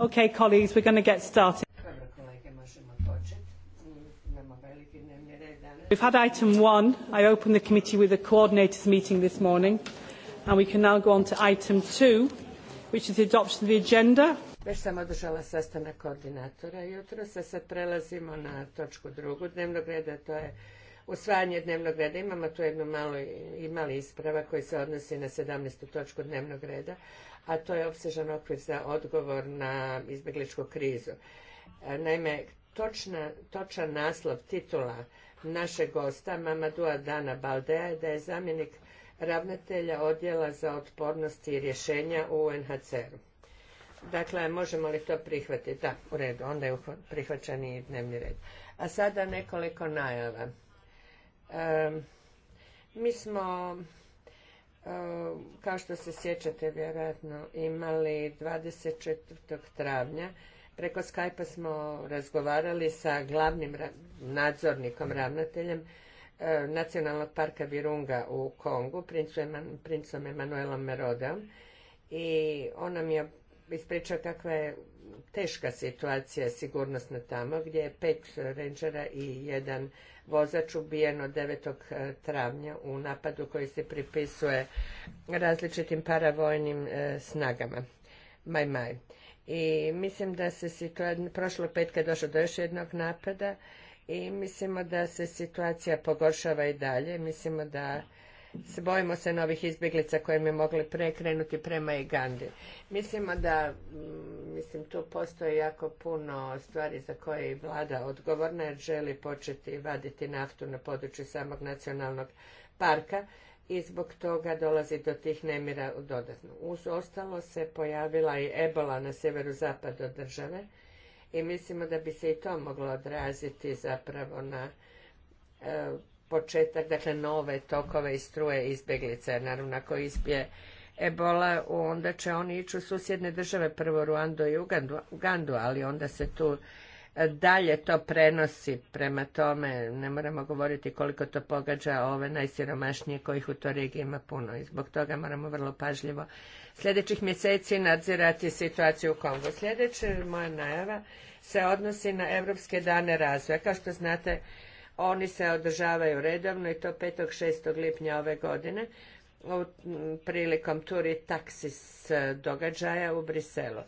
Okay, colleagues, we're going to get started. Dobro, veliki dnevni danas. We've had item one. I opened the committee with a coordinators meeting this morning. And we can now go on to item two, which is the adoption of the agenda. Već sam održala sastanak koordinatora jutro, sad se prelazimo na točku drugu dnevnog reda, to je usvajanje dnevnog reda. Imamo tu jednu malo imali mali isprava koji se odnosi na 17. točku dnevnog reda, a to je opsežan okvir za odgovor na izbjegličku krizu. E, naime, točan naslov titula naše gosta, Mamadua Dana Baldea, je da je zamjenik ravnatelja odjela za otpornost i rješenja u UNHCR-u. Dakle, možemo li to prihvatiti? Da, u redu, onda je prihvaćen i dnevni red. A sada nekoliko najava mi smo, kao što se sjećate vjerojatno, imali 24. travnja. Preko Skype-a smo razgovarali sa glavnim nadzornikom, ravnateljem Nacionalnog parka Virunga u Kongu, princom Emanuelom Merodom. I on nam je ispričao kakva je teška situacija sigurnosna tamo gdje je pet rangera i jedan vozač ubijeno 9. E, travnja u napadu koji se pripisuje različitim paravojnim e, snagama. Maj maj. I mislim da se situacija, prošlog petka je došlo do još jednog napada i mislimo da se situacija pogoršava i dalje. Mislimo da bojimo se novih izbjeglica koje mi mogli prekrenuti prema Igandi. Mislimo da mm, mislim, tu postoji jako puno stvari za koje je vlada odgovorna jer želi početi vaditi naftu na području samog nacionalnog parka i zbog toga dolazi do tih nemira dodatno. Uz ostalo se pojavila i ebola na zapadu države i mislimo da bi se i to moglo odraziti zapravo na e, početak, dakle nove tokove i struje izbjeglica, naravno ako ispije ebola, onda će oni ići u susjedne države, prvo Ruandu i Ugandu, ali onda se tu e, dalje to prenosi prema tome, ne moramo govoriti koliko to pogađa ove najsiromašnije kojih u to regiji ima puno i zbog toga moramo vrlo pažljivo sljedećih mjeseci nadzirati situaciju u Kongu. Sljedeća moja najava se odnosi na Europske dane razvoja. Kao što znate, oni se održavaju redovno i to 5. 6. lipnja ove godine prilikom turi taksis e, događaja u Briselu.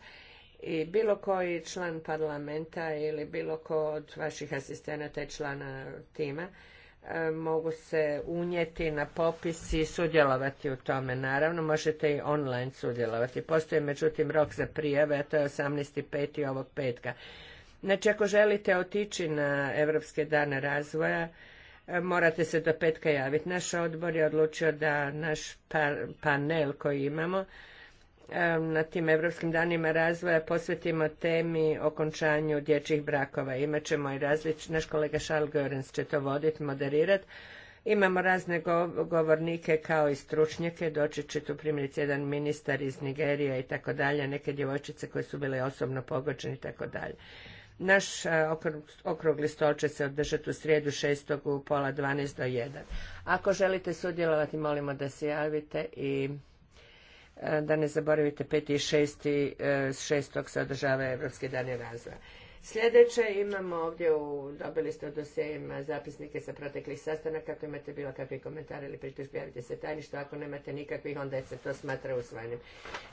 I bilo koji član parlamenta ili bilo ko od vaših asistenata i člana tima e, mogu se unijeti na popis i sudjelovati u tome. Naravno, možete i online sudjelovati. Postoji međutim rok za prijave, a to je 18.5. ovog petka. Znači, ako želite otići na Evropske dane razvoja, e, morate se do petka javiti. Naš odbor je odlučio da naš panel koji imamo e, na tim Evropskim danima razvoja posvetimo temi okončanju dječjih brakova. Imaćemo i različ... Naš kolega Charles Görens će to voditi, moderirati. Imamo razne govornike kao i stručnjake, doći će tu primjerice jedan ministar iz Nigerije i tako dalje, neke djevojčice koje su bile osobno pogođene i tako dalje. Naš e, okrugli stol će se održati u srijedu 6. u pola 12 do 1. Ako želite sudjelovati, molimo da se javite i e, da ne zaboravite 5. i 6. 6. E, se održava Evropski dan razvoja. Sljedeće imamo ovdje, u, dobili ste u dosjeima zapisnike sa proteklih sastanaka, ako imate bilo kakvi komentare ili pritužbi, javite se tajništvo, ako nemate nikakvih, onda se to smatra usvajanjem.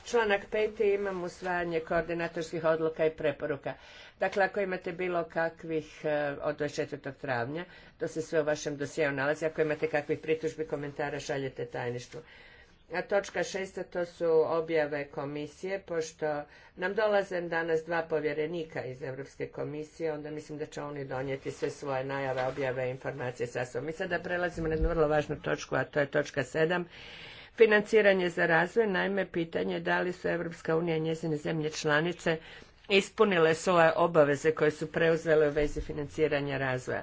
Članak peti imam usvajanje koordinatorskih odluka i preporuka. Dakle, ako imate bilo kakvih e, od 24. travnja, to se sve u vašem dosjeu nalazi, ako imate kakvih pritužbi, komentara, šaljete tajništvu. A točka šesta to su objave komisije, pošto nam dolaze danas dva povjerenika iz Europske komisije, onda mislim da će oni donijeti sve svoje najave, objave, i informacije sa sobom. Mi sada prelazimo na jednu vrlo važnu točku, a to je točka sedam. Financiranje za razvoj, naime pitanje da li su Evropska unija i njezine zemlje članice ispunile svoje obaveze koje su preuzele u vezi financiranja razvoja.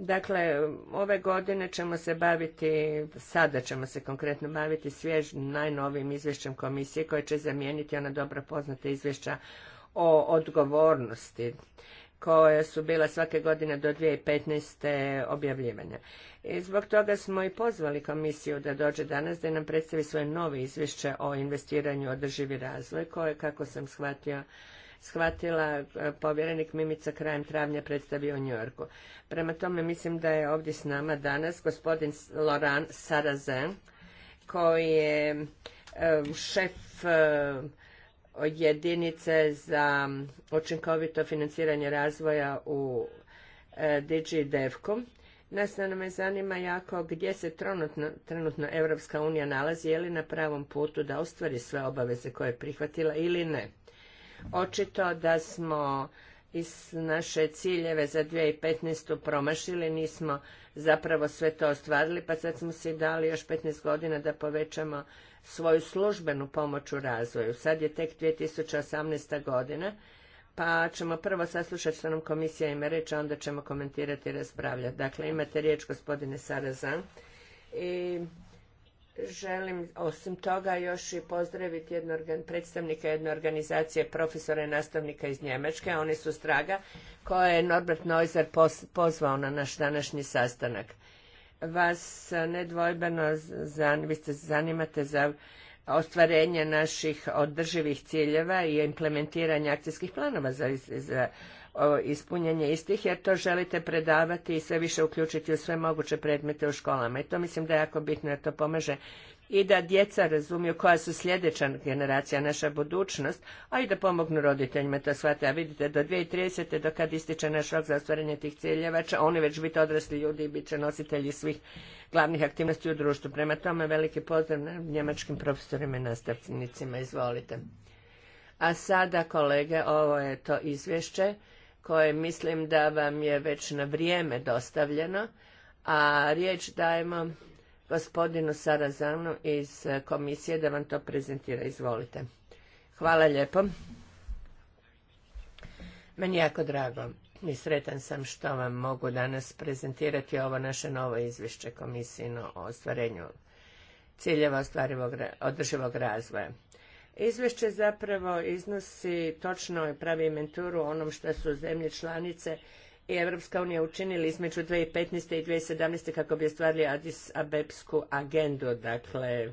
Dakle, ove godine ćemo se baviti, sada ćemo se konkretno baviti svježim najnovim izvješćem komisije koje će zamijeniti ona dobro poznata izvješća o odgovornosti koja su bila svake godine do 2015. objavljivanja. I zbog toga smo i pozvali komisiju da dođe danas da nam predstavi svoje novo izvješće o investiranju održivi razvoj koje, kako sam shvatio, shvatila e, povjerenik Mimica krajem travnja predstavio u Njorku. Prema tome mislim da je ovdje s nama danas gospodin Laurent Sarazen koji je e, šef e, jedinice za učinkovito financiranje razvoja u DigiDevku. Nas me zanima jako gdje se trenutno, trenutno Evropska unija nalazi, je li na pravom putu da ostvari sve obaveze koje je prihvatila ili ne očito da smo iz naše ciljeve za 2015. promašili, nismo zapravo sve to ostvarili, pa sad smo si dali još 15 godina da povećamo svoju službenu pomoć u razvoju. Sad je tek 2018. godina, pa ćemo prvo saslušati što nam komisija ima reći, a onda ćemo komentirati i raspravljati. Dakle, imate riječ gospodine Sarazan i Želim osim toga još i pozdraviti predstavnika jedne organizacije profesora i nastavnika iz Njemačke, oni su straga, koje je Norbert Neuser pozvao na naš današnji sastanak. Vas eh, nedvojbeno zan, vi zanimate za ostvarenje naših održivih ciljeva i implementiranje akcijskih planova za, za ispunjenje istih, jer to želite predavati i sve više uključiti u sve moguće predmete u školama. I to mislim da je jako bitno, jer to pomaže i da djeca razumiju koja su sljedeća generacija, naša budućnost, a i da pomognu roditeljima to shvate. A vidite, do 2030. do kad ističe naš rok za ostvarenje tih ciljeva, će oni već biti odrasli ljudi i bit će nositelji svih glavnih aktivnosti u društvu. Prema tome, veliki pozdrav njemačkim profesorima i nastavnicima. Izvolite. A sada, kolege, ovo je to izvješće koje mislim da vam je već na vrijeme dostavljeno, a riječ dajemo gospodinu Sarazanu iz komisije da vam to prezentira. Izvolite. Hvala lijepo. Meni jako drago i sretan sam što vam mogu danas prezentirati ovo naše novo izvješće komisije o ostvarenju ciljeva održivog razvoja. Izvješće zapravo iznosi točno i pravi inventuru onom što su zemlje članice i Evropska unija učinili između 2015. i 2017. kako bi ostvarili Adis Abebsku agendu. Dakle,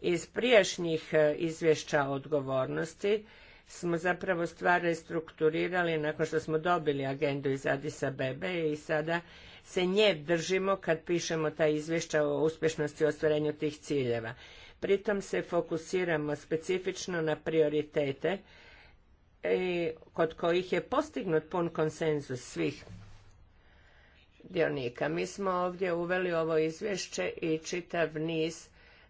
iz prijašnjih e, izvješća odgovornosti smo zapravo stvari strukturirali nakon što smo dobili agendu iz Addis Abebe i sada se nje držimo kad pišemo ta izvješća o uspješnosti i ostvarenju tih ciljeva. Pritom se fokusiramo specifično na prioritete e, kod kojih je postignut pun konsenzus svih dionika. Mi smo ovdje uveli ovo izvješće i čitav niz,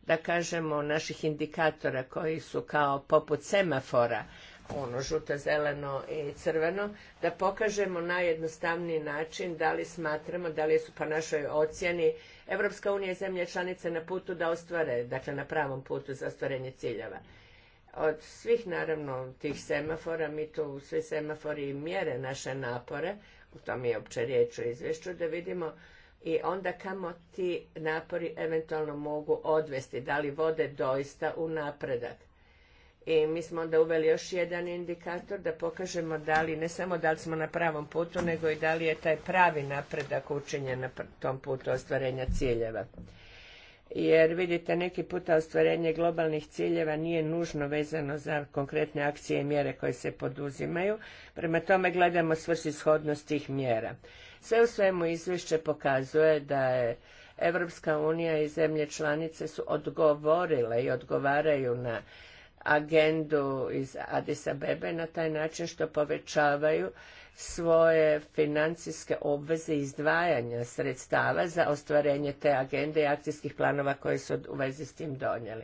da kažemo, naših indikatora koji su kao poput semafora, ono žuto, zeleno i crveno, da pokažemo najjednostavniji način da li smatramo, da li su po našoj ocjeni Evropska unija i zemlje članice na putu da ostvare, dakle na pravom putu za ostvarenje ciljeva. Od svih naravno tih semafora, mi tu svi semafori mjere naše napore, o tom je opće riječ o izvješću, da vidimo i onda kamo ti napori eventualno mogu odvesti, da li vode doista u napredak. I mi smo onda uveli još jedan indikator da pokažemo da li, ne samo da li smo na pravom putu, nego i da li je taj pravi napredak učinjen na tom putu ostvarenja ciljeva. Jer vidite, neki puta ostvarenje globalnih ciljeva nije nužno vezano za konkretne akcije i mjere koje se poduzimaju. Prema tome gledamo svrsishodnost tih mjera. Sve u svemu izvješće pokazuje da je Evropska unija i zemlje članice su odgovorile i odgovaraju na agendu iz Addis Abebe na taj način što povećavaju svoje financijske obveze izdvajanja sredstava za ostvarenje te agende i akcijskih planova koje su u vezi s tim donijeli.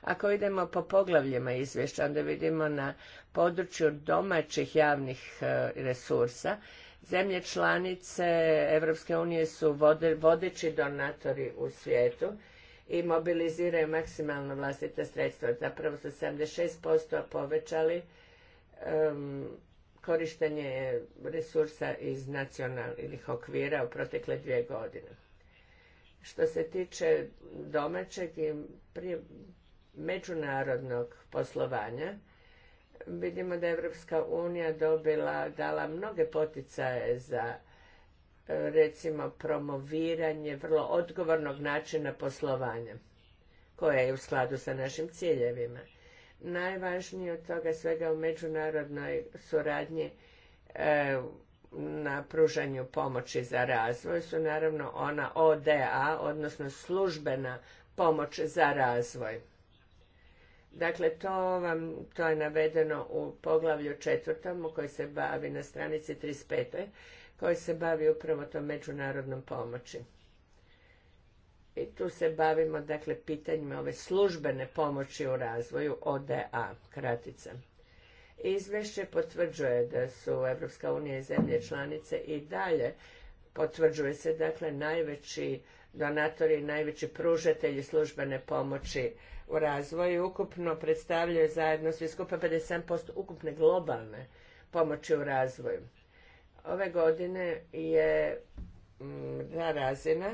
Ako idemo po poglavljima izvješća, onda vidimo na području domaćih javnih e, resursa, zemlje članice Europske unije su vodeći donatori u svijetu i mobiliziraju maksimalno vlastite sredstva. Zapravo su 76% povećali korištenje resursa iz nacionalnih okvira u protekle dvije godine. Što se tiče domaćeg i međunarodnog poslovanja, vidimo da je Evropska unija dobila, dala mnoge poticaje za recimo promoviranje vrlo odgovornog načina poslovanja koja je u skladu sa našim ciljevima. Najvažnije od toga svega u međunarodnoj suradnji e, na pružanju pomoći za razvoj su naravno ona ODA, odnosno službena pomoć za razvoj. Dakle, to, vam, to je navedeno u poglavlju četvrtom koji se bavi na stranici 35 koji se bavi upravo tom međunarodnom pomoći. I tu se bavimo, dakle, pitanjima ove službene pomoći u razvoju, ODA, kratica. Izvešće potvrđuje da su Evropska unija i zemlje članice i dalje potvrđuje se, dakle, najveći donatori i najveći pružatelji službene pomoći u razvoju ukupno predstavljaju zajedno svi skupa 57% ukupne globalne pomoći u razvoju. Ove godine je na mm, razina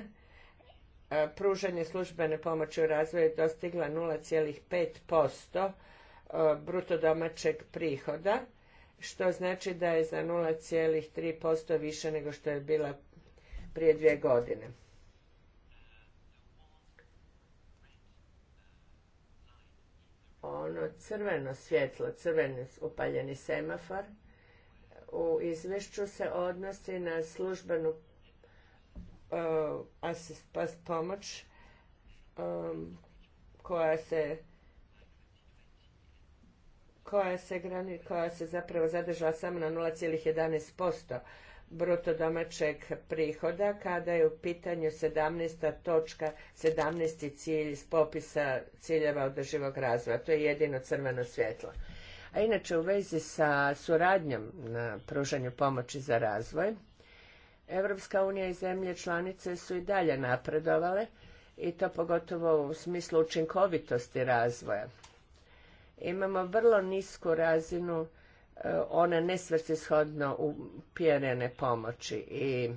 e, pružanje službene pomoći u razvoju dostigla 0,5% e, bruto domaćeg prihoda, što znači da je za 0,3% više nego što je bila prije dvije godine. Ono crveno svjetlo, crveni upaljeni semafor, u izvješću se odnosi na službenu e, pomoć e, koja se koja se, grani, koja se zapravo zadržala samo na 0,11% bruto domaćeg prihoda kada je u pitanju 17. točka 17. cilj iz popisa ciljeva održivog razvoja. To je jedino crveno svjetlo. A inače u vezi sa suradnjom na pružanju pomoći za razvoj, Evropska unija i zemlje članice su i dalje napredovale i to pogotovo u smislu učinkovitosti razvoja. Imamo vrlo nisku razinu e, one nesvrsishodno upjerene pomoći i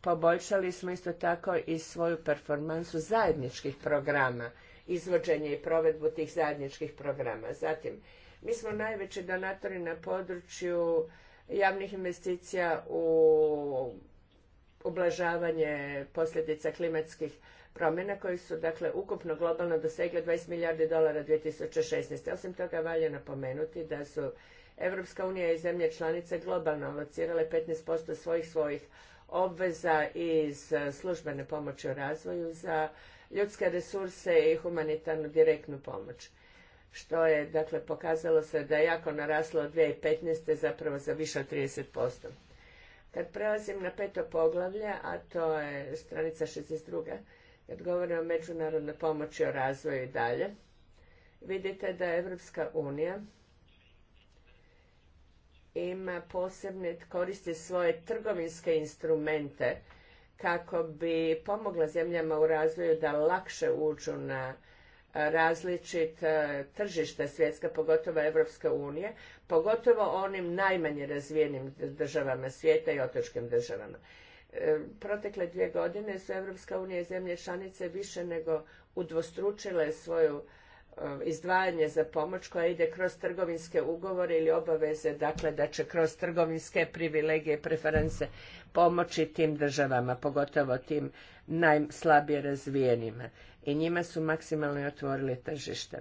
poboljšali smo isto tako i svoju performansu zajedničkih programa izvođenje i provedbu tih zajedničkih programa. Zatim, mi smo najveći donatori na području javnih investicija u ublažavanje posljedica klimatskih promjena koji su dakle ukupno globalno dosegle 20 milijardi dolara 2016. Osim toga valja napomenuti da su Evropska unija i zemlje članice globalno alocirale 15% svojih svojih obveza iz službene pomoći u razvoju za ljudske resurse i humanitarnu direktnu pomoć. Što je, dakle, pokazalo se da je jako naraslo od 2015. zapravo za više od 30%. Kad prelazim na peto poglavlje, a to je stranica 62. Kad govorim o međunarodnoj pomoći o razvoju i dalje, vidite da je Evropska unija ima posebne, koristi svoje trgovinske instrumente kako bi pomogla zemljama u razvoju da lakše uđu na e, različit e, tržišta svjetska, pogotovo Evropska unije, pogotovo onim najmanje razvijenim državama svijeta i otočkim državama. E, protekle dvije godine su Evropska unija i zemlje članice više nego udvostručile svoju E, izdvajanje za pomoć koja ide kroz trgovinske ugovore ili obaveze, dakle da će kroz trgovinske privilegije i preference pomoći tim državama, pogotovo tim najslabije razvijenima. I njima su maksimalno otvorili tržište.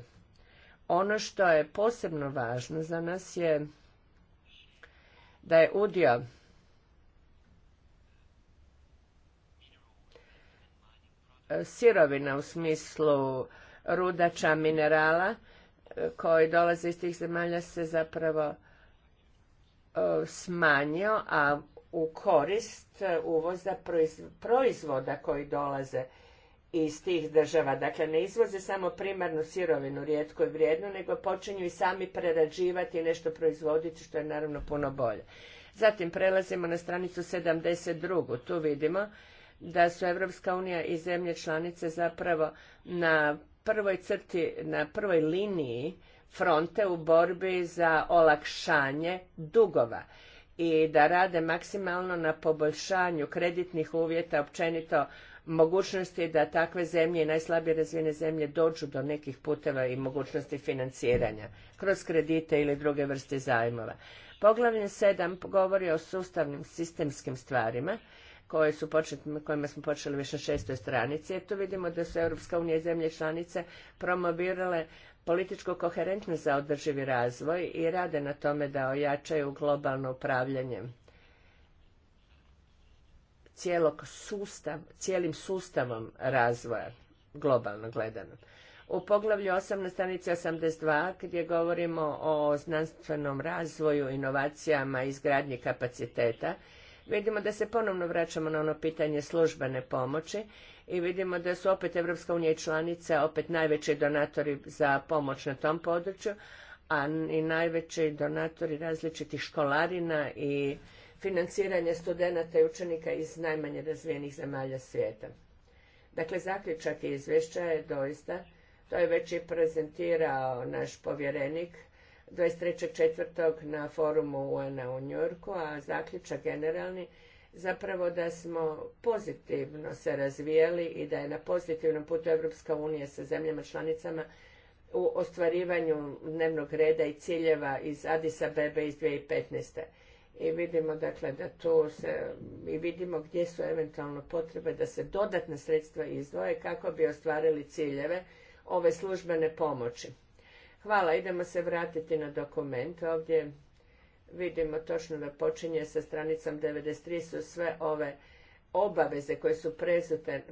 Ono što je posebno važno za nas je da je udio sirovina u smislu rudača minerala e, koji dolaze iz tih zemalja se zapravo e, smanjio, a u korist uvoza proizvoda koji dolaze iz tih država. Dakle, ne izvoze samo primarnu sirovinu, rijetko i vrijednu, nego počinju i sami prerađivati i nešto proizvoditi, što je naravno puno bolje. Zatim prelazimo na stranicu 72. Tu vidimo da su Evropska unija i zemlje članice zapravo na prvoj crti, na prvoj liniji fronte u borbi za olakšanje dugova i da rade maksimalno na poboljšanju kreditnih uvjeta, općenito mogućnosti da takve zemlje i najslabije razvijene zemlje dođu do nekih puteva i mogućnosti financiranja kroz kredite ili druge vrste zajmova. Poglavlje 7 govori o sustavnim sistemskim stvarima su kojima smo počeli više na šestoj stranici. Tu vidimo da su Europska unija i zemlje članice promovirale političko koherentno za održivi razvoj i rade na tome da ojačaju globalno upravljanje cijelog cijelim sustavom razvoja, globalno gledano. U poglavlju 8 na stranici 82 gdje govorimo o znanstvenom razvoju, inovacijama i izgradnji kapaciteta, vidimo da se ponovno vraćamo na ono pitanje službene pomoći i vidimo da su opet Evropska unija i članice opet najveći donatori za pomoć na tom području, a i najveći donatori različitih školarina i financiranje studenata i učenika iz najmanje razvijenih zemalja svijeta. Dakle, zaključak izvješća je doista, to je već i prezentirao naš povjerenik, 23.4. na forumu UN-a u Njurku, a zaključak generalni zapravo da smo pozitivno se razvijali i da je na pozitivnom putu Evropska unija sa zemljama članicama u ostvarivanju dnevnog reda i ciljeva iz Addis Abebe iz 2015. I vidimo dakle da tu se, i vidimo gdje su eventualno potrebe da se dodatna sredstva izdvoje kako bi ostvarili ciljeve ove službene pomoći. Hvala, idemo se vratiti na dokument. Ovdje vidimo točno da počinje sa stranicom 93 su sve ove obaveze koje su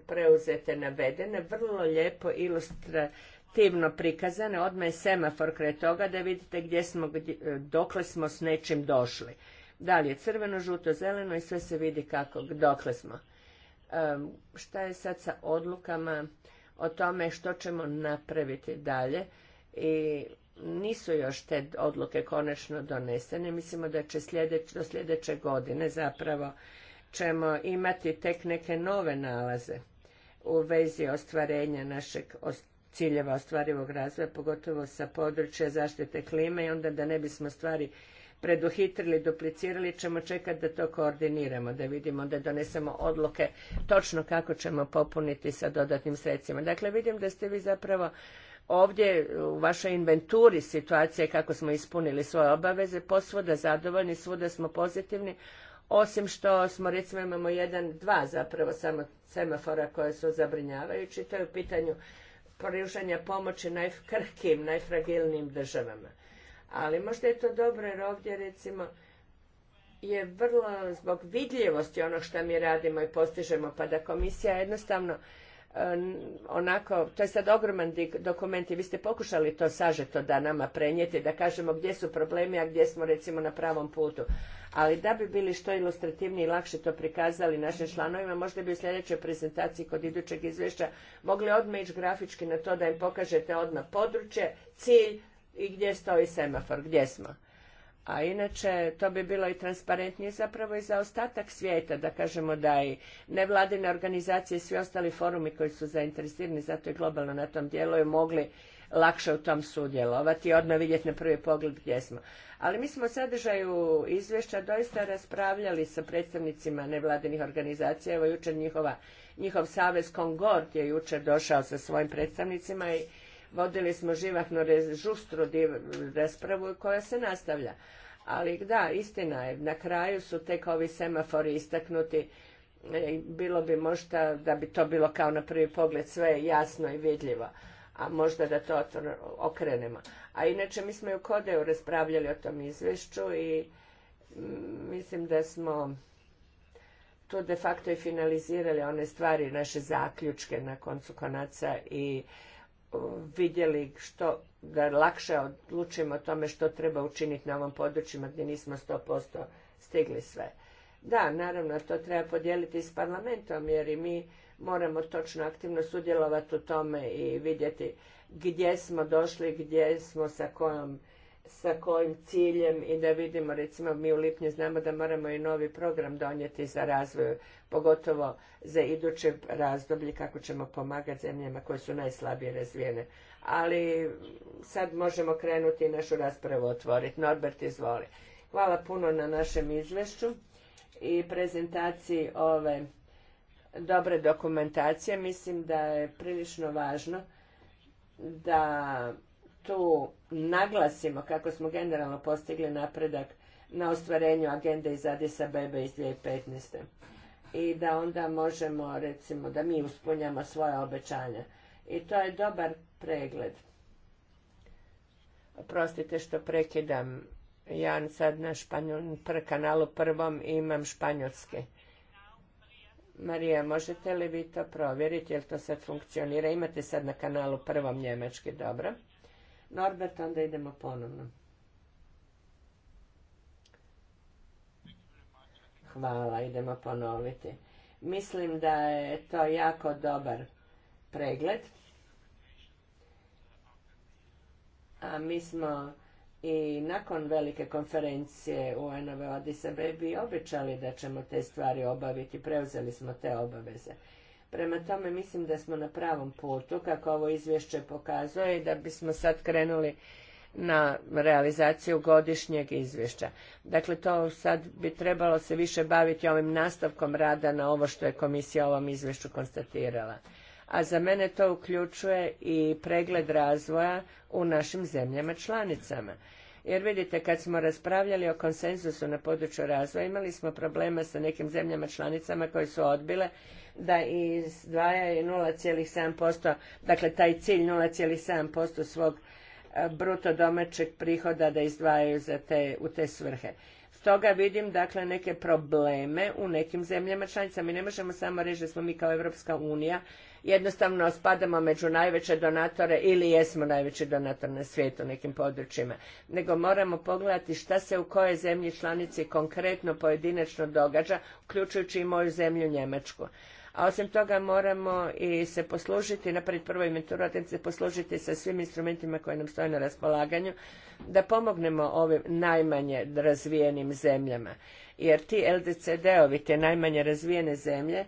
preuzete, navedene, vrlo lijepo ilustrativno prikazane, odmah je semafor kraj toga da vidite gdje smo, dokle smo s nečim došli. Da li je crveno, žuto, zeleno i sve se vidi kako, dokle smo. šta je sad sa odlukama o tome što ćemo napraviti dalje? i nisu još te odluke konačno donesene. Mislimo da će sljedeć, do sljedeće godine zapravo ćemo imati tek neke nove nalaze u vezi ostvarenja našeg ciljeva ostvarivog razvoja, pogotovo sa područja zaštite klime i onda da ne bismo stvari preduhitrili, duplicirali, ćemo čekati da to koordiniramo, da vidimo, da donesemo odluke točno kako ćemo popuniti sa dodatnim sredstvima. Dakle, vidim da ste vi zapravo ovdje u vašoj inventuri situacije kako smo ispunili svoje obaveze, posvuda zadovoljni, svuda smo pozitivni, osim što smo recimo imamo jedan, dva zapravo samo semafora koje su zabrinjavajući, to je u pitanju pružanja pomoći najkrhkim, najfragilnijim državama. Ali možda je to dobro jer ovdje recimo je vrlo zbog vidljivosti ono što mi radimo i postižemo, pa da komisija jednostavno onako, to je sad ogroman dokument i vi ste pokušali to sažeto da nama prenijeti, da kažemo gdje su problemi, a gdje smo recimo na pravom putu. Ali da bi bili što ilustrativniji i lakše to prikazali našim članovima, možda bi u sljedećoj prezentaciji kod idućeg izvješća mogli odmah ići grafički na to da im pokažete odmah područje, cilj i gdje stoji semafor, gdje smo. A inače, to bi bilo i transparentnije zapravo i za ostatak svijeta, da kažemo da i nevladine organizacije i svi ostali forumi koji su zainteresirani, zato i globalno na tom djeluju, mogli lakše u tom sudjelovati i odmah vidjeti na prvi pogled gdje smo. Ali mi smo o sadržaju izvješća doista raspravljali sa predstavnicima nevladinih organizacija. Evo jučer njihov savez Kongord je jučer došao sa svojim predstavnicima i vodili smo živahno žustru raspravu koja se nastavlja. Ali da, istina je, na kraju su tek ovi semafori istaknuti, e, bilo bi možda da bi to bilo kao na prvi pogled sve jasno i vidljivo a možda da to okrenemo. A inače, mi smo i u Kodeju raspravljali o tom izvješću i mm, mislim da smo tu de facto i finalizirali one stvari, naše zaključke na koncu konaca i vidjeli što da lakše odlučimo o tome što treba učiniti na ovom područjima gdje nismo 100% stigli sve. Da, naravno, to treba podijeliti s parlamentom jer i mi moramo točno aktivno sudjelovati u tome i vidjeti gdje smo došli, gdje smo sa kojom sa kojim ciljem i da vidimo, recimo mi u lipnju znamo da moramo i novi program donijeti za razvoj, pogotovo za iduće razdoblje kako ćemo pomagati zemljama koje su najslabije razvijene. Ali sad možemo krenuti i našu raspravu otvoriti. Norbert, izvoli. Hvala puno na našem izvešću i prezentaciji ove dobre dokumentacije. Mislim da je prilično važno da tu naglasimo kako smo generalno postigli napredak na ostvarenju agende iz Adisa Bebe iz 2015. I da onda možemo, recimo, da mi uspunjamo svoje obećanja. I to je dobar pregled. Oprostite što prekidam. Ja sad na kanalu prvom imam španjolske. Marija, možete li vi to provjeriti? Jel to sad funkcionira? Imate sad na kanalu prvom njemački, dobro. Norbert, onda idemo ponovno. Hvala, idemo ponoviti. Mislim da je to jako dobar pregled. A mi smo i nakon velike konferencije u ove Addis Abebi obećali da ćemo te stvari obaviti, preuzeli smo te obaveze. Prema tome mislim da smo na pravom putu, kako ovo izvješće pokazuje, i da bismo sad krenuli na realizaciju godišnjeg izvješća. Dakle, to sad bi trebalo se više baviti ovim nastavkom rada na ovo što je komisija u ovom izvješću konstatirala. A za mene to uključuje i pregled razvoja u našim zemljama članicama. Jer vidite, kad smo raspravljali o konsenzusu na području razvoja, imali smo problema sa nekim zemljama članicama koje su odbile da izdvajaju 0,7%, dakle taj cilj 0,7% svog e, bruto domaćeg prihoda da izdvajaju te, u te svrhe. Stoga vidim dakle neke probleme u nekim zemljama članicama. Mi ne možemo samo reći da smo mi kao Evropska unija jednostavno spadamo među najveće donatore ili jesmo najveći donator na svijetu u nekim područjima, nego moramo pogledati šta se u kojoj zemlji članici konkretno pojedinačno događa, uključujući i moju zemlju Njemačku a osim toga moramo i se poslužiti, napraviti prvo inventuru, a se poslužiti sa svim instrumentima koje nam stoje na raspolaganju, da pomognemo ovim najmanje razvijenim zemljama. Jer ti LDCD-ovi, te najmanje razvijene zemlje,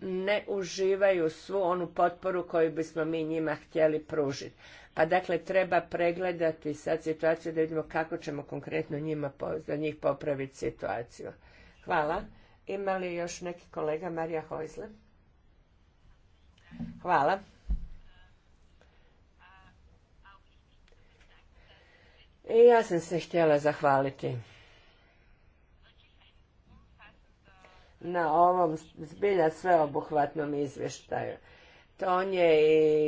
ne uživaju svu onu potporu koju bismo mi njima htjeli pružiti. Pa dakle, treba pregledati sad situaciju da vidimo kako ćemo konkretno njima, za njih popraviti situaciju. Hvala. Ima li još neki kolega? Marija Hojzle. Hvala. I ja sam se htjela zahvaliti na ovom zbilja sveobuhvatnom izvještaju. To on je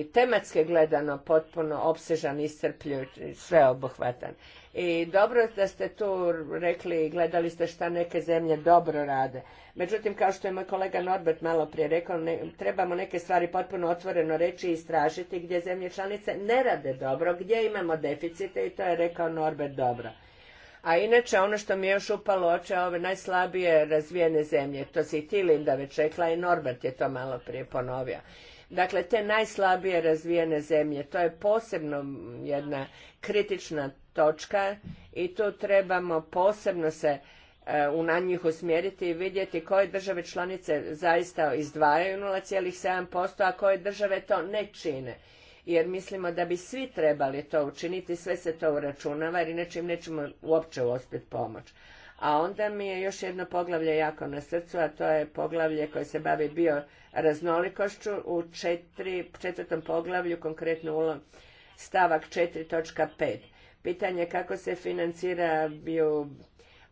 i tematske gledano potpuno opsežan, iscrpljujući, sveobuhvatan. I dobro da ste tu rekli i gledali ste šta neke zemlje dobro rade. Međutim, kao što je moj kolega Norbert malo prije rekao, trebamo neke stvari potpuno otvoreno reći i istražiti gdje zemlje članice ne rade dobro, gdje imamo deficite i to je rekao Norbert dobro. A inače, ono što mi je još upalo oče, ove najslabije razvijene zemlje, to si i ti Linda već rekla i Norbert je to malo prije ponovio. Dakle, te najslabije razvijene zemlje, to je posebno jedna kritična točka i tu trebamo posebno se e, na njih usmjeriti i vidjeti koje države članice zaista izdvajaju 0,7%, a koje države to ne čine. Jer mislimo da bi svi trebali to učiniti, sve se to uračunava, jer inače im nećemo uopće uspjeti pomoć. A onda mi je još jedno poglavlje jako na srcu, a to je poglavlje koje se bavi bioraznolikošću u četvrtom poglavlju, konkretno stavak 4.5 Pitanje kako se financira bio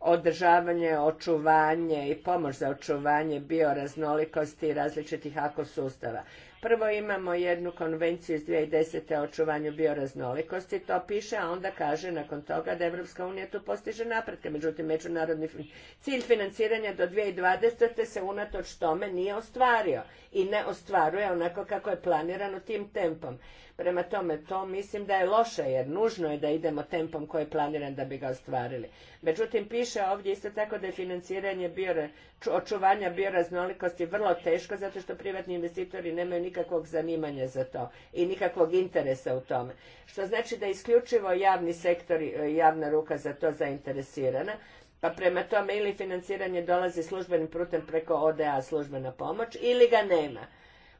održavanje, očuvanje i pomoć za očuvanje bioraznolikosti i različitih akosustava. Prvo imamo jednu konvenciju iz 2010. o očuvanju bioraznolikosti, to piše, a onda kaže nakon toga da Evropska unija tu postiže napretke. Međutim, međunarodni cilj financiranja do 2020. se unatoč tome nije ostvario i ne ostvaruje onako kako je planirano tim tempom. Prema tome, to mislim da je loše jer nužno je da idemo tempom koji je planiran da bi ga ostvarili. Međutim, piše ovdje isto tako da je financiranje očuvanja bioraznolikosti vrlo teško zato što privatni investitori nemaju nikakvog zanimanja za to i nikakvog interesa u tome. Što znači da isključivo javni sektor, e, javna ruka za to zainteresirana, pa prema tome ili financiranje dolazi službenim putem preko ODA službena pomoć ili ga nema.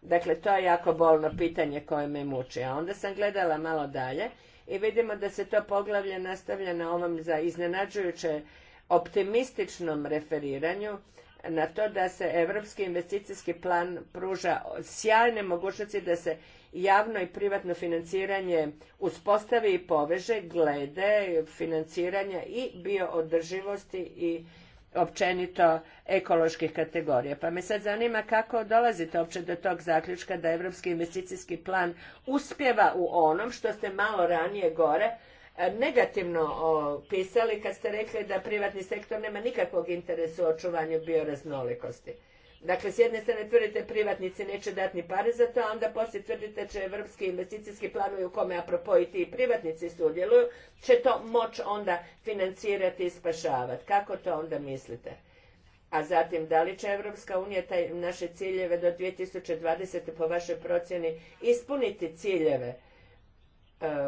Dakle, to je jako bolno pitanje koje me muči. A onda sam gledala malo dalje i vidimo da se to poglavlje nastavlja na ovom za iznenađujuće optimističnom referiranju na to da se Europski investicijski plan pruža sjajne mogućnosti da se javno i privatno financiranje uspostavi i poveže glede financiranja i bioodrživosti i općenito ekoloških kategorija. Pa me sad zanima kako dolazite uopće do tog zaključka da Europski investicijski plan uspjeva u onom što ste malo ranije gore e, negativno pisali kad ste rekli da privatni sektor nema nikakvog interesa u očuvanju bioraznolikosti. Dakle, s jedne strane tvrdite privatnici neće dati ni pare za to, a onda poslije tvrdite će evropski investicijski planovi u kome apropo i ti privatnici sudjeluju, će to moć onda financirati i spašavati. Kako to onda mislite? A zatim, da li će Evropska unija taj, naše ciljeve do 2020. po vašoj procjeni ispuniti ciljeve e,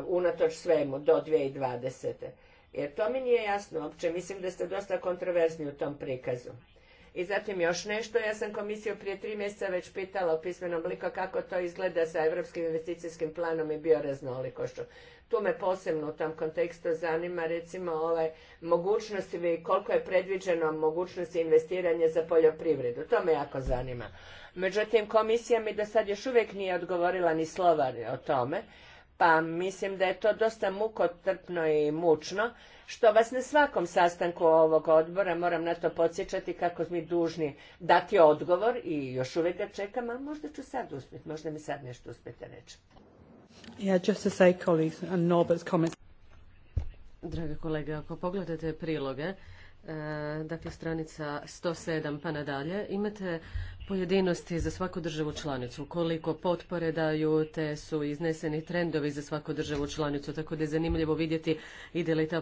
unatoč svemu do 2020. Jer to mi nije jasno uopće. Mislim da ste dosta kontroverzni u tom prikazu. I zatim još nešto, ja sam komisiju prije tri mjeseca već pitala u pismenom obliku kako to izgleda sa Europskim investicijskim planom i bioraznolikošću. Tu me posebno u tom kontekstu zanima recimo ovaj, mogućnosti, koliko je predviđeno mogućnosti investiranja za poljoprivredu. To me jako zanima. Međutim, komisija mi do sad još uvijek nije odgovorila ni slova o tome pa mislim da je to dosta mukotrpno i mučno, što vas na svakom sastanku ovog odbora moram na to podsjećati kako mi dužni dati odgovor i još uvijek ga čekam, a možda ću sad uspjeti, možda mi sad nešto uspjeti reći. Drage kolege, ako pogledate priloge, E, dakle stranica 107 pa nadalje, imate pojedinosti za svaku državu članicu, koliko potpore daju, te su izneseni trendovi za svaku državu članicu, tako da je zanimljivo vidjeti ide li ta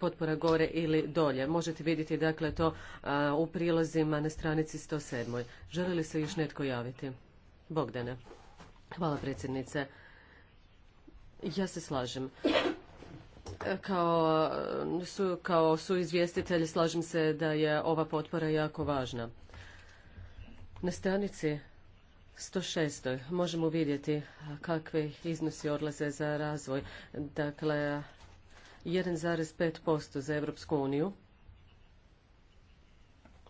potpora, gore ili dolje. Možete vidjeti dakle to u prilozima na stranici 107. Želi li se još netko javiti? Bogdane. Hvala predsjednice. Ja se slažem. Kao su, kao slažem se da je ova potpora jako važna. Na stranici 106. možemo vidjeti kakvi iznosi odlaze za razvoj. Dakle, 1,5% za Europsku uniju.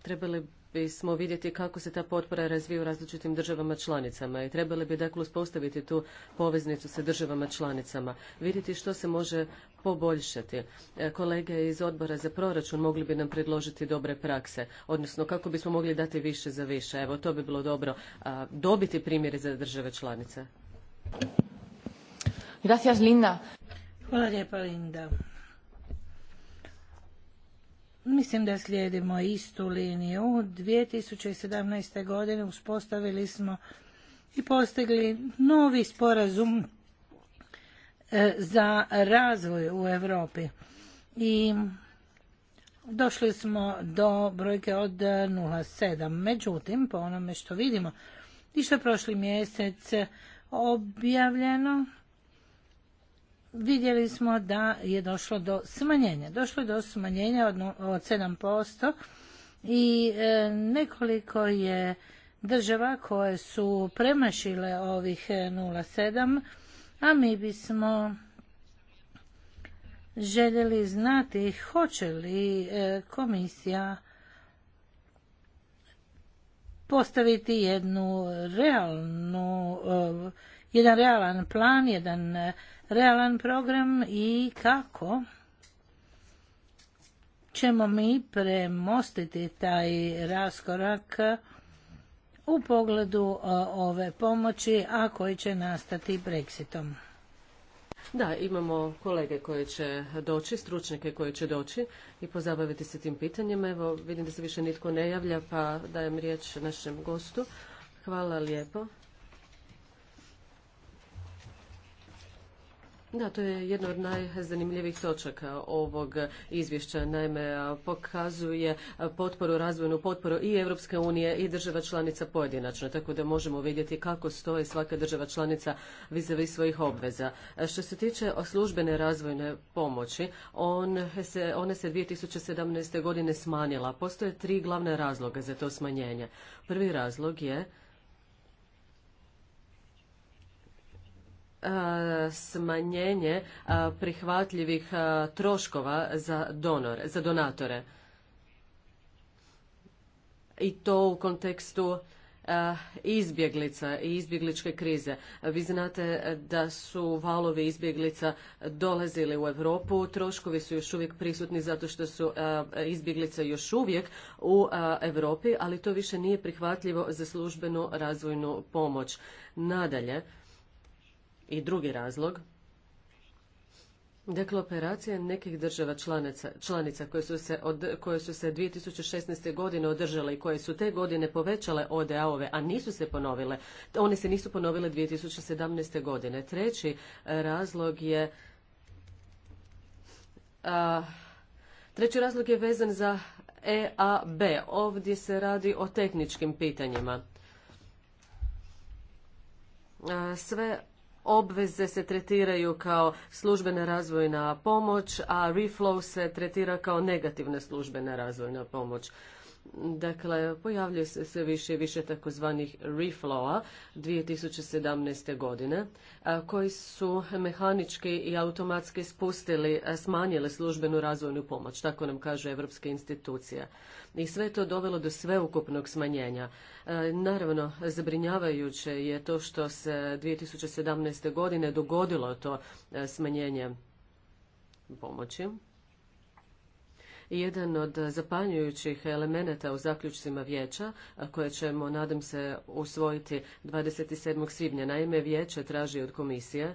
Trebali smo vidjeti kako se ta potpora razvija u različitim državama članicama i trebali bi dakle uspostaviti tu poveznicu sa državama članicama, vidjeti što se može poboljšati. E, kolege iz odbora za proračun mogli bi nam predložiti dobre prakse, odnosno kako bismo mogli dati više za više. Evo, to bi bilo dobro dobiti primjere za države članice. Hvala lijepa, Linda. Mislim da slijedimo istu liniju. 2017. godine uspostavili smo i postigli novi sporazum e, za razvoj u Europi. I došli smo do brojke od 0,7. Međutim, po onome što vidimo i što je prošli mjesec objavljeno, vidjeli smo da je došlo do smanjenja. Došlo je do smanjenja od 7% i e, nekoliko je država koje su premašile ovih 0,7, e, a mi bismo željeli znati hoće li e, komisija postaviti jednu realnu, jedan realan plan, jedan realan program i kako ćemo mi premostiti taj raskorak u pogledu ove pomoći, a koji će nastati Brexitom. Da, imamo kolege koje će doći, stručnjake koje će doći i pozabaviti se tim pitanjima. Evo, vidim da se više nitko ne javlja, pa dajem riječ našem gostu. Hvala lijepo. Da, to je jedna od najzanimljivijih točaka ovog izvješća. Naime, pokazuje potporu, razvojnu potporu i Europske unije i država članica pojedinačno, tako da možemo vidjeti kako stoje svaka država članica vizavi svojih obveza. Što se tiče službene razvojne pomoći, on se, ona se 2017. godine smanjila. Postoje tri glavne razloga za to smanjenje. Prvi razlog je E, smanjenje e, prihvatljivih e, troškova za donor za donatore. I to u kontekstu izbjeglica i izbjegličke krize. Vi znate da su valovi izbjeglica dolazili u Europu, troškovi su još uvijek prisutni zato što su izbjeglica još uvijek u Europi, ali to više nije prihvatljivo za službenu razvojnu pomoć. Nadalje, i drugi razlog. Dakle, operacije nekih država članica, članica koje, su se od, koje su se 2016. godine održale i koje su te godine povećale ODA-ove, a nisu se ponovile, one se nisu ponovile 2017. godine. Treći e, razlog je a, treći razlog je vezan za EAB. Ovdje se radi o tehničkim pitanjima. Sve obveze se tretiraju kao službena razvojna pomoć, a reflow se tretira kao negativna službena razvojna pomoć. Dakle, pojavljuje se sve više i više takozvanih reflowa 2017. godine, koji su mehanički i automatski spustili, smanjili službenu razvojnu pomoć, tako nam kaže Evropska institucija. I sve to dovelo do sveukupnog smanjenja. Naravno, zabrinjavajuće je to što se 2017. godine dogodilo to smanjenje pomoći jedan od zapanjujućih elemenata u zaključcima vijeća, koje ćemo, nadam se, usvojiti 27. svibnja. Naime, vijeće traži od komisije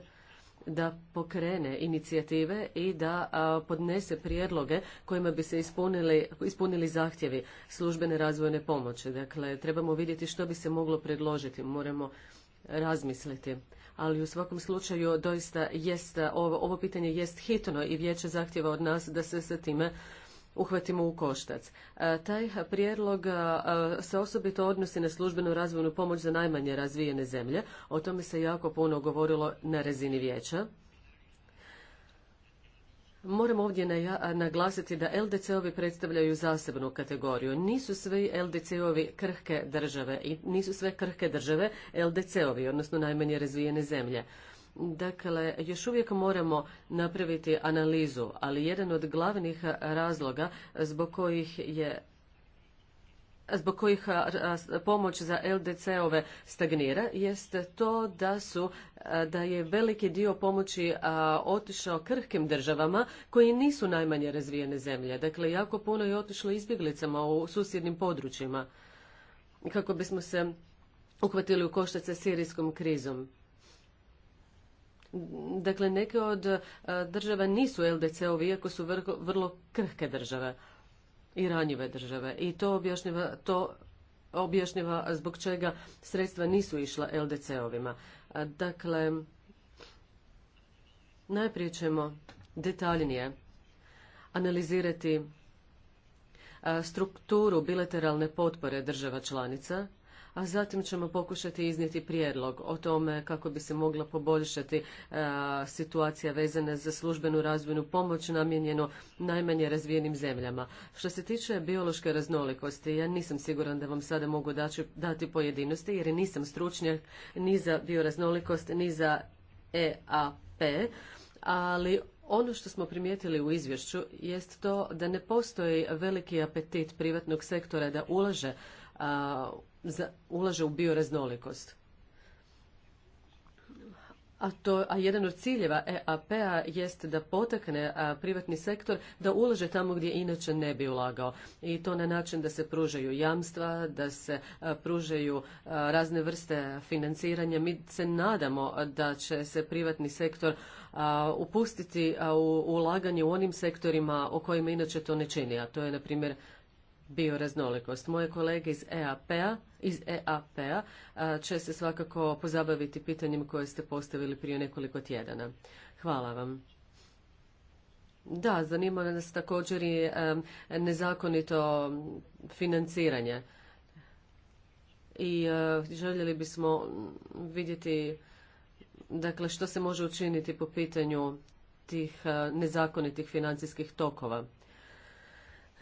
da pokrene inicijative i da podnese prijedloge kojima bi se ispunili, ispunili zahtjevi službene razvojne pomoći. Dakle, trebamo vidjeti što bi se moglo predložiti, moramo razmisliti. Ali u svakom slučaju doista jest, ovo, ovo pitanje jest hitno i vijeće zahtjeva od nas da se sa time uhvatimo u koštac. E, taj prijedlog e, se osobito odnosi na službenu razvojnu pomoć za najmanje razvijene zemlje. O tome se jako puno govorilo na razini vijeća. Moram ovdje naglasiti da LDC-ovi predstavljaju zasebnu kategoriju. Nisu svi LDC-ovi krhke države i nisu sve krhke države LDC-ovi, odnosno najmanje razvijene zemlje. Dakle, još uvijek moramo napraviti analizu, ali jedan od glavnih razloga zbog kojih je zbog kojih pomoć za LDC-ove stagnira jest to da su da je veliki dio pomoći otišao krhkim državama koji nisu najmanje razvijene zemlje. Dakle, jako puno je otišlo izbjeglicama u susjednim područjima kako bismo se uhvatili u koštac sa sirijskom krizom. Dakle, neke od e, država nisu LDC-ovi, iako su vrlo, krhke države i ranjive države. I to objašnjava, to objašnjava zbog čega sredstva nisu išla LDC-ovima. E, dakle, najprije ćemo detaljnije analizirati e, strukturu bilateralne potpore država članica a zatim ćemo pokušati iznijeti prijedlog o tome kako bi se mogla poboljšati e, situacija vezana za službenu razvojnu pomoć namijenjeno najmanje razvijenim zemljama. Što se tiče biološke raznolikosti, ja nisam siguran da vam sada mogu dati pojedinosti jer nisam stručnjak ni za bioraznolikost ni za EAP, ali ono što smo primijetili u izvješću jest to da ne postoji veliki apetit privatnog sektora da ulaže za, ulaže u bioraznolikost. A, to, a jedan od ciljeva EAP-a jest da potakne privatni sektor da ulaže tamo gdje inače ne bi ulagao. I to na način da se pružaju jamstva, da se pružaju razne vrste financiranja. Mi se nadamo da će se privatni sektor upustiti u ulaganje u onim sektorima o kojima inače to ne čini, a to je, na primjer, bioraznolikost. Moje kolege iz EAP-a iz EAP-a će se svakako pozabaviti pitanjem koje ste postavili prije nekoliko tjedana. Hvala vam. Da, zanima nas također i e, nezakonito financiranje. I e, željeli bismo vidjeti dakle što se može učiniti po pitanju tih e, nezakonitih financijskih tokova.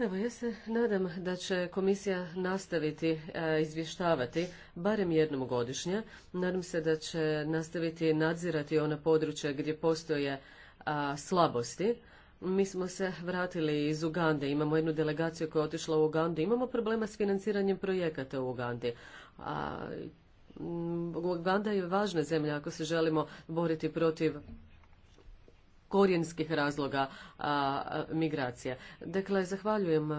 Evo, ja se nadam da će komisija nastaviti e, izvještavati barem jednom godišnje. Nadam se da će nastaviti nadzirati ona područja gdje postoje slabosti. Mi smo se vratili iz Ugande, imamo jednu delegaciju koja je otišla u Ugandu, imamo problema s financiranjem projekata u Ugandi. A, Uganda je važna zemlja ako se želimo boriti protiv korijenskih razloga migracija. Dakle, zahvaljujem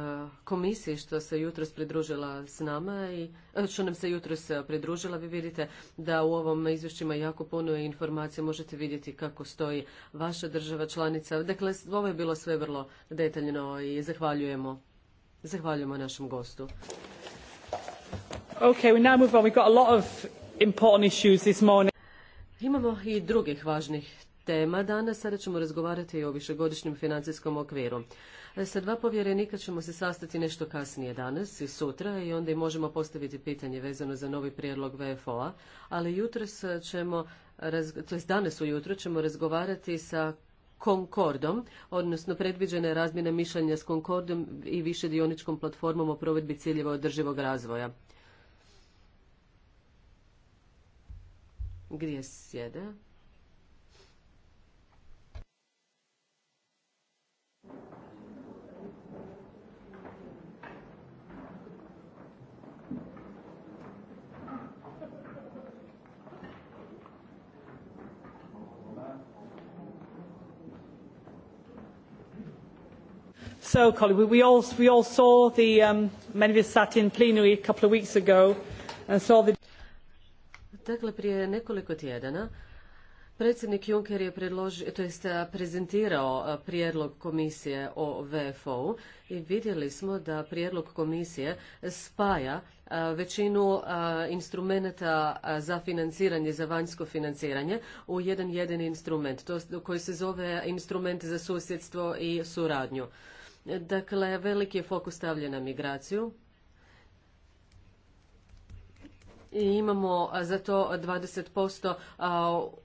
komisiji što se jutros pridružila s nama i što nam se jutros pridružila. Vi vidite da u ovom izvješćima jako puno informacija. Možete vidjeti kako stoji vaša država članica. Dakle, ovo je bilo sve vrlo detaljno i zahvaljujemo. Zahvaljujemo našem gostu. Okay, we now move on. We've got a lot of important issues this morning. Imamo i drugih važnih tema danas. Sada ćemo razgovarati i o višegodišnjem financijskom okviru. E, sa dva povjerenika ćemo se sastati nešto kasnije danas i sutra i onda i možemo postaviti pitanje vezano za novi prijedlog VFO-a, ali jutros ćemo, to danas ujutro ćemo razgovarati sa Konkordom, odnosno predviđene razmjene mišljenja s Konkordom i višedioničkom platformom o provedbi ciljeva održivog razvoja. Gdje sjede? So, colleagues, we, all, we all saw the, um, plenary a couple weeks ago and saw the... Dakle, prije nekoliko tjedana predsjednik Juncker je predložio, to jest prezentirao prijedlog komisije o vfo i vidjeli smo da prijedlog komisije spaja većinu instrumenta za financiranje, za vanjsko financiranje u jedan jedini instrument, to koji se zove instrument za susjedstvo i suradnju. Dakle, veliki je fokus stavljen na migraciju. I imamo za to 20%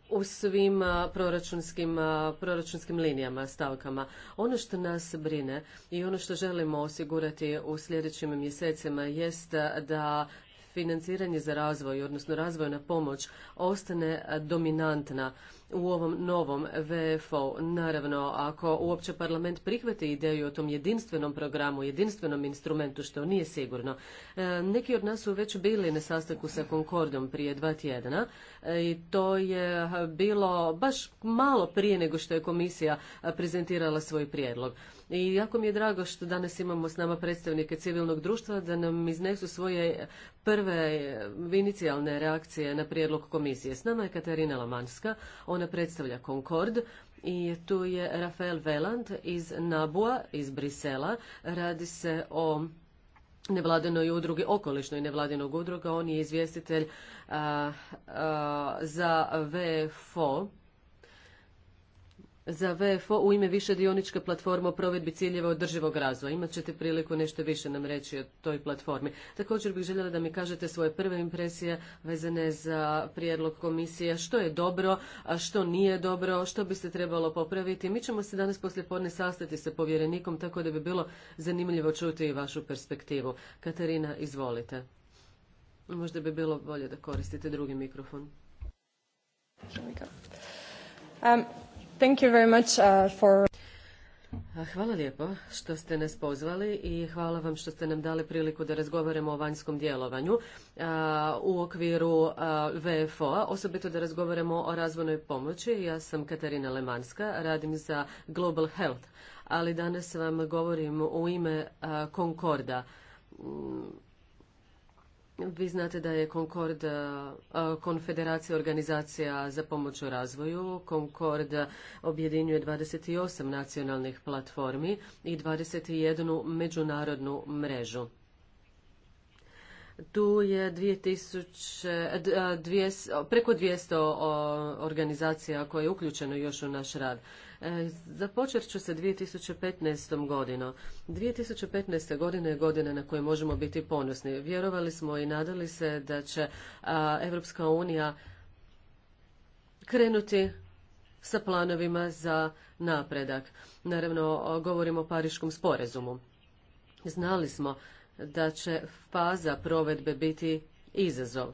u svim proračunskim, proračunskim linijama, stavkama. Ono što nas brine i ono što želimo osigurati u sljedećim mjesecima jest da financiranje za razvoj, odnosno razvojna pomoć, ostane dominantna u ovom novom VFO. Naravno, ako uopće parlament prihvati ideju o tom jedinstvenom programu, jedinstvenom instrumentu, što nije sigurno. E, neki od nas su već bili na sastanku sa Concordom prije dva tjedna e, i to je bilo baš malo prije nego što je komisija prezentirala svoj prijedlog. I jako mi je drago što danas imamo s nama predstavnike civilnog društva da nam iznesu svoje prve inicijalne reakcije na prijedlog komisije. S nama je Katarina Lamanska, ona predstavlja Concord i tu je Rafael Veland iz Nabua, iz Brisela. Radi se o nevladinoj udrugi, okolišnoj nevladinog udruga. On je izvjestitelj za VFO za VFO u ime više dioničke platforme o provedbi ciljeva održivog razvoja. Imat ćete priliku nešto više nam reći o toj platformi. Također bih željela da mi kažete svoje prve impresije vezane za prijedlog komisije, što je dobro, a što nije dobro, što bi se trebalo popraviti. Mi ćemo se danas poslije podne sastati sa povjerenikom, tako da bi bilo zanimljivo čuti i vašu perspektivu. Katarina, izvolite. Možda bi bilo bolje da koristite drugi mikrofon. Um, Thank you uh, Hvala lijepo što ste nas pozvali i hvala vam što ste nam dali priliku da razgovaramo o vanjskom djelovanju u okviru VFO-a, osobito da razgovaramo o razvojnoj pomoći. Ja sam Katarina Lemanska, radim za Global Health, ali danas vam govorim u ime Concorda. Mm, vi znate da je Concord eh, eh, konfederacija organizacija za pomoć u razvoju. Concord objedinjuje 28 nacionalnih platformi i 21 međunarodnu mrežu. Tu je 2000, eh, preko 200 organizacija koje je uključeno još u naš rad. E, započet ću se 2015. godinom. 2015. godine je godina na koju možemo biti ponosni. Vjerovali smo i nadali se da će Evropska unija krenuti sa planovima za napredak. Naravno, govorimo o Pariškom sporezumu. Znali smo da će faza provedbe biti izazov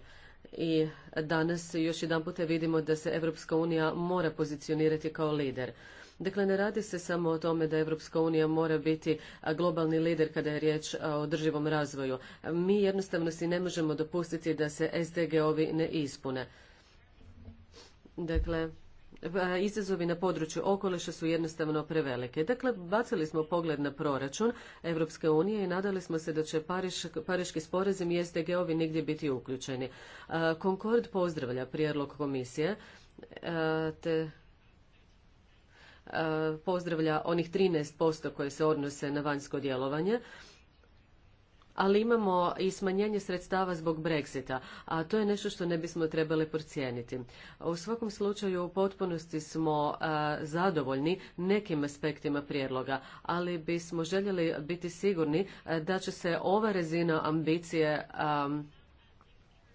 i danas još jedan puta vidimo da se Evropska unija mora pozicionirati kao lider. Dakle, ne radi se samo o tome da Evropska unija mora biti globalni lider kada je riječ o održivom razvoju. Mi jednostavno si ne možemo dopustiti da se SDG-ovi ne ispune. Dakle, E, izazovi na području okoliša su jednostavno prevelike. Dakle, bacili smo pogled na proračun Europske unije i nadali smo se da će Pariški sporazum i SDG-ovi negdje biti uključeni. E, Concord pozdravlja prijedlog komisije e, te pozdravlja onih 13% koje se odnose na vanjsko djelovanje ali imamo i smanjenje sredstava zbog Brexita, a to je nešto što ne bismo trebali procijeniti. U svakom slučaju u potpunosti smo e, zadovoljni nekim aspektima prijedloga, ali bismo željeli biti sigurni e, da će se ova razina ambicije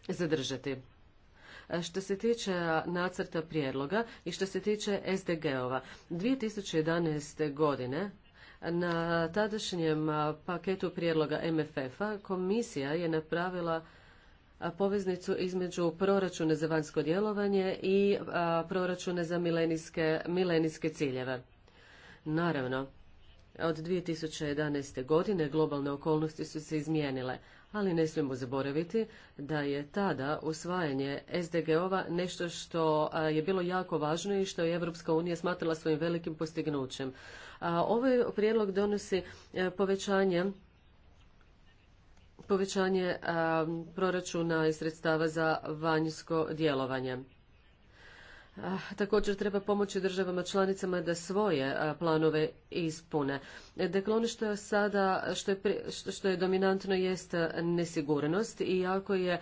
zadržati. E, što se tiče nacrta prijedloga i što se tiče SDG-ova, 2011. godine na tadašnjem paketu prijedloga MFF-a komisija je napravila poveznicu između proračune za vanjsko djelovanje i proračune za milenijske, milenijske ciljeve. Naravno, od 2011. godine globalne okolnosti su se izmijenile, ali ne smijemo zaboraviti da je tada usvajanje SDG-ova nešto što je bilo jako važno i što je Europska unija smatrala svojim velikim postignućem. Ovaj prijedlog donosi e, povećanje povećanje proračuna i sredstava za vanjsko djelovanje. Ah, također treba pomoći državama članicama da svoje planove ispune. Dakle, ono što je sada, što je, što je dominantno jest nesigurnost i ako je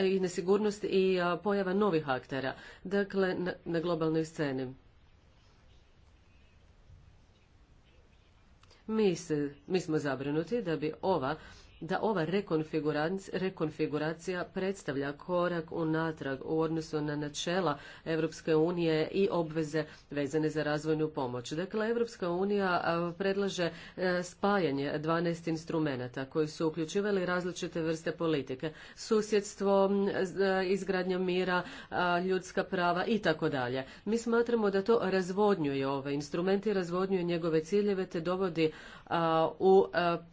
i nesigurnost i pojava novih aktera, dakle na, globalnoj sceni. Mi, mi smo zabrinuti da bi ova da ova rekonfiguracija predstavlja korak unatrag u odnosu na načela Europske unije i obveze vezane za razvojnu pomoć. Dakle, Europska unija predlaže e, spajanje 12 instrumenata koji su uključivali različite vrste politike, susjedstvo, e, izgradnja mira, ljudska prava i tako dalje. Mi smatramo da to razvodnjuje ove instrumente i razvodnjuje njegove ciljeve te dovodi u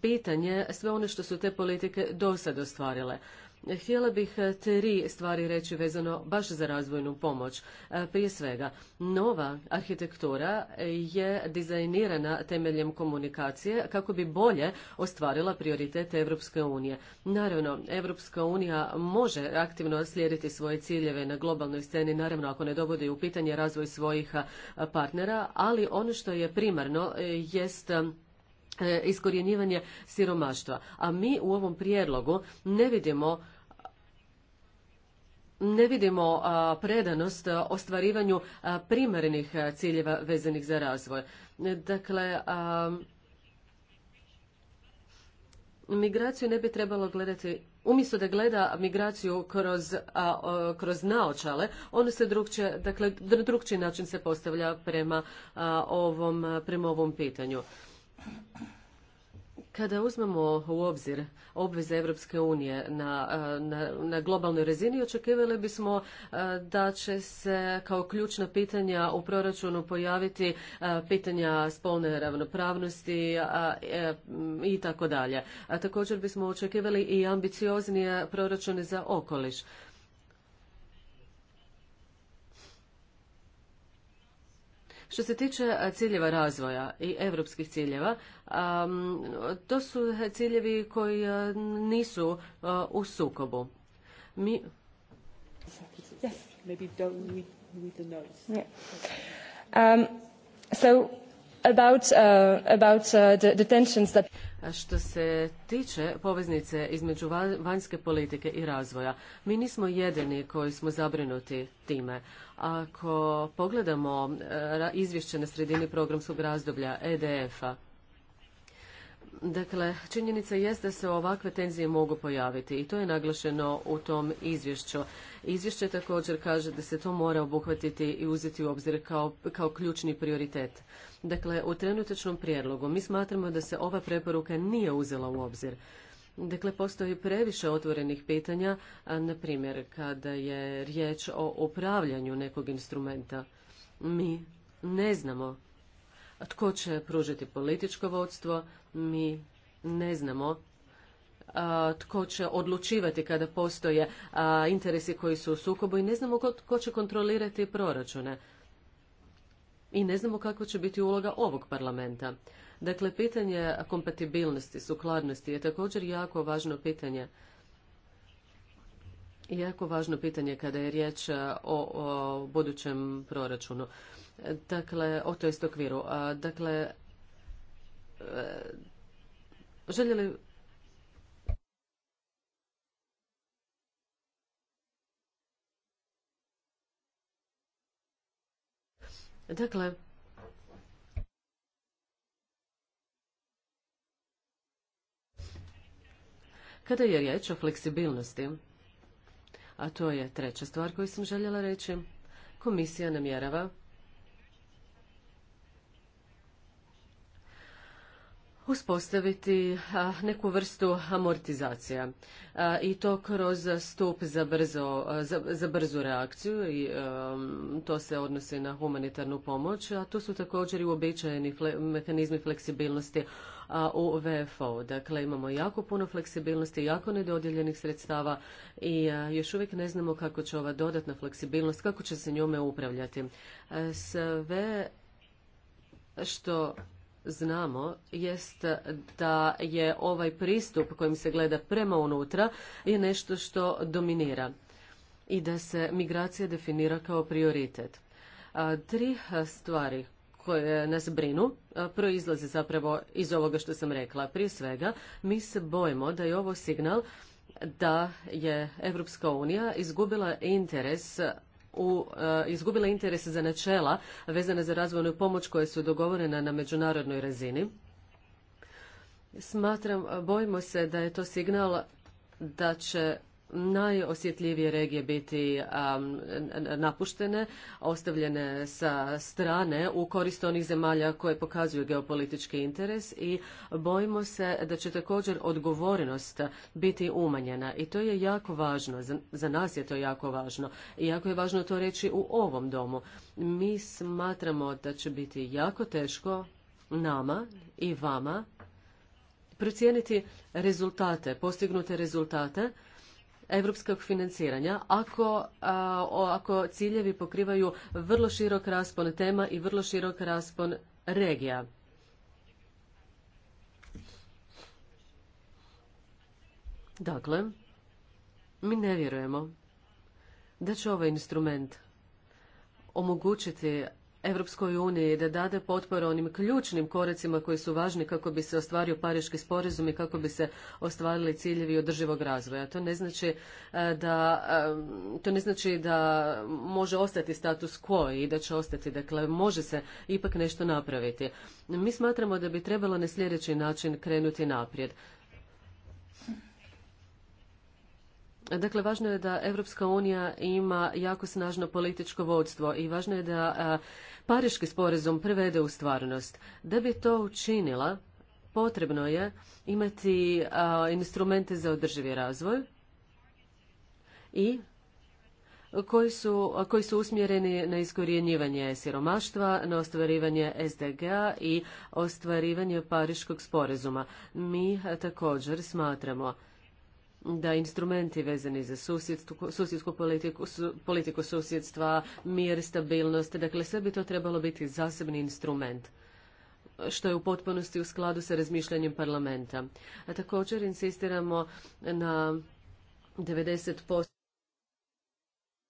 pitanje sve ono što su te politike do sad ostvarile. Htjela bih e, tri stvari reći vezano baš za razvojnu pomoć. E, prije svega, nova arhitektura je dizajnirana temeljem komunikacije kako bi bolje ostvarila prioritete Europske unije. Naravno, Europska unija može aktivno slijediti svoje ciljeve na globalnoj sceni, naravno ako ne dovodi u pitanje razvoj svojih e, partnera, ali ono što je primarno jest E, iskorjenjivanje siromaštva. A mi u ovom prijedlogu ne vidimo ne vidimo predanost ostvarivanju primarnih ciljeva vezanih za razvoj. Dakle, migraciju ne bi trebalo gledati umjesto da gleda migraciju kroz, kroz naočale, ono se drukčije, dakle, na drugčiji način se postavlja prema ovom, prema ovom pitanju. Kada uzmemo u obzir obveze Europske unije e, na, globalnoj razini, očekivali bismo e, da će se kao ključna pitanja u proračunu pojaviti e, pitanja spolne ravnopravnosti i tako dalje. A također bismo očekivali i ambicioznije proračune za okoliš. Što se tiče e, ciljeva razvoja i europskih ciljeva, to su ciljevi koji e, nisu e, u sukobu. Mi... Što se tiče poveznice između vanjske politike i razvoja, mi nismo jedini koji smo zabrinuti time. Ako pogledamo e, izvješće na sredini programskog razdoblja EDF-a, Dakle, činjenica jest da se ovakve tenzije mogu pojaviti i to je naglašeno u tom izvješću. Izvješće također kaže da se to mora obuhvatiti i uzeti u obzir kao, kao ključni prioritet. Dakle, u trenutačnom prijedlogu mi smatramo da se ova preporuka nije uzela u obzir. Dakle, postoji previše otvorenih pitanja, a, na primjer, kada je riječ o upravljanju nekog instrumenta. Mi ne znamo tko će pružiti političko vodstvo, mi ne znamo tko će odlučivati kada postoje interesi koji su u sukobu i ne znamo tko će kontrolirati proračune. I ne znamo kakva će biti uloga ovog parlamenta. Dakle, pitanje kompatibilnosti, sukladnosti je također jako važno pitanje. Jako važno pitanje kada je riječ e, o, budućem proračunu. E, dakle, o to okviru. Dakle, e, željeli Dakle, Kada je riječ o fleksibilnosti, a to je treća stvar koju sam željela reći, komisija namjerava uspostaviti neku vrstu amortizacija i to kroz stup za, brzu reakciju i to se odnosi na humanitarnu pomoć, a to su također i uobičajeni mehanizmi fleksibilnosti u VFO. Dakle, imamo jako puno fleksibilnosti, jako nedodjeljenih sredstava i još uvijek ne znamo kako će ova dodatna fleksibilnost, kako će se njome upravljati. E, sve što znamo jest da je ovaj pristup kojim se gleda prema unutra je nešto što dominira i da se migracija definira kao prioritet. Tri stvari koje eh, nas brinu eh, proizlaze zapravo iz ovoga što sam rekla. Prije svega, mi se bojimo da je ovo signal da je Europska unija izgubila interes u, eh, izgubila interes za načela vezane za razvojnu pomoć koje su dogovorena na međunarodnoj razini. Smatram, bojimo se da je to signal da će najosjetljivije regije biti napuštene, ostavljene sa strane u korist onih zemalja koje pokazuju geopolitički interes i bojimo se da će također odgovornost biti umanjena i to je jako važno, za, za nas je to jako važno i jako je važno to reći u ovom domu. Mi smatramo da će biti jako teško nama i vama procijeniti rezultate, postignute rezultate europskog financiranja ako, ako ciljevi pokrivaju vrlo širok raspon tema i vrlo širok raspon regija. Dakle, mi ne vjerujemo da će ovaj instrument omogućiti Europskoj uniji da dade potporu onim ključnim koracima koji su važni kako bi se ostvario pariški sporazum i kako bi se ostvarili ciljevi održivog razvoja. To ne znači e, da, e, to ne znači da može ostati status quo i da će ostati, dakle može se ipak nešto napraviti. Mi smatramo da bi trebalo na sljedeći način krenuti naprijed. Dakle, važno je da Europska unija ima jako snažno političko vodstvo i važno je da Pariški sporazum prevede u stvarnost. Da bi to učinila, potrebno je imati instrumente za održivi razvoj i koji su, koji su usmjereni na iskorjenjivanje siromaštva, na ostvarivanje SDG-a i ostvarivanje Pariškog sporazuma. Mi također smatramo da instrumenti vezani za susjedsku politiku, politiku susjedstva, mir, stabilnost, dakle sve bi to trebalo biti zasebni instrument što je u potpunosti u skladu sa razmišljanjem parlamenta. A također insistiramo na 90%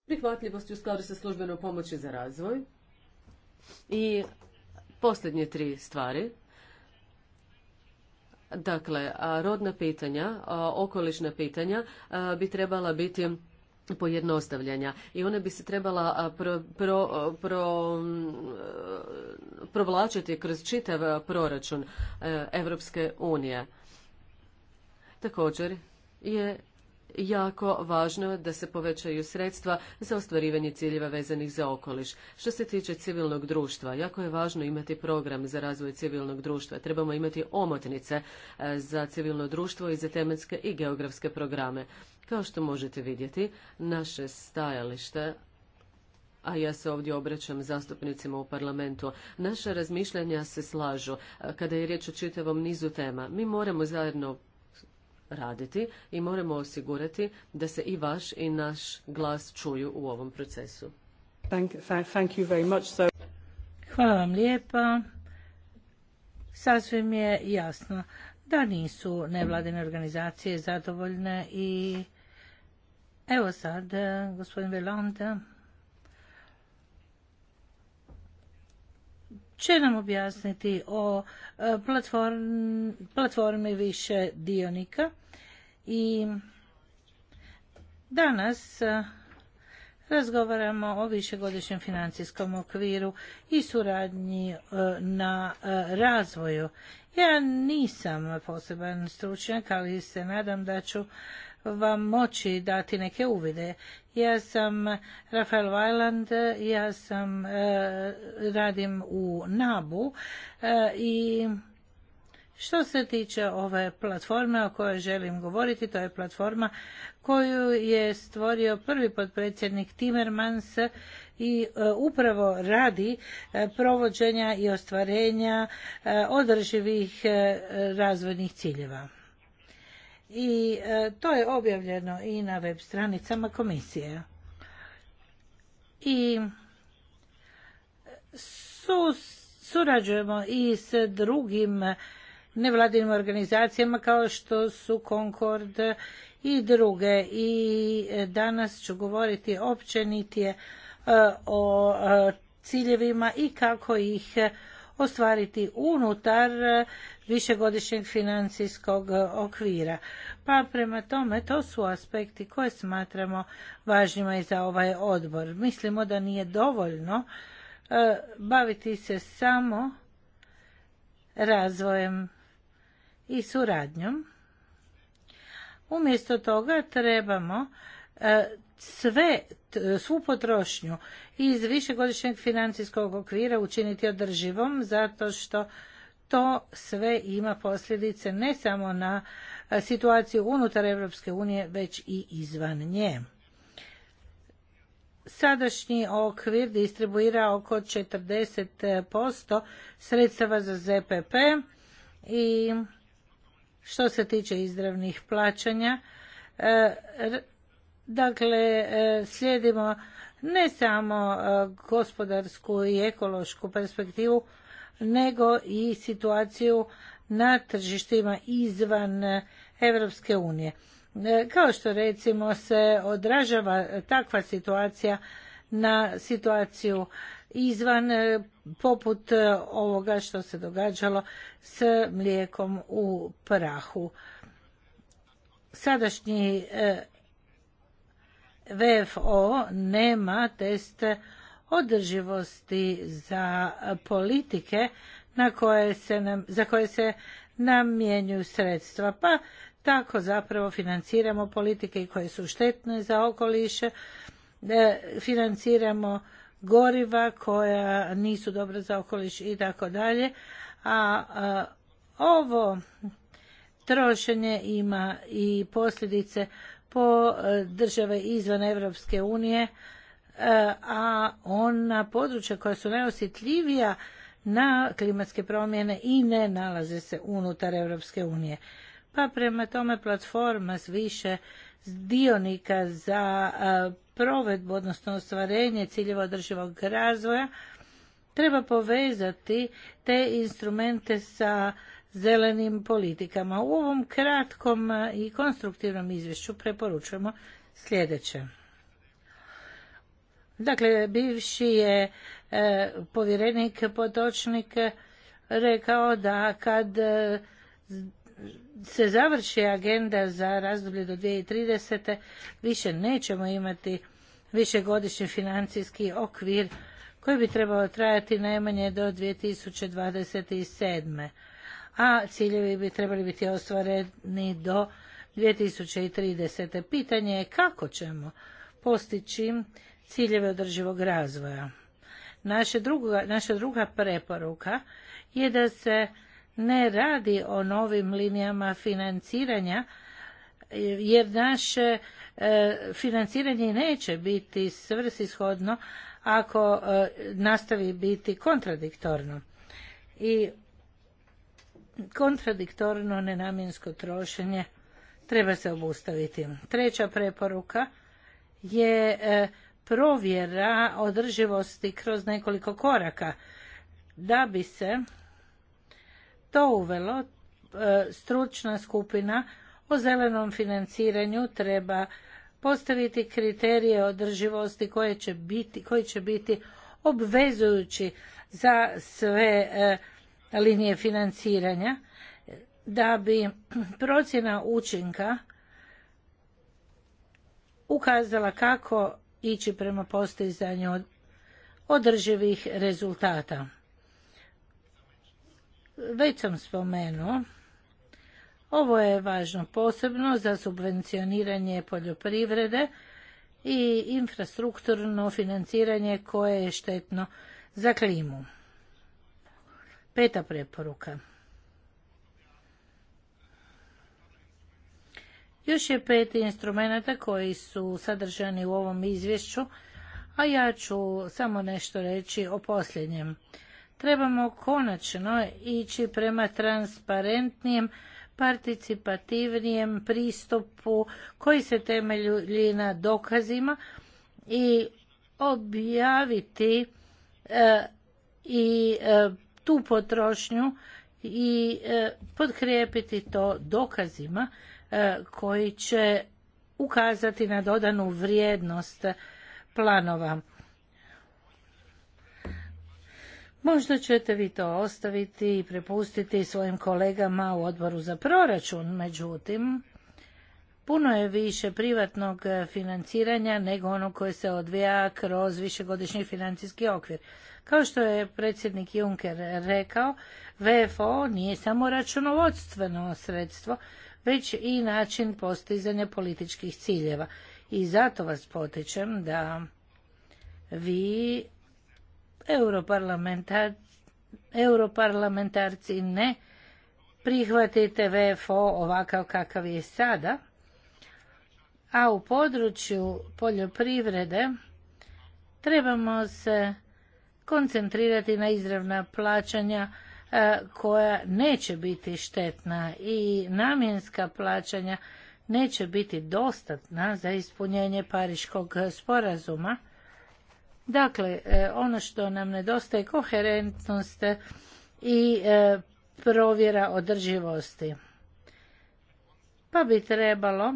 prihvatljivosti u skladu sa službenom pomoći za razvoj. I posljednje tri stvari Dakle, rodna pitanja, okolišna pitanja bi trebala biti pojednostavljanja i ona bi se trebala pro, pro, provlačiti kroz čitav proračun Europske unije. Također je jako važno da se povećaju sredstva za ostvarivanje ciljeva vezanih za okoliš. Što se tiče civilnog društva, jako je važno imati program za razvoj civilnog društva. Trebamo imati omotnice e, za civilno društvo i za tematske i geografske programe. Kao što možete vidjeti, naše stajalište a ja se ovdje obraćam zastupnicima u parlamentu. Naša razmišljanja se slažu e, kada je riječ o čitavom nizu tema. Mi moramo zajedno raditi i moramo osigurati da se i vaš i naš glas čuju u ovom procesu. Hvala vam lijepa. Sasvim je jasno da nisu nevladine organizacije zadovoljne i evo sad eh, gospodin Velanda. će nam objasniti o e, platformi više dionika i danas e, razgovaramo o višegodišnjem financijskom okviru i suradnji e, na razvoju. Ja nisam poseban stručnjak, ali se nadam da ću vam moći dati neke uvide. Ja sam Rafael Weiland, ja sam e, radim u NABU e, i što se tiče ove platforme o kojoj želim govoriti, to je platforma koju je stvorio prvi potpredsjednik Timmermans i e, upravo radi provođenja i ostvarenja održivih razvojnih ciljeva i e, to je objavljeno i na web stranicama komisije. I su, surađujemo i s drugim nevladinim organizacijama kao što su Concord i druge i e, danas ću govoriti općenitije e, o ciljevima i kako ih ostvariti unutar višegodišnjeg financijskog e, okvira. Pa prema tome to su aspekti koje smatramo važnjima i za ovaj odbor. Mislimo da nije dovoljno e, baviti se samo razvojem i suradnjom. Umjesto toga trebamo e, sve, svu potrošnju iz višegodišnjeg financijskog okvira učiniti održivom zato što to sve ima posljedice ne samo na e, situaciju unutar Europske unije, već i izvan nje. Sadašnji okvir distribuira oko 40% sredstava za ZPP i što se tiče izravnih plaćanja, e, dakle e, slijedimo ne samo gospodarsku i ekološku perspektivu, nego i situaciju na tržištima izvan Europske unije. E, kao što recimo se odražava takva situacija na situaciju izvan e, poput e, ovoga što se događalo s mlijekom u prahu. Sadašnji VFO nema test održivosti za politike na koje se nam, za koje se namjenjuju sredstva. Pa tako zapravo financiramo politike koje su štetne za okoliše, financiramo goriva koja nisu dobra za okoliš i tako dalje. A ovo trošenje ima i posljedice po e, države izvan Europske unije, E, a ona područja koja su najosjetljivija na klimatske promjene i ne nalaze se unutar Europske unije. Pa prema tome platforma s više dionika za e, provedbu, odnosno ostvarenje ciljeva održivog razvoja, treba povezati te instrumente sa zelenim politikama. U ovom kratkom i konstruktivnom izvješću preporučujemo sljedeće. Dakle, bivši je e, povjerenik potočnik e, rekao da kad e, se završi agenda za razdoblje do 2030. više nećemo imati višegodišnji financijski okvir koji bi trebao trajati najmanje do 2027. A ciljevi bi trebali biti ostvareni do 2030. Pitanje je kako ćemo postići ciljeve održivog razvoja. druga, naša druga preporuka je da se ne radi o novim linijama financiranja, jer naše e, financiranje neće biti svrsishodno ako e, nastavi biti kontradiktorno. I kontradiktorno nenamjensko trošenje treba se obustaviti. Treća preporuka je e, provjera održivosti kroz nekoliko koraka. Da bi se to uvelo, e, stručna skupina o zelenom financiranju treba postaviti kriterije održivosti koje će biti, koji će biti obvezujući za sve e, linije financiranja da bi procjena učinka ukazala kako ići prema postizanju održivih rezultata. Već sam spomenuo, ovo je važno posebno za subvencioniranje poljoprivrede i infrastrukturno financiranje koje je štetno za klimu. Peta preporuka. Još je pet instrumenta koji su sadržani u ovom izvješću, a ja ću samo nešto reći o posljednjem. Trebamo konačno ići prema transparentnijem, participativnijem pristupu koji se temelji na dokazima i objaviti e, i e, tu potrošnju i e, podkrijepiti to dokazima E, koji će ukazati na dodanu vrijednost planova. Možda ćete vi to ostaviti i prepustiti svojim kolegama u odboru za proračun, međutim, puno je više privatnog financiranja nego ono koje se odvija kroz višegodišnji financijski okvir. Kao što je predsjednik Juncker rekao, VFO nije samo računovodstveno sredstvo, već i način postizanja političkih ciljeva. I zato vas potičem da vi europarlamentar, europarlamentarci ne prihvatite VFO ovakav kakav je sada, a u području poljoprivrede trebamo se koncentrirati na izravna plaćanja E, koja neće biti štetna i namjenska plaćanja neće biti dostatna za ispunjenje Pariškog sporazuma. Dakle, e, ono što nam nedostaje je koherentnost i e, provjera održivosti. Pa bi trebalo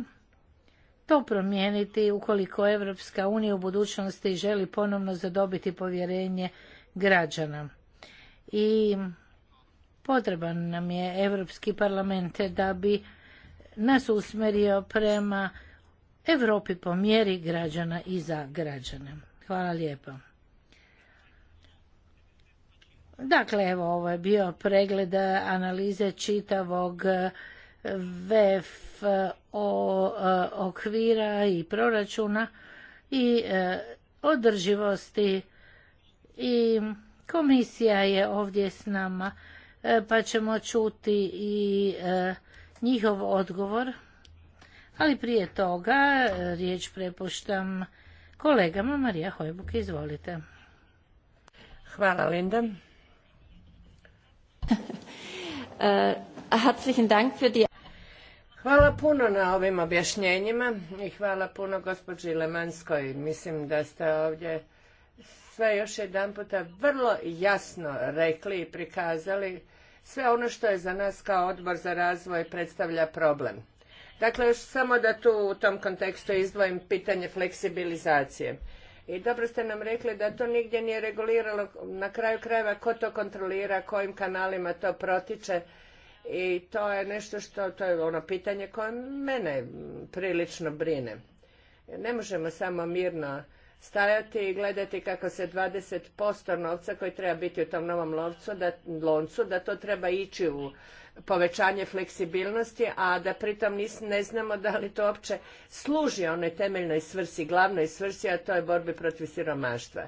to promijeniti ukoliko Evropska unija u budućnosti želi ponovno zadobiti povjerenje građana. I Potreban nam je Europski parlament da bi nas usmerio prema Europi po mjeri građana i za građane. Hvala lijepo. Dakle, evo, ovo je bio pregled analize čitavog eh, VFO eh, okvira i proračuna i eh, održivosti i komisija je ovdje s nama E, pa ćemo čuti i e, njihov odgovor. Ali prije toga e, riječ prepuštam kolegama. Marija Hojbuk, izvolite. Hvala, Linda. Hvala puno na ovim objašnjenjima i hvala puno gospođi Lemanskoj. Mislim da ste ovdje sve još jedan puta vrlo jasno rekli i prikazali sve ono što je za nas kao odbor za razvoj predstavlja problem. Dakle, još samo da tu u tom kontekstu izdvojim pitanje fleksibilizacije. I dobro ste nam rekli da to nigdje nije reguliralo na kraju krajeva ko to kontrolira, kojim kanalima to protiče i to je nešto što, to je ono pitanje koje mene prilično brine. Ne možemo samo mirno stajati i gledati kako se 20% novca koji treba biti u tom novom da, loncu, da to treba ići u povećanje fleksibilnosti, a da pritom ne znamo da li to uopće služi onoj temeljnoj svrsi, glavnoj svrsi, a to je borbi protiv siromaštva.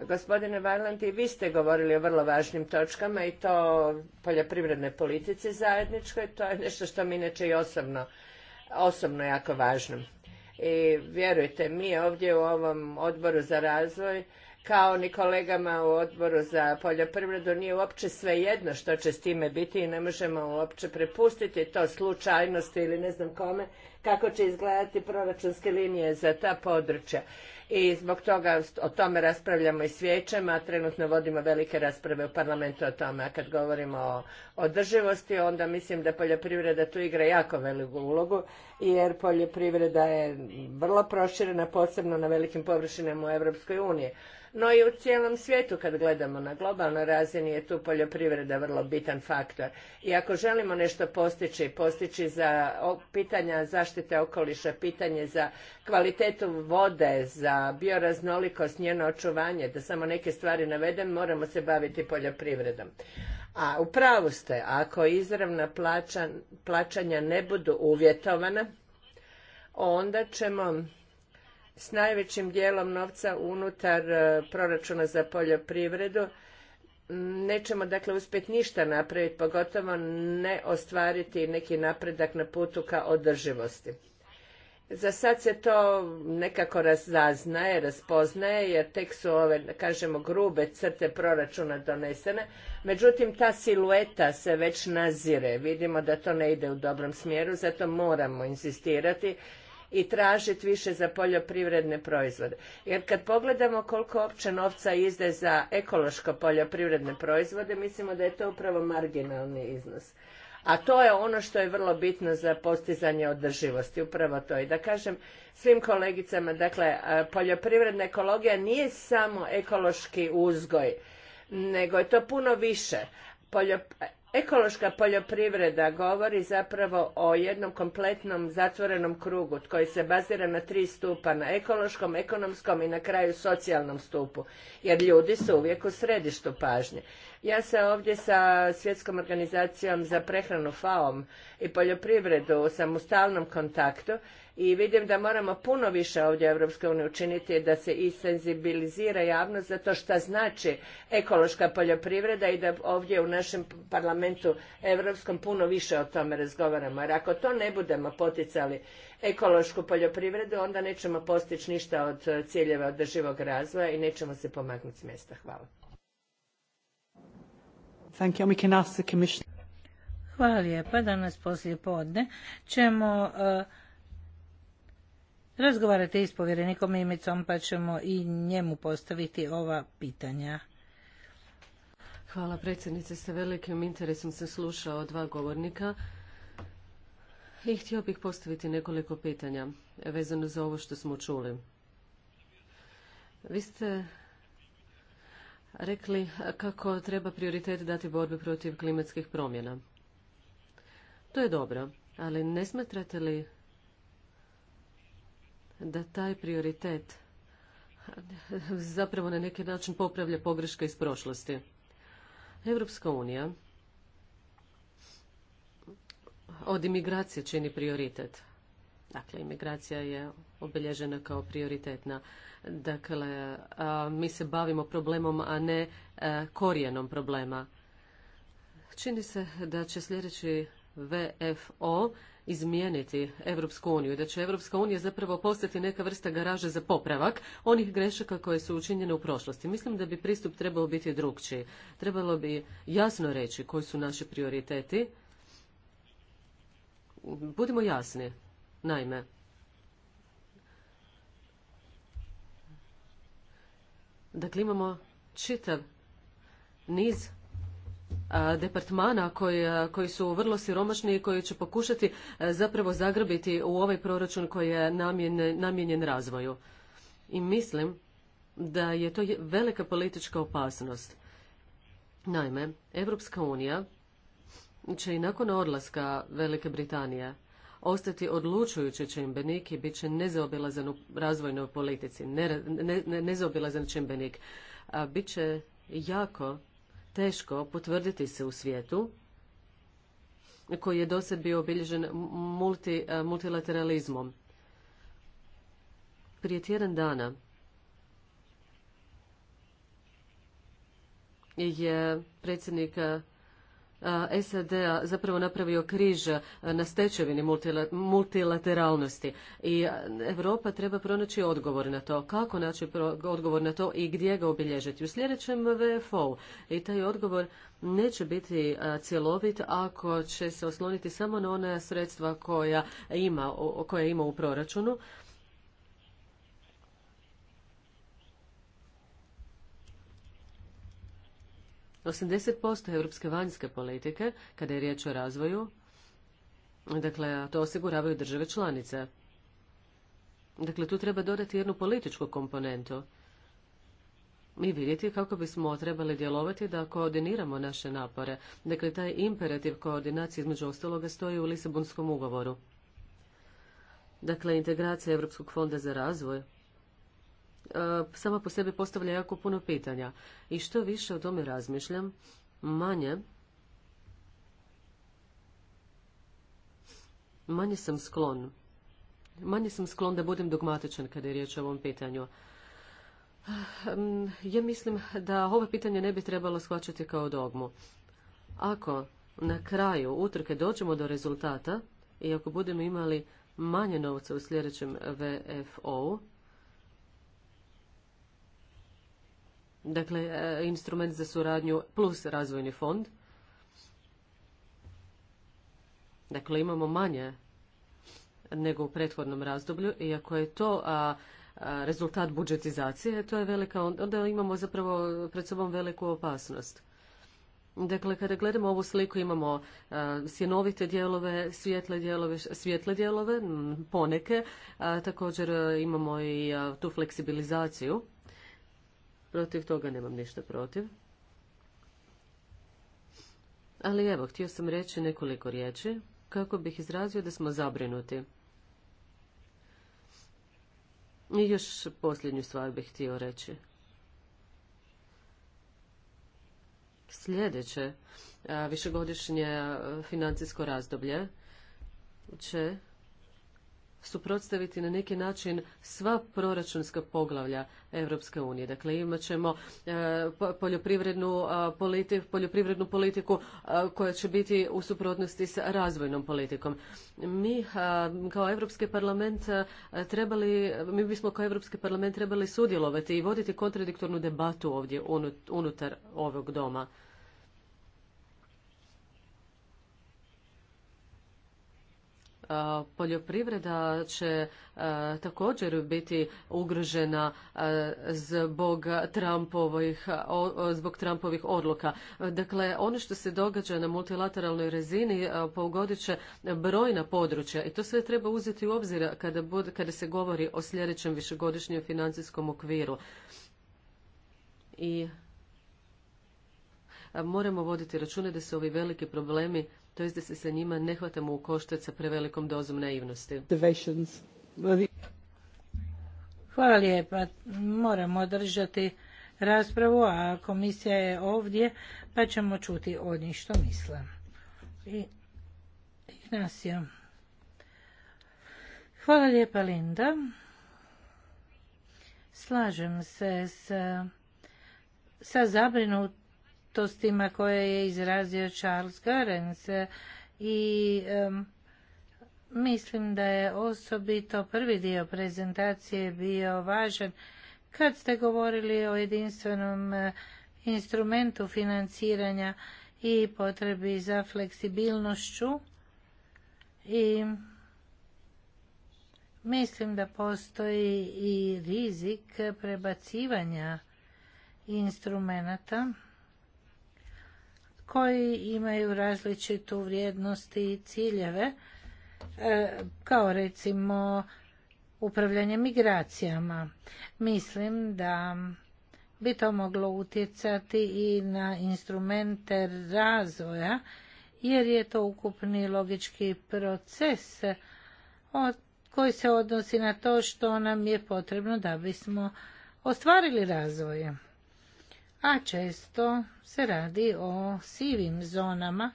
Gospodine Varland, i vi ste govorili o vrlo važnim točkama i to poljoprivrednoj politici zajedničkoj. To je nešto što mi inače i osobno, osobno jako važno. I vjerujte, mi ovdje u ovom odboru za razvoj, kao ni kolegama u odboru za poljoprivredu, nije uopće svejedno što će s time biti i ne možemo uopće prepustiti to slučajnosti ili ne znam kome, kako će izgledati proračunske linije za ta područja i zbog toga o tome raspravljamo i s a trenutno vodimo velike rasprave u parlamentu o tome. A kad govorimo o održivosti, onda mislim da poljoprivreda tu igra jako veliku ulogu, jer poljoprivreda je vrlo proširena, posebno na velikim površinama u Europskoj uniji no i u cijelom svijetu kad gledamo na globalnoj razini je tu poljoprivreda vrlo bitan faktor. I ako želimo nešto postići, postići za pitanja zaštite okoliša, pitanje za kvalitetu vode, za bioraznolikost, njeno očuvanje, da samo neke stvari navedem, moramo se baviti poljoprivredom. A u pravu ste, ako izravna plaćanja ne budu uvjetovana, onda ćemo s najvećim dijelom novca unutar e, proračuna za poljoprivredu nećemo dakle uspjeti ništa napraviti, pogotovo ne ostvariti neki napredak na putu ka održivosti. Za sad se to nekako razaznaje, raspoznaje, jer tek su ove, kažemo, grube crte proračuna donesene. Međutim, ta silueta se već nazire. Vidimo da to ne ide u dobrom smjeru, zato moramo insistirati i tražiti više za poljoprivredne proizvode. Jer kad pogledamo koliko opće novca izde za ekološko poljoprivredne proizvode, mislimo da je to upravo marginalni iznos. A to je ono što je vrlo bitno za postizanje održivosti, upravo to. I da kažem svim kolegicama, dakle, poljoprivredna ekologija nije samo ekološki uzgoj, nego je to puno više. Ekološka poljoprivreda govori zapravo o jednom kompletnom zatvorenom krugu koji se bazira na tri stupa, na ekološkom, ekonomskom i na kraju socijalnom stupu, jer ljudi su uvijek u središtu pažnje. Ja se ovdje sa Svjetskom organizacijom za prehranu FAOM i poljoprivredu sam u stalnom kontaktu i vidim da moramo puno više ovdje u unije učiniti da se i senzibilizira javnost za to šta znači ekološka poljoprivreda i da ovdje u našem parlamentu europskom puno više o tome razgovaramo. Jer ako to ne budemo poticali ekološku poljoprivredu, onda nećemo postići ništa od ciljeva održivog razvoja i nećemo se pomaknuti s mjesta. Hvala. Danas poslije podne ćemo eh, Razgovarate i s povjerenikom Imicom pa ćemo i njemu postaviti ova pitanja. Hvala predsjednice, sa velikim interesom sam slušao dva govornika i htio bih postaviti nekoliko pitanja vezano za ovo što smo čuli. Vi ste rekli kako treba prioritet dati borbi protiv klimatskih promjena. To je dobro, ali ne smatrate li da taj prioritet zapravo na neki način popravlja pogreške iz prošlosti. Europska unija od imigracije čini prioritet. Dakle, imigracija je obilježena kao prioritetna. Dakle, mi se bavimo problemom, a ne e, korijenom problema. Čini se da će sljedeći VFO izmijeniti Europsku uniju i da će Europska unija zapravo postati neka vrsta garaže za popravak onih grešaka koje su učinjene u prošlosti. Mislim da bi pristup trebao biti drugčiji. Trebalo bi jasno reći koji su naši prioriteti. Budimo jasni. Naime, dakle imamo čitav niz departmana koji, su vrlo siromašni i koji će pokušati zapravo zagrabiti u ovaj proračun koji je namijenjen razvoju. I mislim da je to velika politička opasnost. Naime, Evropska unija će i nakon odlaska Velike Britanije ostati odlučujući čimbenik i bit će nezaobilazan u razvojnoj politici, nezaobilazan čimbenik. Bit će jako teško potvrditi se u svijetu koji je dosad bio obilježen multi, e, multilateralizmom. Prije tjedan dana je predsjednik sad zapravo napravio križ na stečevini multilateralnosti i Europa treba pronaći odgovor na to. Kako naći odgovor na to i gdje ga obilježiti? U sljedećem VFO i taj odgovor neće biti cjelovit ako će se osloniti samo na ona sredstva koja ima, koja ima u proračunu 80% europske vanjske politike, kada je riječ o razvoju, dakle, to osiguravaju države članice. Dakle, tu treba dodati jednu političku komponentu Mi vidjeti kako bismo trebali djelovati da koordiniramo naše napore. Dakle, taj imperativ koordinacije između ostaloga stoji u Lisabonskom ugovoru. Dakle, integracija Europskog fonda za razvoj E, sama po sebi postavlja jako puno pitanja. I što više o tome razmišljam, manje manje sam sklon. Manje sam sklon da budem dogmatičan kada je riječ o ovom pitanju. Ehm, ja mislim da ovo pitanje ne bi trebalo shvaćati kao dogmu. Ako na kraju utrke dođemo do rezultata i ako budemo imali manje novca u sljedećem VFO-u, dakle e, instrument za suradnju plus razvojni fond. Dakle, imamo manje nego u prethodnom razdoblju iako je to a, rezultat budžetizacije, to je velika, onda imamo zapravo pred sobom veliku opasnost. Dakle, kada gledamo ovu sliku imamo sjenovite dijelove, svijetle dijelove, svijetle dijelove, poneke, također e, imamo i tu fleksibilizaciju Protiv toga nemam ništa protiv. Ali evo, htio sam reći nekoliko riječi kako bih izrazio da smo zabrinuti. I još posljednju stvar bih htio reći. Sljedeće višegodišnje financijsko razdoblje će suprotstaviti na neki način sva proračunska poglavlja Europske unije. Dakle, imat ćemo e, poljoprivrednu, e, poljoprivrednu politiku e, koja će biti u suprotnosti s razvojnom politikom. Mi kao Europski parlament trebali, mi bismo kao Europski parlament trebali sudjelovati i voditi kontradiktornu debatu ovdje unutar ovog doma. E, poljoprivreda će e, također biti ugrožena e, zbog Trumpovih, zbog Trumpovih odluka. Dakle, ono što se događa na multilateralnoj razini pogodit će brojna područja i to sve treba uzeti u obzir kada, kada se govori o sljedećem višegodišnjem financijskom okviru. I moramo voditi račune da se ovi veliki problemi to jest da se sa njima ne hvatamo u koštac sa prevelikom dozom naivnosti. Hvala lijepa. Moramo održati raspravu, a komisija je ovdje, pa ćemo čuti od njih što misle. I, Hvala lijepa, Linda. Slažem se sa, sa zabrinutom napetostima koje je izrazio Charles Garens i mislim da je osobito prvi dio prezentacije bio važan kad ste govorili o jedinstvenom eh, instrumentu financiranja i potrebi za fleksibilnošću i mislim da postoji i rizik prebacivanja instrumenta koji imaju različitu vrijednost i ciljeve, e, kao recimo upravljanje migracijama. Mislim da bi to moglo utjecati i na instrumente razvoja, jer je to ukupni logički proces koji se odnosi na to što nam je potrebno da bismo ostvarili razvoj a često se radi o sivim zonama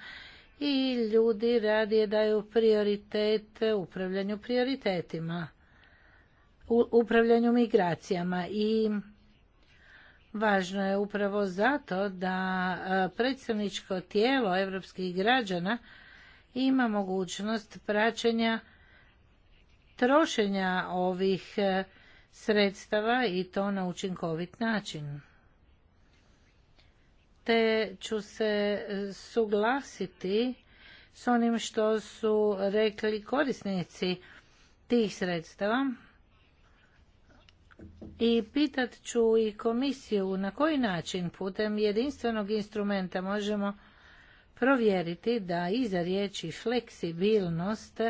i ljudi radije daju prioritet upravljanju prioritetima, upravljanju migracijama i Važno je upravo zato da e, predstavničko tijelo europskih građana ima mogućnost praćenja trošenja ovih e, sredstava i to na učinkovit način te ću se e, suglasiti s onim što su rekli korisnici tih sredstava i pitat ću i komisiju na koji način putem jedinstvenog instrumenta možemo provjeriti da iza riječi fleksibilnost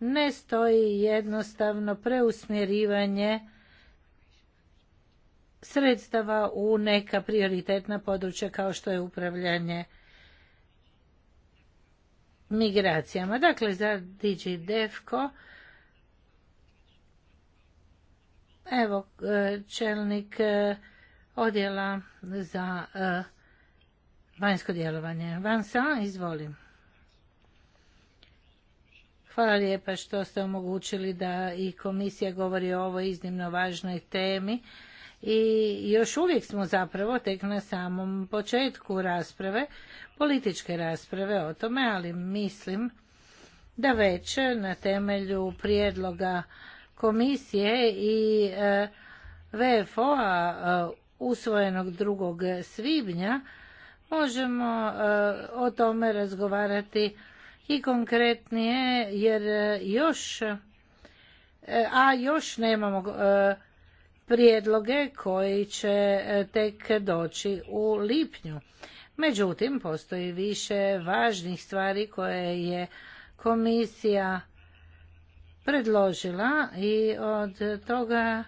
ne stoji jednostavno preusmjerivanje sredstava u neka prioritetna područja kao što je upravljanje migracijama. Dakle, za DigiDefco evo e, čelnik e, odjela za e, vanjsko djelovanje. sa, izvolim. Hvala lijepa što ste omogućili da i komisija govori o ovoj iznimno važnoj temi i još uvijek smo zapravo tek na samom početku rasprave, političke rasprave o tome, ali mislim da već na temelju prijedloga komisije i e, VFO-a e, usvojenog 2. svibnja možemo e, o tome razgovarati i konkretnije jer još a još nemamo prijedloge koji će e, tek doći u lipnju. Međutim, postoji više važnih stvari koje je komisija predložila i od toga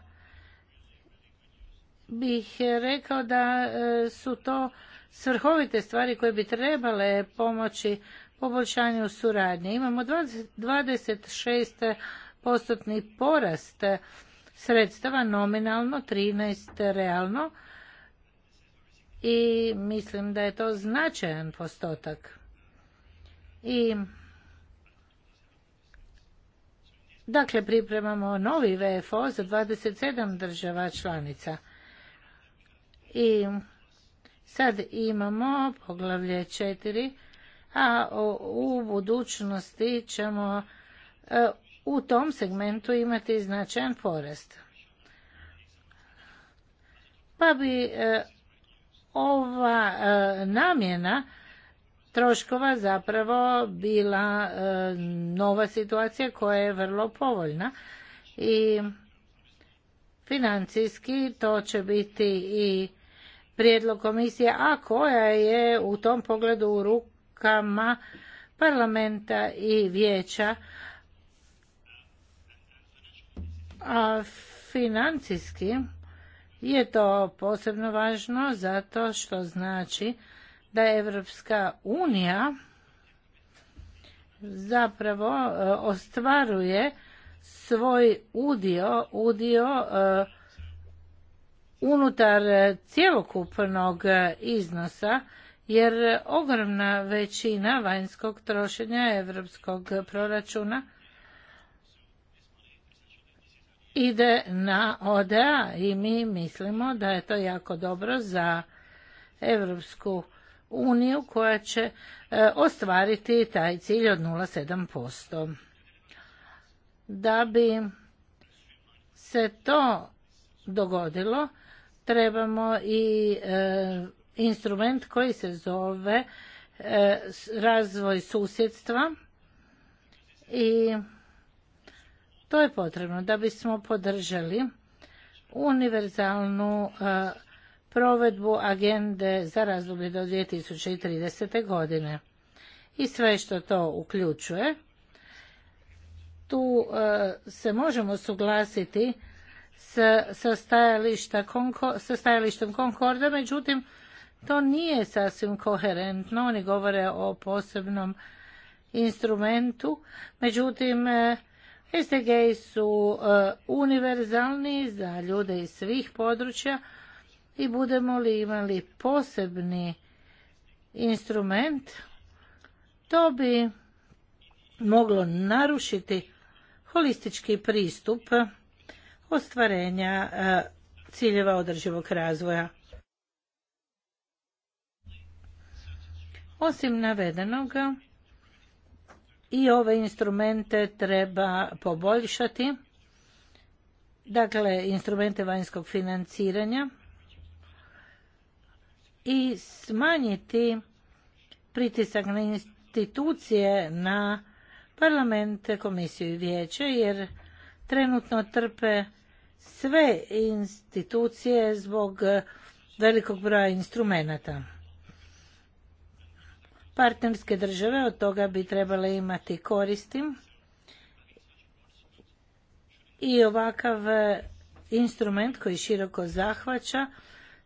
bih rekao da e, su to svrhovite stvari koje bi trebale pomoći poboljšanju suradnje. Imamo 26 postotni porast sredstava, nominalno 13 realno i mislim da je to značajan postotak. I Dakle, pripremamo novi VFO za 27 država članica. I sad imamo poglavlje 4, a u budućnosti ćemo e, u tom segmentu imati značajan porast. Pa bi e, ova e, namjena troškova zapravo bila e, nova situacija koja je vrlo povoljna i financijski to će biti i prijedlog komisije, a koja je u tom pogledu u rukama parlamenta i vijeća, a financijski je to posebno važno zato što znači da Evropska unija zapravo e, ostvaruje svoj udio, udio e, unutar cjelokupnog iznosa, jer ogromna većina vanjskog trošenja europskog proračuna ide na ODA i mi mislimo da je to jako dobro za Evropsku uniju koja će e, ostvariti taj cilj od 0,7%. Da bi se to dogodilo, trebamo i e, instrument koji se zove e, razvoj susjedstva i to je potrebno da bismo podržali univerzalnu e, provedbu agende za razdoblje do 2030. godine. I sve što to uključuje, tu e, se možemo suglasiti sa stajalištem Concorda, međutim, to nije sasvim koherentno. Oni govore o posebnom instrumentu, međutim, e, SDG su e, univerzalni za ljude iz svih područja i budemo li imali posebni instrument, to bi moglo narušiti holistički pristup ostvarenja e, ciljeva održivog razvoja. Osim navedenoga, i ove instrumente treba poboljšati. Dakle, instrumente vanjskog financiranja i smanjiti pritisak na institucije, na parlamente, komisiju i vijeće, jer trenutno trpe sve institucije zbog velikog broja instrumenata. Partnerske države od toga bi trebale imati koristi i ovakav e, instrument koji široko zahvaća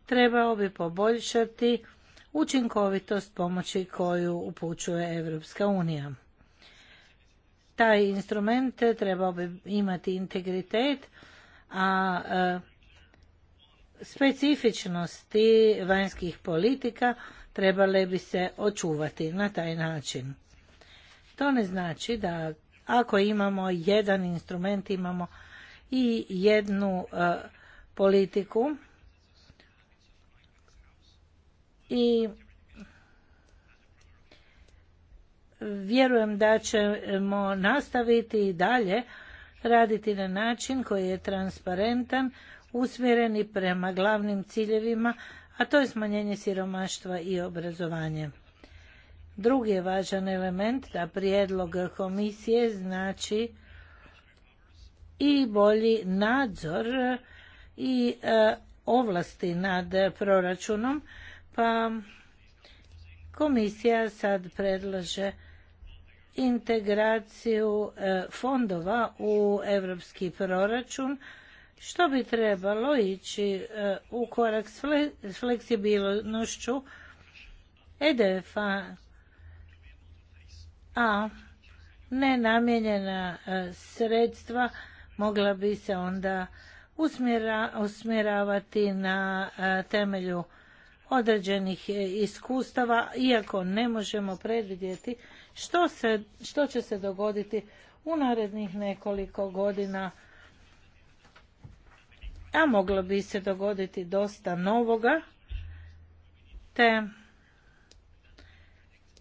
trebao bi poboljšati učinkovitost pomoći koju upućuje Europska unija. Taj instrument e, trebao bi imati integritet, a e, specifičnosti vanjskih politika trebale bi se očuvati na taj način. To ne znači da ako imamo jedan instrument, imamo i jednu e, politiku i vjerujem da ćemo nastaviti i dalje raditi na način koji je transparentan, usmjereni prema glavnim ciljevima, a to je smanjenje siromaštva i obrazovanje. Drugi je važan element da prijedlog komisije znači i bolji nadzor i e, ovlasti nad proračunom, pa komisija sad predlaže integraciju e, fondova u europski proračun što bi trebalo ići e, u korak s fleksibilnošću EDF-a, a nenamjenjena e, sredstva mogla bi se onda usmjeravati na e, temelju određenih iskustava, iako ne možemo predvidjeti što, što će se dogoditi u narednih nekoliko godina a moglo bi se dogoditi dosta novoga, te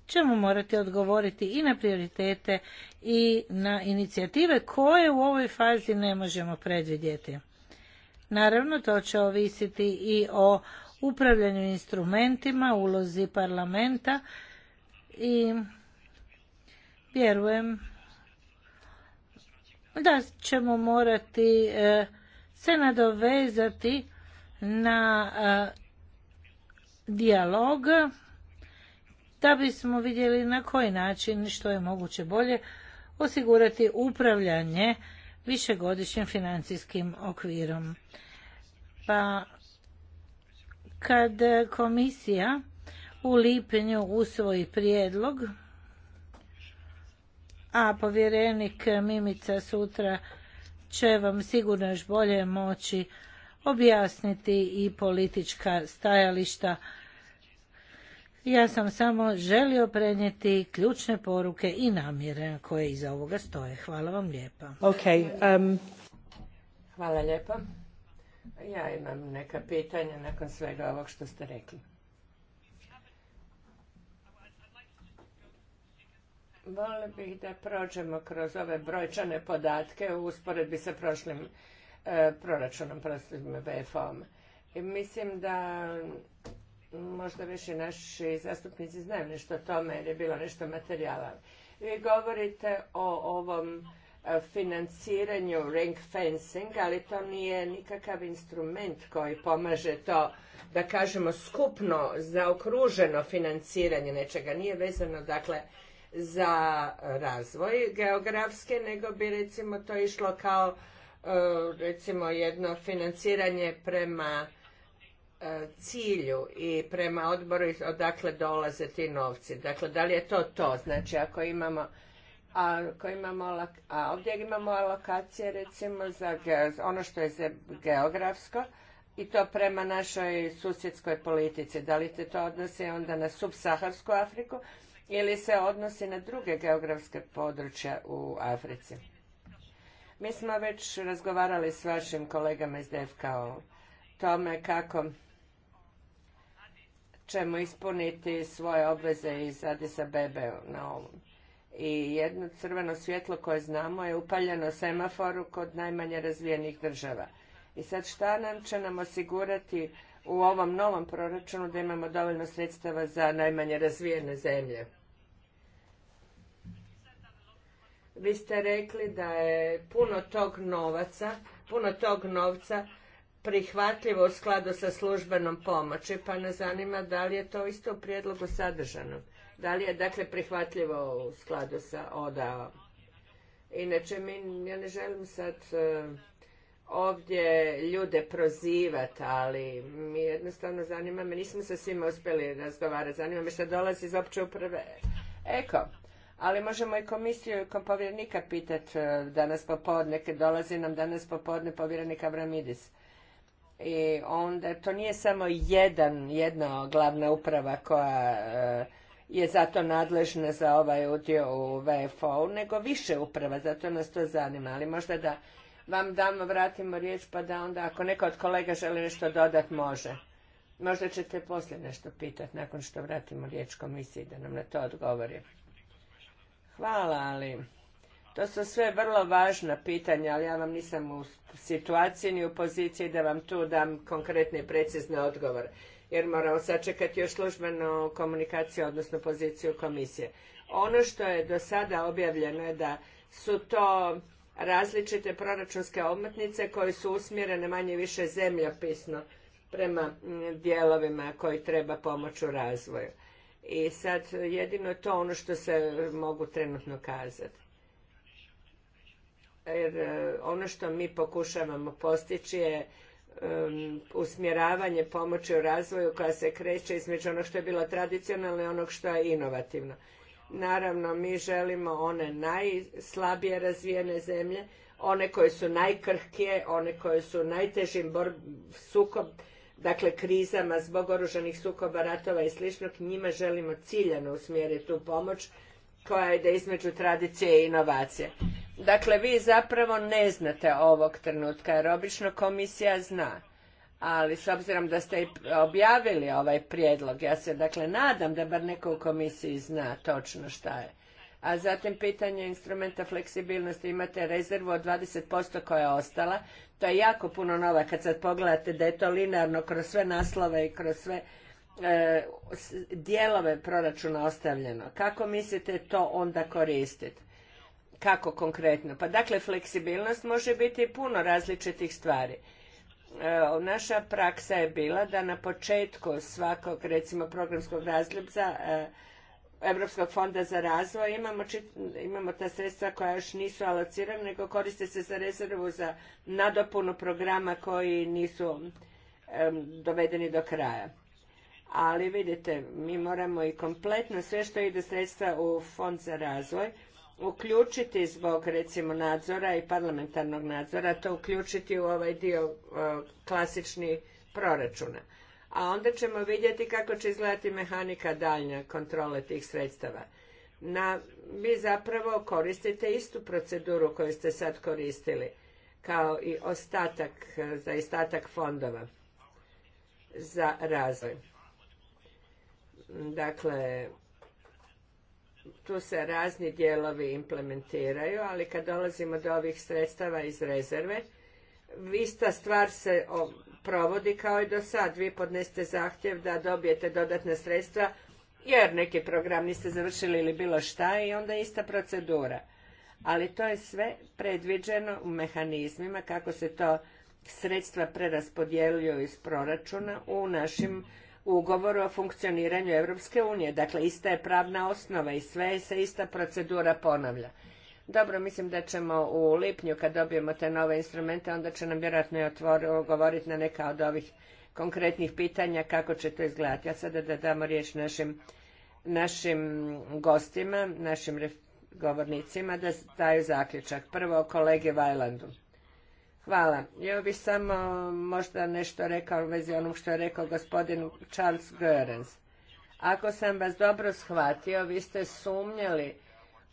ćemo morati odgovoriti i na prioritete i na inicijative koje u ovoj fazi ne možemo predvidjeti. Naravno, to će ovisiti i o upravljanju instrumentima, ulozi parlamenta i vjerujem da ćemo morati eh, se nadovezati na e, dijalog da bismo vidjeli na koji način što je moguće bolje osigurati upravljanje višegodišnjim financijskim okvirom. Pa kad komisija u lipnju usvoji prijedlog, a povjerenik Mimica sutra će vam sigurno još bolje moći objasniti i politička stajališta. Ja sam samo želio prenijeti ključne poruke i namjere koje iza ovoga stoje. Hvala vam lijepa. Okay, um... Hvala lijepa. Ja imam neka pitanja nakon svega ovog što ste rekli. Vole bih da prođemo kroz ove brojčane podatke u usporedbi sa prošlim e, proračunom, prošlim BFO-om. Mislim da možda više naši zastupnici znaju nešto o tome jer je bilo nešto materijala. Vi govorite o ovom e, financiranju ring fencing, ali to nije nikakav instrument koji pomaže to, da kažemo, skupno zaokruženo financiranje nečega. Nije vezano, dakle, za razvoj geografske nego bi recimo to išlo kao e, recimo jedno financiranje prema e, cilju i prema odboru odakle dolaze ti novci. Dakle, da li je to to? Znači, ako imamo a, ako imamo, a ovdje imamo alokacije recimo za ono što je geografsko i to prema našoj susjedskoj politici. Da li se to odnose onda na subsaharsku Afriku ili se odnosi na druge geografske područja u Africi. Mi smo već razgovarali s vašim kolegama iz DFK o tome kako ćemo ispuniti svoje obveze iz Adisa Bebe na ovom. I jedno crveno svjetlo koje znamo je upaljeno semaforu kod najmanje razvijenih država. I sad šta nam će nam osigurati u ovom novom proračunu da imamo dovoljno sredstava za najmanje razvijene zemlje? Vi ste rekli da je puno tog novaca, puno tog novca prihvatljivo u skladu sa službenom pomoći, pa nas zanima da li je to isto u prijedlogu sadržano. Da li je dakle prihvatljivo u skladu sa ODA? Inače, mi, ja ne želim sad e, ovdje ljude prozivati, ali mi jednostavno zanima me, nismo se svima uspjeli razgovarati, zanima me što dolazi iz opće uprave. Eko, ali možemo i komisiju i povjerenika pitati e, danas popodne, kad dolazi nam danas popodne povjerenik Avramidis. I onda to nije samo jedan, jedna glavna uprava koja e, je zato nadležna za ovaj udio u vfo nego više uprava, zato nas to zanima. Ali možda da vam damo, vratimo riječ, pa da onda ako neko od kolega želi nešto dodat, može. Možda ćete poslije nešto pitati nakon što vratimo riječ komisiji da nam na to odgovori. Hvala, ali to su sve vrlo važna pitanja, ali ja vam nisam u situaciji ni u poziciji da vam tu dam konkretne i precizne odgovore, jer moramo sačekati još službenu komunikaciju, odnosno poziciju komisije. Ono što je do sada objavljeno je da su to različite proračunske omotnice koje su usmjerene manje više zemljopisno prema dijelovima koji treba pomoć u razvoju. I sad jedino je to ono što se mogu trenutno kazati. Jer e, ono što mi pokušavamo postići je usmjeravanje pomoći u razvoju koja se kreće između onog što je bilo tradicionalno i onog što je inovativno. Naravno, mi želimo one najslabije razvijene zemlje, one koje su najkrhkije, one koje su najtežim sukob, dakle krizama zbog oružanih sukoba, ratova i sličnog, njima želimo ciljano usmjeriti tu pomoć koja je da između tradicije i inovacije. Dakle, vi zapravo ne znate ovog trenutka, jer obično komisija zna. Ali s obzirom da ste objavili ovaj prijedlog, ja se dakle nadam da bar neko u komisiji zna točno šta je a zatim pitanje instrumenta fleksibilnosti, imate rezervu od 20% koja je ostala, to je jako puno nova kad sad pogledate da je to linearno kroz sve naslove i kroz sve e, dijelove proračuna ostavljeno. Kako mislite to onda koristiti? Kako konkretno? Pa dakle, fleksibilnost može biti puno različitih stvari. E, naša praksa je bila da na početku svakog, recimo, programskog razdoblja e, Europskog fonda za razvoj imamo, ta sredstva koja još nisu alocirana nego koriste se za rezervu za nadopunu programa koji nisu dovedeni do kraja. Ali vidite, mi moramo i kompletno sve što ide sredstva u fond za razvoj uključiti zbog recimo nadzora i parlamentarnog nadzora, to uključiti u ovaj dio klasični proračuna a onda ćemo vidjeti kako će izgledati mehanika daljnja kontrole tih sredstava. Na, vi zapravo koristite istu proceduru koju ste sad koristili, kao i ostatak, za istatak fondova za razvoj. Dakle, tu se razni dijelovi implementiraju, ali kad dolazimo do ovih sredstava iz rezerve, ista stvar se provodi kao i do sad. Vi podneste zahtjev da dobijete dodatna sredstva jer neki program niste završili ili bilo šta i onda je ista procedura. Ali to je sve predviđeno u mehanizmima kako se to sredstva preraspodjeljuju iz proračuna u našim ugovoru o funkcioniranju Europske unije. Dakle, ista je pravna osnova i sve se ista procedura ponavlja. Dobro, mislim da ćemo u lipnju kad dobijemo te nove instrumente, onda će nam vjerojatno i govoriti na neka od ovih konkretnih pitanja kako će to izgledati. A sada da damo riječ našim, gostima, našim govornicima da daju zaključak. Prvo kolege Vajlandu. Hvala. Ja bih samo možda nešto rekao u vezi onog što je rekao gospodin Charles Goerens. Ako sam vas dobro shvatio, vi ste sumnjali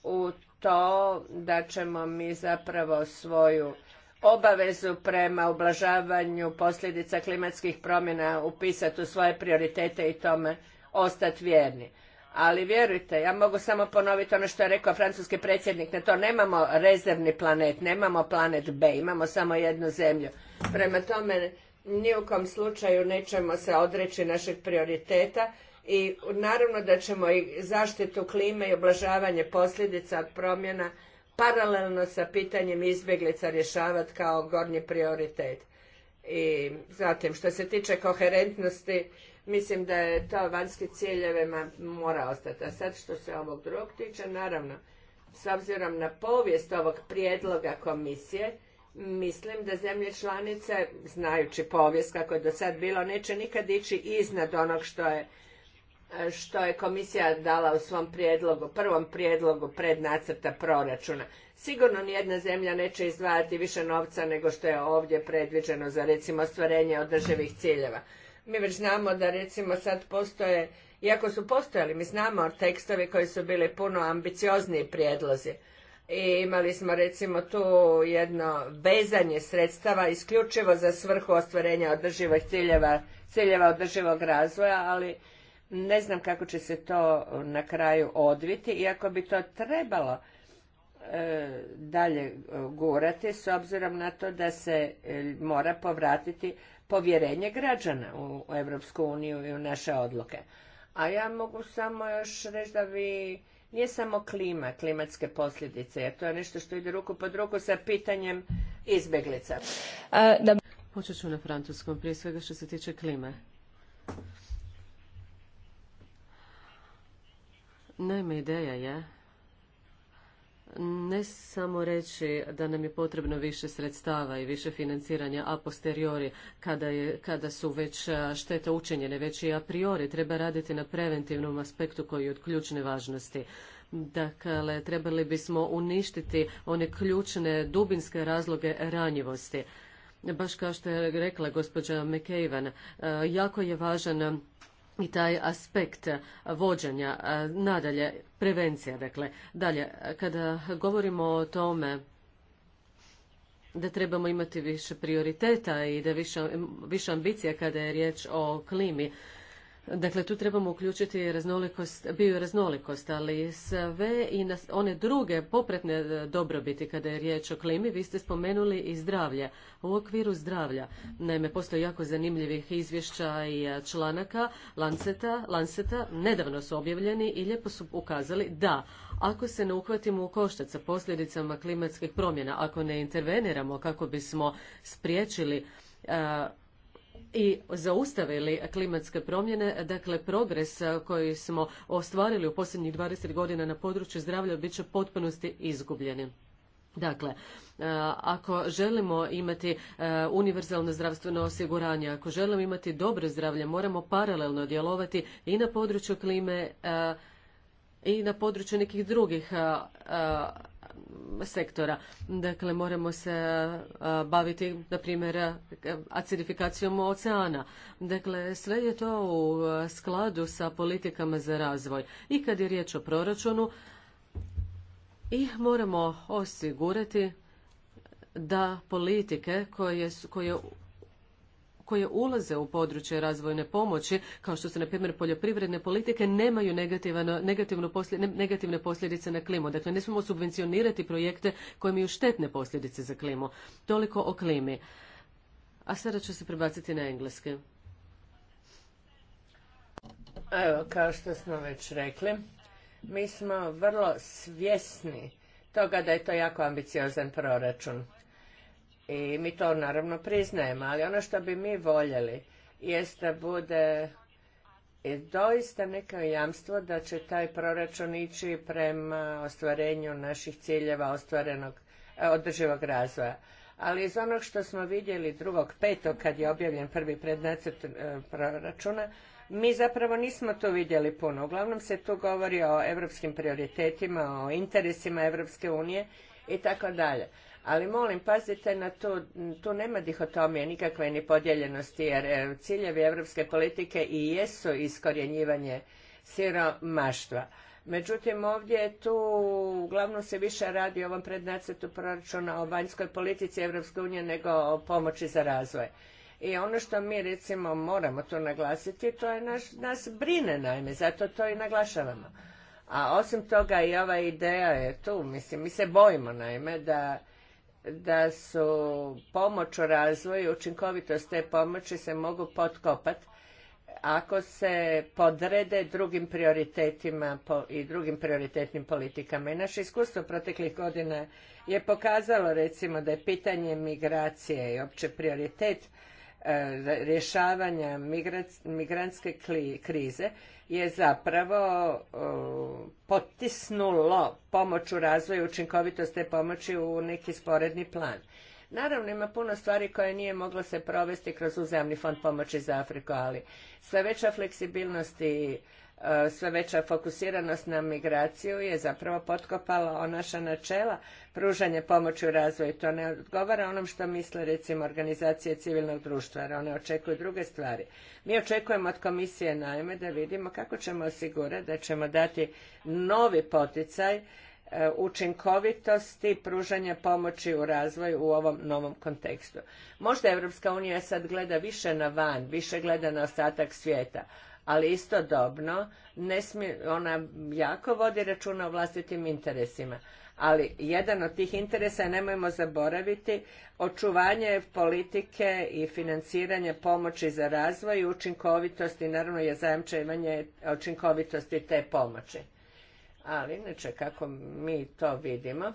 u to da ćemo mi zapravo svoju obavezu prema ublažavanju posljedica klimatskih promjena upisati u svoje prioritete i tome ostati vjerni. Ali vjerujte, ja mogu samo ponoviti ono što je rekao francuski predsjednik, na to nemamo rezervni planet, nemamo planet B, imamo samo jednu zemlju. Prema tome, ni u kom slučaju nećemo se odreći našeg prioriteta i naravno da ćemo i zaštitu klime i oblažavanje posljedica od promjena paralelno sa pitanjem izbjeglica rješavati kao gornji prioritet. I zatim, što se tiče koherentnosti, mislim da je to vanjski ciljevima mora ostati. A sad što se ovog drugog tiče, naravno, s obzirom na povijest ovog prijedloga komisije, mislim da zemlje članice, znajući povijest kako je do sad bilo, neće nikad ići iznad onog što je što je komisija dala u svom prijedlogu, prvom prijedlogu pred nacrta proračuna. Sigurno nijedna zemlja neće izdvajati više novca nego što je ovdje predviđeno za recimo ostvarenje održivih ciljeva. Mi već znamo da recimo sad postoje, iako su postojali, mi znamo tekstovi koji su bili puno ambiciozniji prijedlozi. I imali smo recimo tu jedno vezanje sredstava isključivo za svrhu ostvarenja održivih ciljeva, ciljeva održivog razvoja, ali ne znam kako će se to na kraju odviti, iako bi to trebalo e, dalje e, gurati s obzirom na to da se e, mora povratiti povjerenje građana u, EU Europsku uniju i u naše odluke. A ja mogu samo još reći da vi nije samo klima, klimatske posljedice, jer to je nešto što ide ruku pod ruku sa pitanjem izbjeglica. Počet ću na francuskom, prije svega što se tiče klime. Naime, ideja je ne samo reći da nam je potrebno više sredstava i više financiranja a posteriori kada, je, kada su već štete učinjene, već i a priori treba raditi na preventivnom aspektu koji je od ključne važnosti. Dakle, trebali bismo uništiti one ključne dubinske razloge ranjivosti. Baš kao što je rekla gospođa McEvan, jako je važan i taj aspekt vođenja. Nadalje, prevencija, dakle. Dalje, kada govorimo o tome da trebamo imati više prioriteta i da više, više ambicija kada je riječ o klimi, Dakle, tu trebamo uključiti raznolikost, bioraznolikost, ali sve i na one druge popretne e, dobrobiti kada je riječ o klimi. Vi ste spomenuli i zdravlje. U okviru zdravlja, naime, postoji jako zanimljivih izvješća i e, članaka Lanceta, Lanceta nedavno su objavljeni i lijepo su ukazali da ako se ne uhvatimo u koštac sa posljedicama klimatskih promjena, ako ne interveniramo kako bismo spriječili e, i zaustavili klimatske promjene, dakle progres koji smo ostvarili u posljednjih 20 godina na području zdravlja bit će potpunosti izgubljeni. Dakle, e, ako želimo imati e, univerzalno zdravstveno osiguranje, ako želimo imati dobro zdravlje, moramo paralelno djelovati i na području klime e, i na području nekih drugih sektora. Dakle, moramo se e, baviti, na primjer, acidifikacijom oceana. Dakle, sve je to u e, skladu sa politikama za razvoj. I kad je riječ o proračunu, i moramo osigurati da politike koje, koje koje ulaze u područje razvojne pomoći, kao što su na primjer poljoprivredne politike, nemaju negativne posljedice na klimu. Dakle, ne smijemo subvencionirati projekte koje imaju štetne posljedice za klimu. Toliko o klimi. A sada ću se prebaciti na engleski. Evo, kao što smo već rekli, mi smo vrlo svjesni toga da je to jako ambiciozan proračun i mi to naravno priznajemo, ali ono što bi mi voljeli jest da bude doista neko jamstvo da će taj proračun ići prema ostvarenju naših ciljeva ostvarenog e, održivog razvoja. Ali iz onog što smo vidjeli drugog petog kad je objavljen prvi prednacrt e, proračuna, mi zapravo nismo tu vidjeli puno. Uglavnom se tu govori o europskim prioritetima, o interesima Europske unije i tako dalje. Ali molim, pazite na to, tu, nema dihotomije nikakve ni podijeljenosti, jer e, ciljevi europske politike i jesu iskorjenjivanje siromaštva. Međutim, ovdje tu uglavnom se više radi o ovom prednacetu proračuna o vanjskoj politici Evropske unije nego o pomoći za razvoj. I ono što mi recimo moramo tu naglasiti, to je naš, nas brine naime, zato to i naglašavamo. A osim toga i ova ideja je tu, mislim, mi se bojimo naime da da su pomoć u razvoju, učinkovitost te pomoći se mogu potkopati ako se podrede drugim prioritetima i drugim prioritetnim politikama. I naše iskustvo proteklih godina je pokazalo recimo da je pitanje migracije i opće prioritet e, rješavanja migrantske krize je zapravo potisnulo pomoć u razvoju učinkovitost te pomoći u neki sporedni plan. Naravno, ima puno stvari koje nije moglo se provesti kroz uzemni fond pomoći za Afriku, ali sve veća fleksibilnost i sve veća fokusiranost na migraciju je zapravo potkopala o naša načela pružanje pomoći u razvoju. To ne odgovara onom što misle recimo organizacije civilnog društva, jer one očekuju druge stvari. Mi očekujemo od komisije naime da vidimo kako ćemo osigurati da ćemo dati novi poticaj e, učinkovitosti pružanja pomoći u razvoju u ovom novom kontekstu. Možda Europska unija sad gleda više na van, više gleda na ostatak svijeta, ali istodobno ne smije, ona jako vodi računa o vlastitim interesima. Ali jedan od tih interesa, nemojmo zaboraviti, očuvanje politike i financiranje pomoći za razvoj i učinkovitosti, naravno je zajamčevanje učinkovitosti te pomoći. Ali inače, kako mi to vidimo,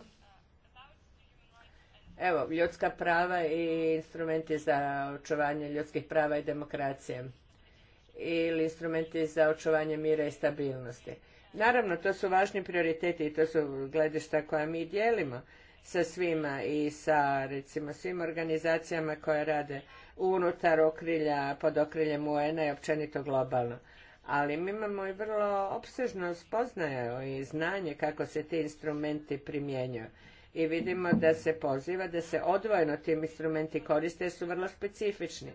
evo, ljudska prava i instrumenti za očuvanje ljudskih prava i demokracije ili instrumenti za očuvanje mira i stabilnosti. Naravno, to su važni prioriteti i to su gledišta koja mi dijelimo sa svima i sa recimo svim organizacijama koje rade unutar okrilja, pod okriljem UN-a i općenito globalno. Ali mi imamo i vrlo obsežno spoznaje i znanje kako se ti instrumenti primjenjuju. I vidimo da se poziva da se odvojeno ti instrumenti koriste jer su vrlo specifični.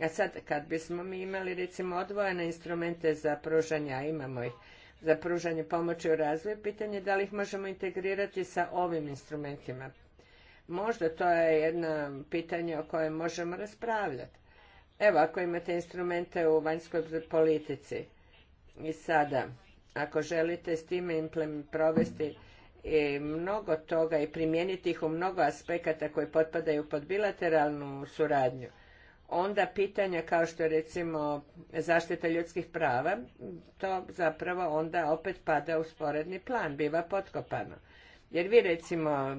A sad, kad bismo mi imali recimo odvojene instrumente za pružanje, a imamo ih, za pružanje pomoći u razvoju, pitanje je da li ih možemo integrirati sa ovim instrumentima. Možda to je jedno pitanje o kojem možemo raspravljati. Evo, ako imate instrumente u vanjskoj politici i sada, ako želite s time provesti mnogo toga i primijeniti ih u mnogo aspekata koji potpadaju pod bilateralnu suradnju, onda pitanja kao što je recimo zaštita ljudskih prava, to zapravo onda opet pada u sporedni plan, biva potkopano. Jer vi recimo,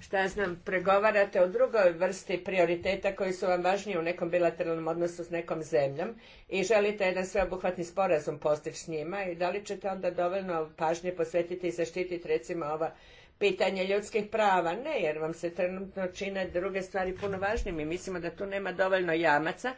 šta znam, pregovarate o drugoj vrsti prioriteta koji su vam važniji u nekom bilateralnom odnosu s nekom zemljom i želite jedan sveobuhvatni sporazum postići s njima i da li ćete onda dovoljno pažnje posvetiti i zaštititi recimo ova pitanje ljudskih prava. Ne, jer vam se trenutno čine druge stvari puno važnije. Mi mislimo da tu nema dovoljno jamaca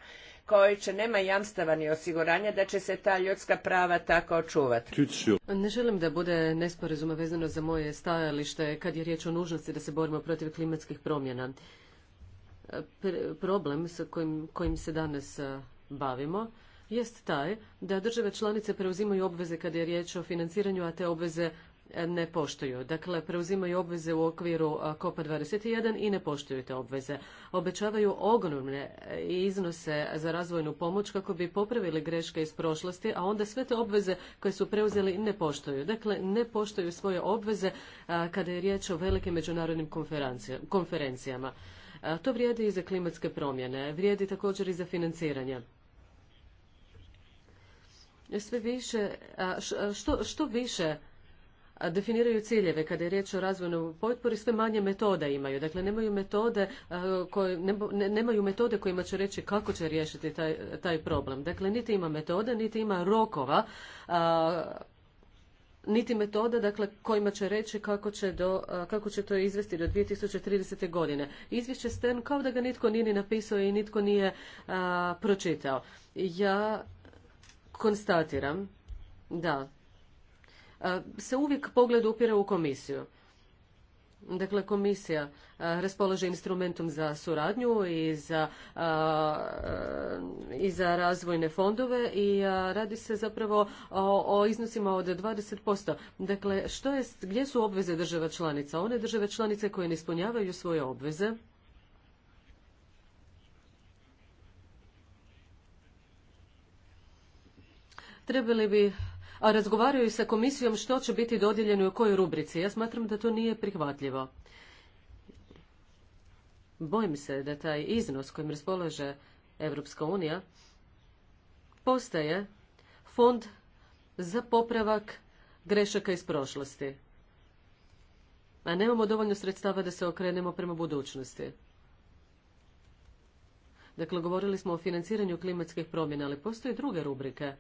koji će, nema jamstava ni osiguranja da će se ta ljudska prava tako očuvati. Ne želim da bude nesporazuma vezano za moje stajalište kad je riječ o nužnosti da se borimo protiv klimatskih promjena. problem sa kojim, kojim se danas bavimo jest taj da države članice preuzimaju obveze kada je riječ o financiranju, a te obveze ne poštuju. Dakle, preuzimaju obveze u okviru COPA 21 i ne poštuju te obveze. Obećavaju ogromne e, iznose za razvojnu pomoć kako bi popravili greške iz prošlosti, a onda sve te obveze koje su preuzeli ne poštuju. Dakle, ne poštuju svoje obveze kada je riječ o velikim međunarodnim konferencijama. to vrijedi i za klimatske promjene, vrijedi također i za financiranje sve više, što više definiraju ciljeve kada je riječ o razvojnoj potpori sve manje metoda imaju dakle nemaju metode koje, nemaju metode kojima će reći kako će riješiti taj, taj problem dakle niti ima metode niti ima rokova niti metoda dakle, kojima će reći kako će, do, kako će to izvesti do 2030. godine. Izvješće Stern kao da ga nitko nije ni napisao i nitko nije pročitao. Ja konstatiram da se uvijek pogled upira u komisiju. Dakle, komisija raspolaže instrumentom za suradnju i za, i za razvojne fondove i radi se zapravo o, iznosima od 20%. Dakle, što gdje su obveze država članica? One države članice koje ne ispunjavaju svoje obveze, trebali bi a razgovaraju sa komisijom što će biti dodijeljeno i u kojoj rubrici. Ja smatram da to nije prihvatljivo. Bojim se da taj iznos kojim raspolaže Evropska unija postaje fond za popravak grešaka iz prošlosti. A nemamo dovoljno sredstava da se okrenemo prema budućnosti. Dakle, govorili smo o financiranju klimatskih promjena, ali postoje druge rubrike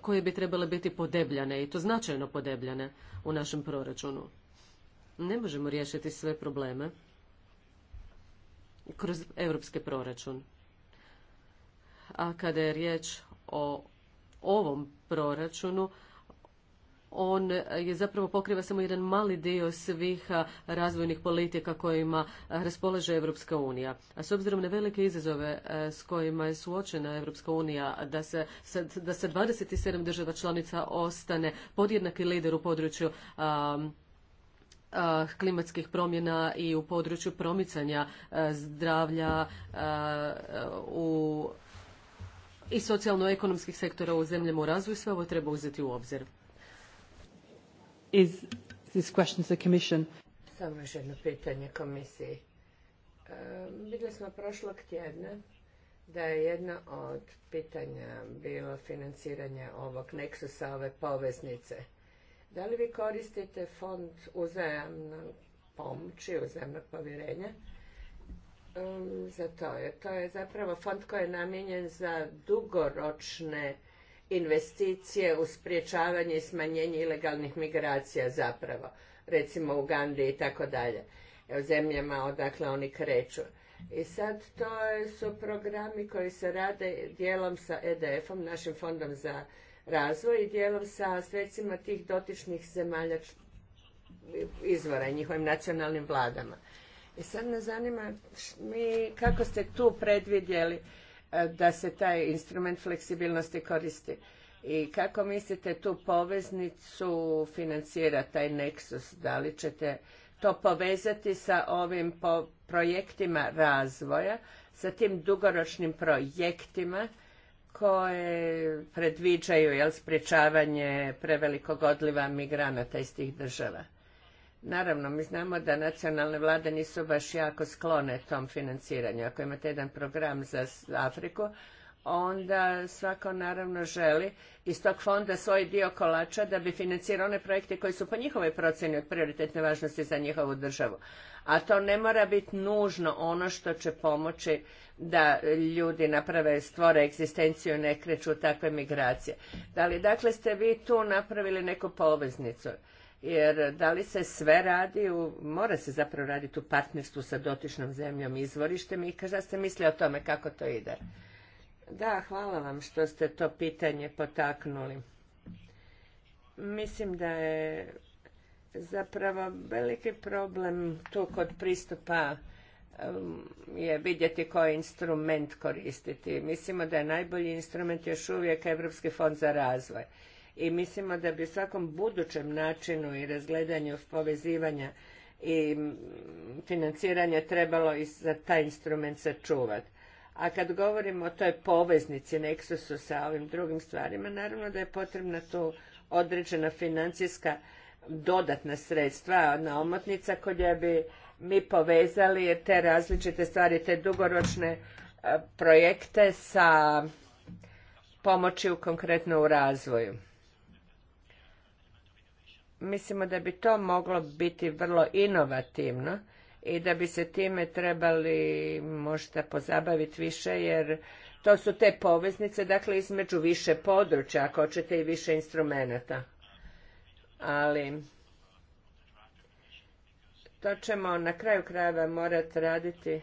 koje bi trebale biti podebljane i to značajno podebljane u našem proračunu. Ne možemo riješiti sve probleme kroz evropski proračun. A kada je riječ o ovom proračunu, on je zapravo pokriva samo jedan mali dio svih razvojnih politika kojima raspolaže Europska unija. A s obzirom na velike izazove s kojima je suočena Europska unija da se da sedam 27 država članica ostane podjednaki lider u području klimatskih promjena i u području promicanja zdravlja u i socijalno-ekonomskih sektora u zemljama u razvoju, sve ovo treba uzeti u obzir is this question Samo još jedno pitanje komisiji. vidjeli smo prošlog tjedna da je jedno od pitanja bilo financiranje ovog neksusa, ove poveznice. Da li vi koristite fond uzajamnog pomoći, uzajamnog povjerenja? za to To je zapravo fond koji je namijenjen za dugoročne investicije u sprječavanje i smanjenje ilegalnih migracija zapravo, recimo u Gandiji i tako dalje, u zemljama odakle oni kreću. I sad to su programi koji se rade dijelom sa EDF-om, našim fondom za razvoj i dijelom sa sredstvima tih dotičnih zemalja izvora i njihovim nacionalnim vladama. I sad me zanima mi kako ste tu predvidjeli da se taj instrument fleksibilnosti koristi. I kako mislite tu poveznicu financira taj Nexus? Da li ćete to povezati sa ovim projektima razvoja, sa tim dugoročnim projektima koje predviđaju jel, sprječavanje prevelikog odliva migranata iz tih država? Naravno, mi znamo da nacionalne vlade nisu baš jako sklone tom financiranju. Ako imate jedan program za Afriku, onda svako naravno želi iz tog fonda svoj dio kolača da bi financirao one projekte koji su po njihovoj procjeni od prioritetne važnosti za njihovu državu. A to ne mora biti nužno ono što će pomoći da ljudi naprave, stvore egzistenciju i ne kreću takve migracije. Da li dakle ste vi tu napravili neku poveznicu? jer da li se sve radi, u, mora se zapravo raditi u partnerstvu sa dotičnom zemljom izvorištem i kaže ste mislili o tome kako to ide. Da, hvala vam što ste to pitanje potaknuli. Mislim da je zapravo veliki problem tu kod pristupa um, je vidjeti koji instrument koristiti. Mislimo da je najbolji instrument još uvijek Europski fond za razvoj i mislimo da bi u svakom budućem načinu i razgledanju povezivanja i financiranja trebalo i za taj instrument sačuvati. A kad govorimo o toj poveznici Nexusu sa ovim drugim stvarima, naravno da je potrebna tu određena financijska dodatna sredstva, na omotnica koja bi mi povezali te različite stvari, te dugoročne e, projekte sa pomoći konkretno u razvoju mislimo da bi to moglo biti vrlo inovativno i da bi se time trebali možda pozabaviti više jer to su te poveznice dakle između više područja ako hoćete i više instrumenata ali to ćemo na kraju krajeva morati raditi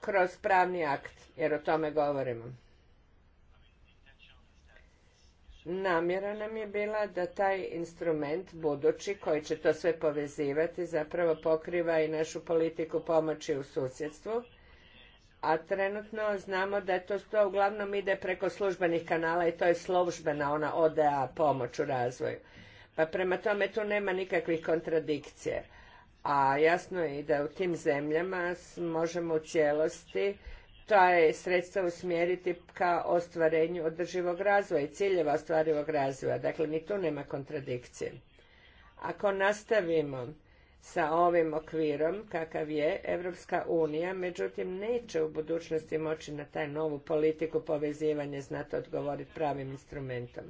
kroz pravni akt jer o tome govorimo Namjera nam je bila da taj instrument budući koji će to sve povezivati zapravo pokriva i našu politiku pomoći u susjedstvu, a trenutno znamo da to, to uglavnom ide preko službenih kanala i to je službena ona ODA pomoć u razvoju. Pa prema tome tu nema nikakvih kontradikcije. A jasno je i da u tim zemljama možemo u cijelosti je sredstva usmjeriti ka ostvarenju održivog razvoja i ciljeva ostvarivog razvoja. Dakle, ni tu nema kontradikcije. Ako nastavimo sa ovim okvirom kakav je Evropska unija, međutim neće u budućnosti moći na taj novu politiku povezivanja znati odgovoriti pravim instrumentom.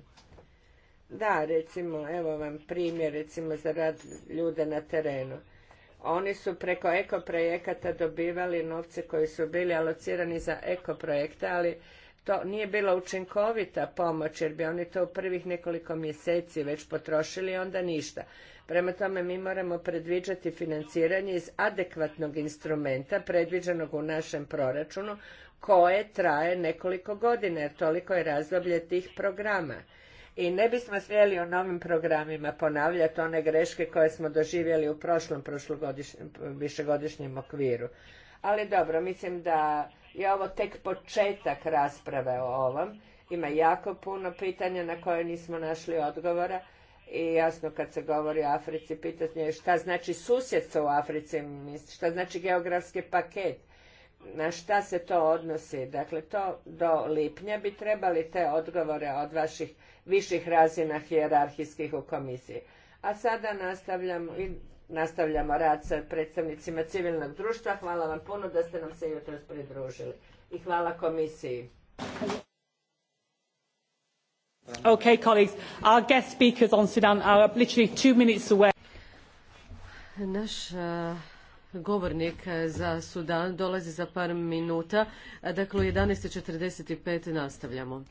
Da, recimo, evo vam primjer recimo za rad ljude na terenu. Oni su preko eko projekata dobivali novce koji su bili alocirani za eko projekte, ali to nije bila učinkovita pomoć jer bi oni to u prvih nekoliko mjeseci već potrošili onda ništa. Prema tome mi moramo predviđati financiranje iz adekvatnog instrumenta predviđenog u našem proračunu koje traje nekoliko godina jer toliko je razdoblje tih programa i ne bismo smjeli u novim programima ponavljati one greške koje smo doživjeli u prošlom višegodišnjem okviru. Ali dobro, mislim da je ovo tek početak rasprave o ovom. Ima jako puno pitanja na koje nismo našli odgovora i jasno kad se govori o Africi, pitanje je šta znači susjedstvo u Africi, šta znači geografski paket, na šta se to odnosi. Dakle, to do lipnja bi trebali te odgovore od vaših viših razina hijerarhijskih u komisiji. A sada nastavljamo i rad sa predstavnicima civilnog društva. Hvala vam puno da ste nam se jutros pridružili. I hvala komisiji. Okay, colleagues, Naš govornik za Sudan dolazi za par minuta, dakle u 11.45 nastavljamo.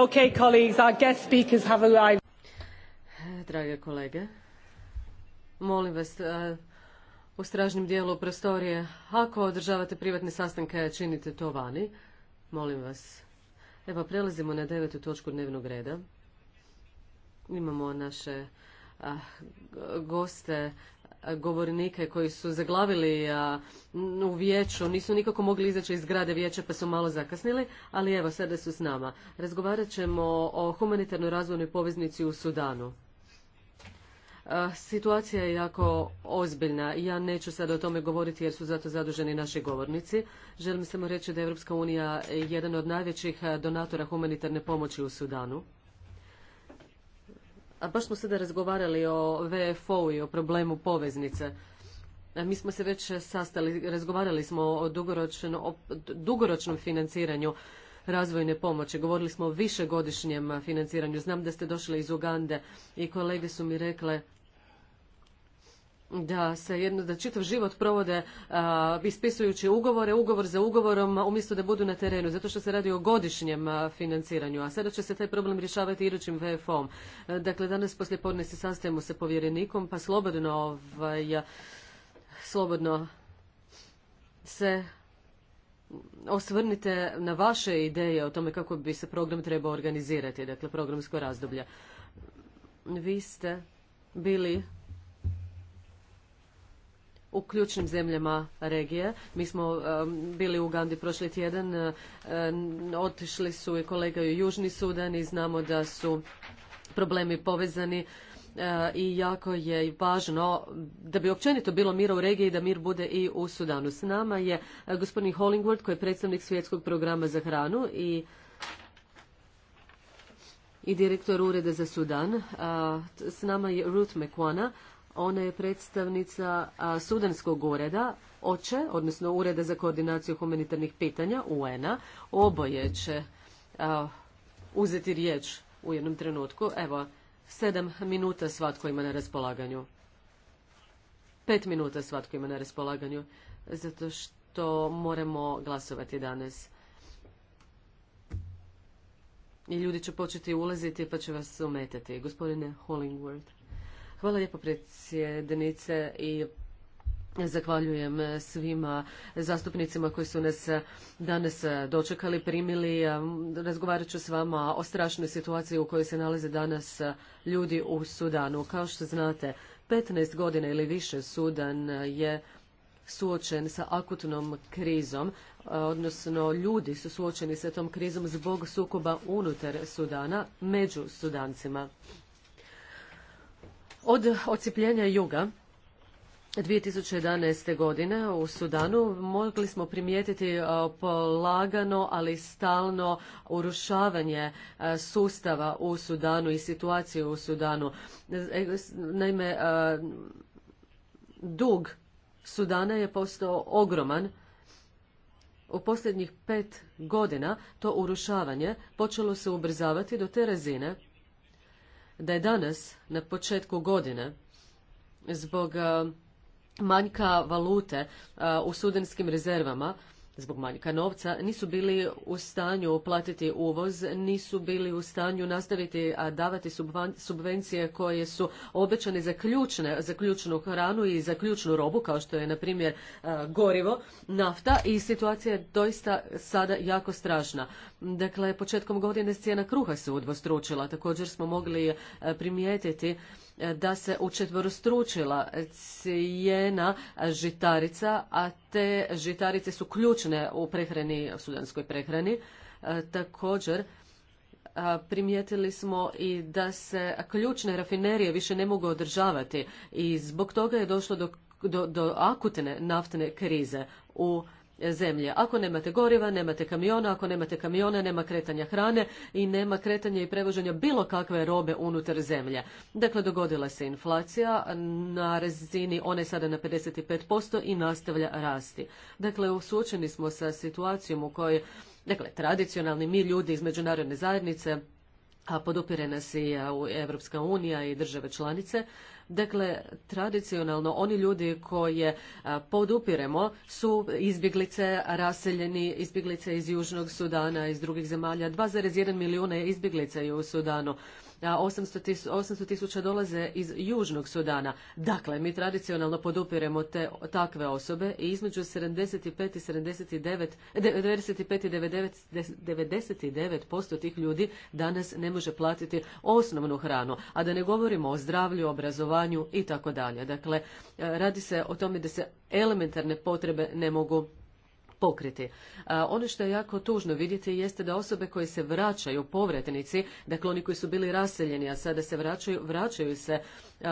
Okay, colleagues, Drage kolege, molim vas e, u stražnjem dijelu prostorije, ako održavate privatne sastanke, činite to vani. Molim vas. Evo, prelazimo na devetu točku dnevnog reda. Imamo naše ah, goste govornike koji su zaglavili u vijeću, nisu nikako mogli izaći iz grade vijeća pa su malo zakasnili, ali evo sada su s nama. Razgovarat ćemo o humanitarnoj razvojnoj poveznici u Sudanu. Situacija je jako ozbiljna i ja neću sada o tome govoriti jer su zato zaduženi naši govornici. Želim samo reći da je Europska unija jedan od najvećih donatora humanitarne pomoći u Sudanu. A baš smo sada razgovarali o VFO i o problemu poveznice. E, mi smo se već sastali, razgovarali smo o, dugoročnom financiranju razvojne pomoći. Govorili smo o višegodišnjem financiranju. Znam da ste došli iz Ugande i kolege su mi rekle da se jedno, da čitav život provode ispisujući ugovore, ugovor za ugovorom, umjesto da budu na terenu, zato što se radi o godišnjem financiranju, a sada će se taj problem rješavati idućim VFO-om. Dakle, danas poslije podne se sastajemo sa povjerenikom, pa slobodno, ovaj, slobodno se osvrnite na vaše ideje o tome kako bi se program trebao organizirati, dakle programsko razdoblje. Vi ste bili u ključnim zemljama regije. Mi smo um, bili u Ugandi prošli tjedan, uh, um, otišli su i kolega u Južni Sudan i znamo da su problemi povezani uh, i jako je važno da bi općenito bilo mira u regiji da mir bude i u Sudanu. S nama je uh, gospodin Hollingworth koji je predstavnik svjetskog programa za hranu i i direktor Ureda za Sudan. S nama je Ruth McWana, ona je predstavnica Sudanskog ureda, oče, odnosno Ureda za koordinaciju humanitarnih pitanja, UN-a. Oboje će uzeti riječ u jednom trenutku. Evo, sedam minuta svatko ima na raspolaganju. Pet minuta svatko ima na raspolaganju, zato što moramo glasovati danas. I ljudi će početi ulaziti pa će vas ometati. Gospodine Hollingworth. Hvala lijepo predsjednice i Zahvaljujem svima zastupnicima koji su nas danas dočekali, primili. Razgovarat ću s vama o strašnoj situaciji u kojoj se nalaze danas ljudi u Sudanu. Kao što znate, 15 godina ili više Sudan je suočen sa akutnom krizom, odnosno ljudi su suočeni sa tom krizom zbog sukoba unutar Sudana među Sudancima. Od ocipljenja juga 2011. godine u Sudanu mogli smo primijetiti e, polagano, ali stalno urušavanje e, sustava u Sudanu i situaciju u Sudanu. E, naime, dug Sudana je postao ogroman. U posljednjih pet godina to urušavanje počelo se ubrzavati do te razine da je danas na početku godine zbog eh, manjka valute eh, u sudanskim rezervama zbog manjka novca, nisu bili u stanju platiti uvoz, nisu bili u stanju nastaviti a davati subvencije koje su obećane za, ključne, za ključnu hranu i za ključnu robu, kao što je, na primjer, e, gorivo, nafta i situacija je doista sada jako strašna. Dakle, početkom godine cijena kruha se udvostručila. Također smo mogli e, primijetiti da se učetvorostručila cijena žitarica, a te žitarice su ključne u prehrani, sudanskoj prehrani. E, također, primijetili smo i da se ključne rafinerije više ne mogu održavati i zbog toga je došlo do, do, do akutne naftne krize u zemlje. Ako nemate goriva, nemate kamiona, ako nemate kamiona, nema kretanja hrane i nema kretanja i prevoženja bilo kakve robe unutar zemlje. Dakle, dogodila se inflacija na razini, ona je sada na 55% i nastavlja rasti. Dakle, suočeni smo sa situacijom u kojoj, dakle, tradicionalni mi ljudi iz međunarodne zajednice, a podupire nas i Evropska unija i države članice. Dakle, tradicionalno oni ljudi koje podupiremo su izbjeglice, raseljeni izbjeglice iz Južnog Sudana, iz drugih zemalja. 2,1 milijuna je izbjeglica je u Sudanu. 800 tisuća dolaze iz Južnog Sudana. Dakle, mi tradicionalno podupiremo te, takve osobe i između 75 i 79, 95 i 99, posto tih ljudi danas ne može platiti osnovnu hranu, a da ne govorimo o zdravlju, obrazovanju i tako dalje. Dakle, e, radi se o tome da se elementarne potrebe ne mogu pokriti. ono što je jako tužno vidjeti jeste da osobe koje se vraćaju, povratnici, dakle oni koji su bili raseljeni, a sada se vraćaju, vraćaju se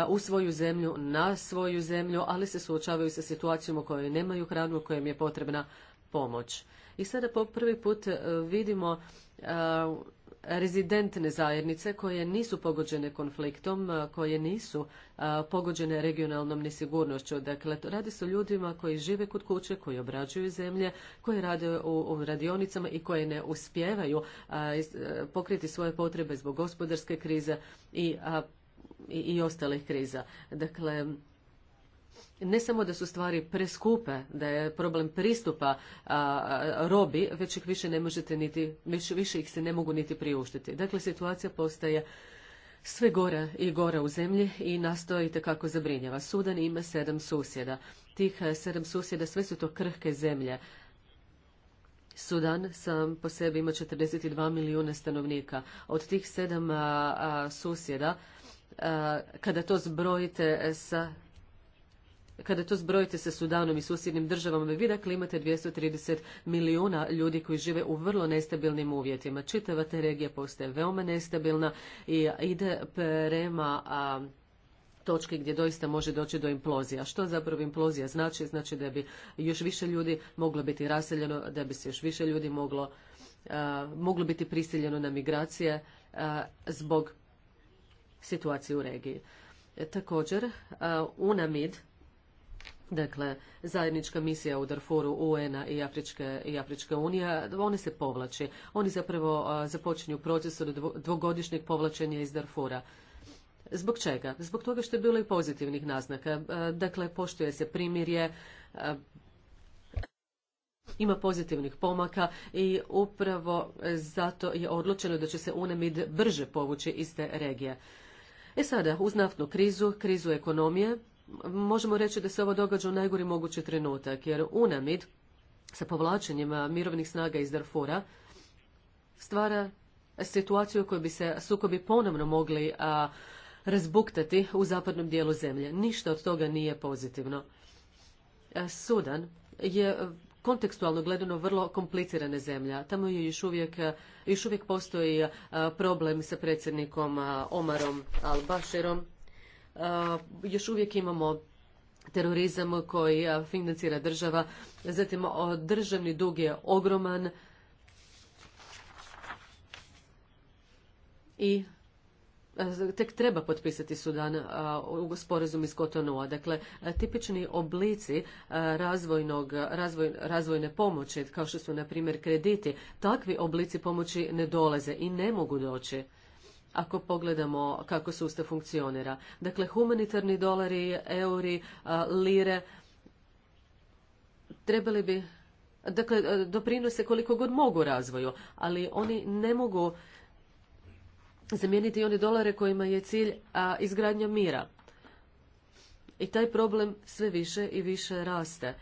u svoju zemlju, na svoju zemlju, ali se suočavaju sa situacijom u kojoj nemaju hranu, u kojoj im je potrebna pomoć. I sada po prvi put e, vidimo e, rezidentne zajednice koje nisu pogođene konfliktom, koje nisu pogođene regionalnom nesigurnošću. Dakle, radi se o ljudima koji žive kod kuće, koji obrađuju zemlje, koji rade u, radionicama i koji ne uspijevaju e, pokriti svoje potrebe zbog gospodarske krize i, i, i ostalih kriza. Dakle, ne samo da su stvari preskupe, da je problem pristupa robi, već ih više ne možete niti, više, ih se ne mogu niti priuštiti. Dakle, situacija postaje sve gora i gora u zemlji i nastojite kako zabrinjava. Sudan ima sedam susjeda. Tih e, sedam susjeda sve su to krhke zemlje. Sudan sam po sebi ima 42 milijuna stanovnika. Od tih sedam susjeda, kada to zbrojite e, sa kada to zbrojite sa Sudanom i susjednim državama, vi dakle imate 230 milijuna ljudi koji žive u vrlo nestabilnim uvjetima. Čitava ta regija postaje veoma nestabilna i ide prema a, točki gdje doista može doći do implozija. Što zapravo implozija znači? Znači da bi još više ljudi moglo biti raseljeno, da bi se još više ljudi moglo, moglo biti prisiljeno na migracije zbog situacije u regiji. Također, UNAMID, Dakle, zajednička misija u Darfuru UN-a i Afričke, i Afričke unije, oni se povlači. Oni zapravo započinju proces od dvogodišnjeg povlačenja iz Darfura. Zbog čega? Zbog toga što je bilo i pozitivnih naznaka. Dakle, poštuje se primirje, ima pozitivnih pomaka i upravo zato je odlučeno da će se UNEMID brže povući iz te regije. E sada, uz naftnu krizu, krizu ekonomije, možemo reći da se ovo događa u najgori mogući trenutak, jer UNAMID sa povlačenjima mirovnih snaga iz Darfura stvara situaciju u kojoj bi se sukobi ponovno mogli razbuktati u zapadnom dijelu zemlje. Ništa od toga nije pozitivno. E, Sudan je e, kontekstualno gledano vrlo komplicirana zemlja. Tamo je još uvijek, e, još uvijek postoji problem sa predsjednikom Omarom Al-Bashirom Eh, još uvijek imamo terorizam koji eh, financira država, zatim državni dug je ogroman i eh, tek treba potpisati Sudan u sporazum iz Kotonua. Dakle, tipični oblici razvojnog, razvojne pomoći, kao što su, na primjer, krediti, takvi oblici pomoći ne dolaze i ne mogu doći ako pogledamo kako sustav funkcionira. Dakle, humanitarni dolari, euri, lire, trebali bi, dakle, doprinose koliko god mogu razvoju, ali oni ne mogu zamijeniti one dolare kojima je cilj izgradnja mira. I taj problem sve više i više raste.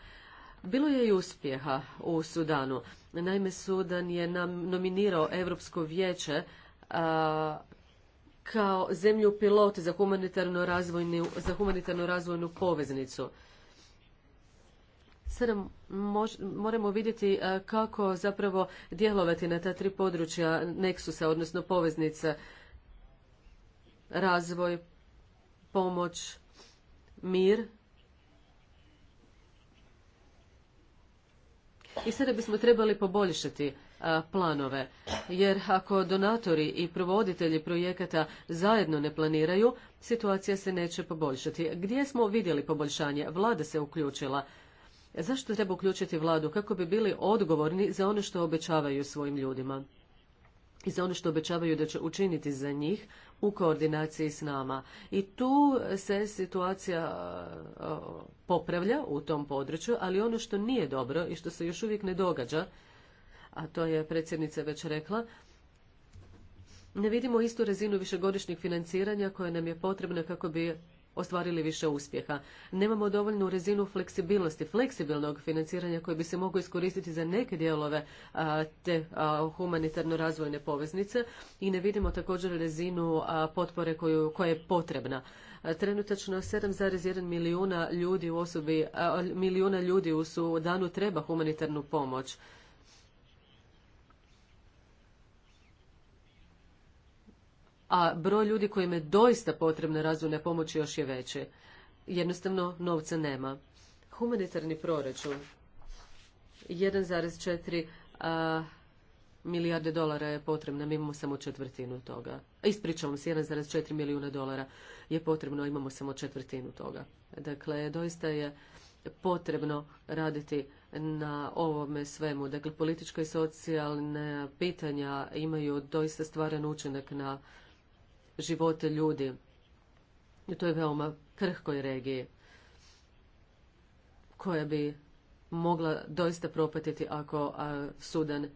Bilo je i uspjeha u Sudanu. Naime, Sudan je nam nominirao Europsko vijeće a, kao zemlju pilot za humanitarnu razvojnu, za humanitarnu razvojnu poveznicu. Sada moramo vidjeti kako zapravo djelovati na ta tri područja neksusa, odnosno poveznica, razvoj, pomoć, mir. I sada bismo trebali poboljšati planove. Jer ako donatori i provoditelji projekata zajedno ne planiraju, situacija se neće poboljšati. Gdje smo vidjeli poboljšanje? Vlada se uključila. Zašto treba uključiti vladu? Kako bi bili odgovorni za ono što obećavaju svojim ljudima i za ono što obećavaju da će učiniti za njih u koordinaciji s nama. I tu se situacija popravlja u tom području, ali ono što nije dobro i što se još uvijek ne događa a to je predsjednica već rekla, ne vidimo istu razinu višegodišnjeg financiranja koja nam je potrebna kako bi ostvarili više uspjeha. Nemamo dovoljnu razinu fleksibilnosti, fleksibilnog financiranja koje bi se mogu iskoristiti za neke dijelove te humanitarno-razvojne poveznice i ne vidimo također razinu potpore koju, koja je potrebna. Trenutačno 7,1 milijuna ljudi u osobi, milijuna ljudi u danu treba humanitarnu pomoć. a broj ljudi kojima je doista potrebna razvojna pomoć još je veći. Jednostavno, novca nema. Humanitarni proračun 1,4 milijarde dolara je potrebna, mi imamo samo četvrtinu toga. Ispričavam se, 1,4 milijuna dolara je potrebno, imamo samo četvrtinu toga. Dakle, doista je potrebno raditi na ovome svemu. Dakle, politička i socijalna pitanja imaju doista stvaran učinak na živote ljudi u toj veoma krhkoj regiji koja bi mogla doista propatiti ako Sudan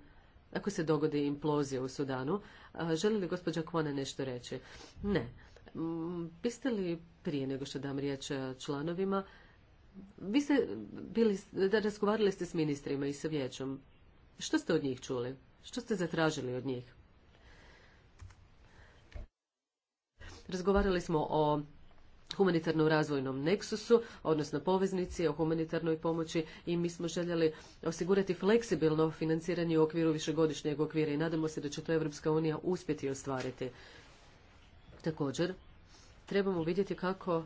ako se dogodi implozija u Sudanu. A, želi li gospođa nešto reći? Ne. Mm, biste li prije nego što dam riječ članovima, vi ste bili, da razgovarali ste s ministrima i sa vijećom. Što ste od njih čuli? Što ste zatražili od njih? Razgovarali smo o humanitarnom razvojnom neksusu, odnosno poveznici o humanitarnoj pomoći i mi smo željeli osigurati fleksibilno financiranje u okviru višegodišnjeg okvira i nadamo se da će to Evropska unija uspjeti ostvariti. Također, trebamo vidjeti kako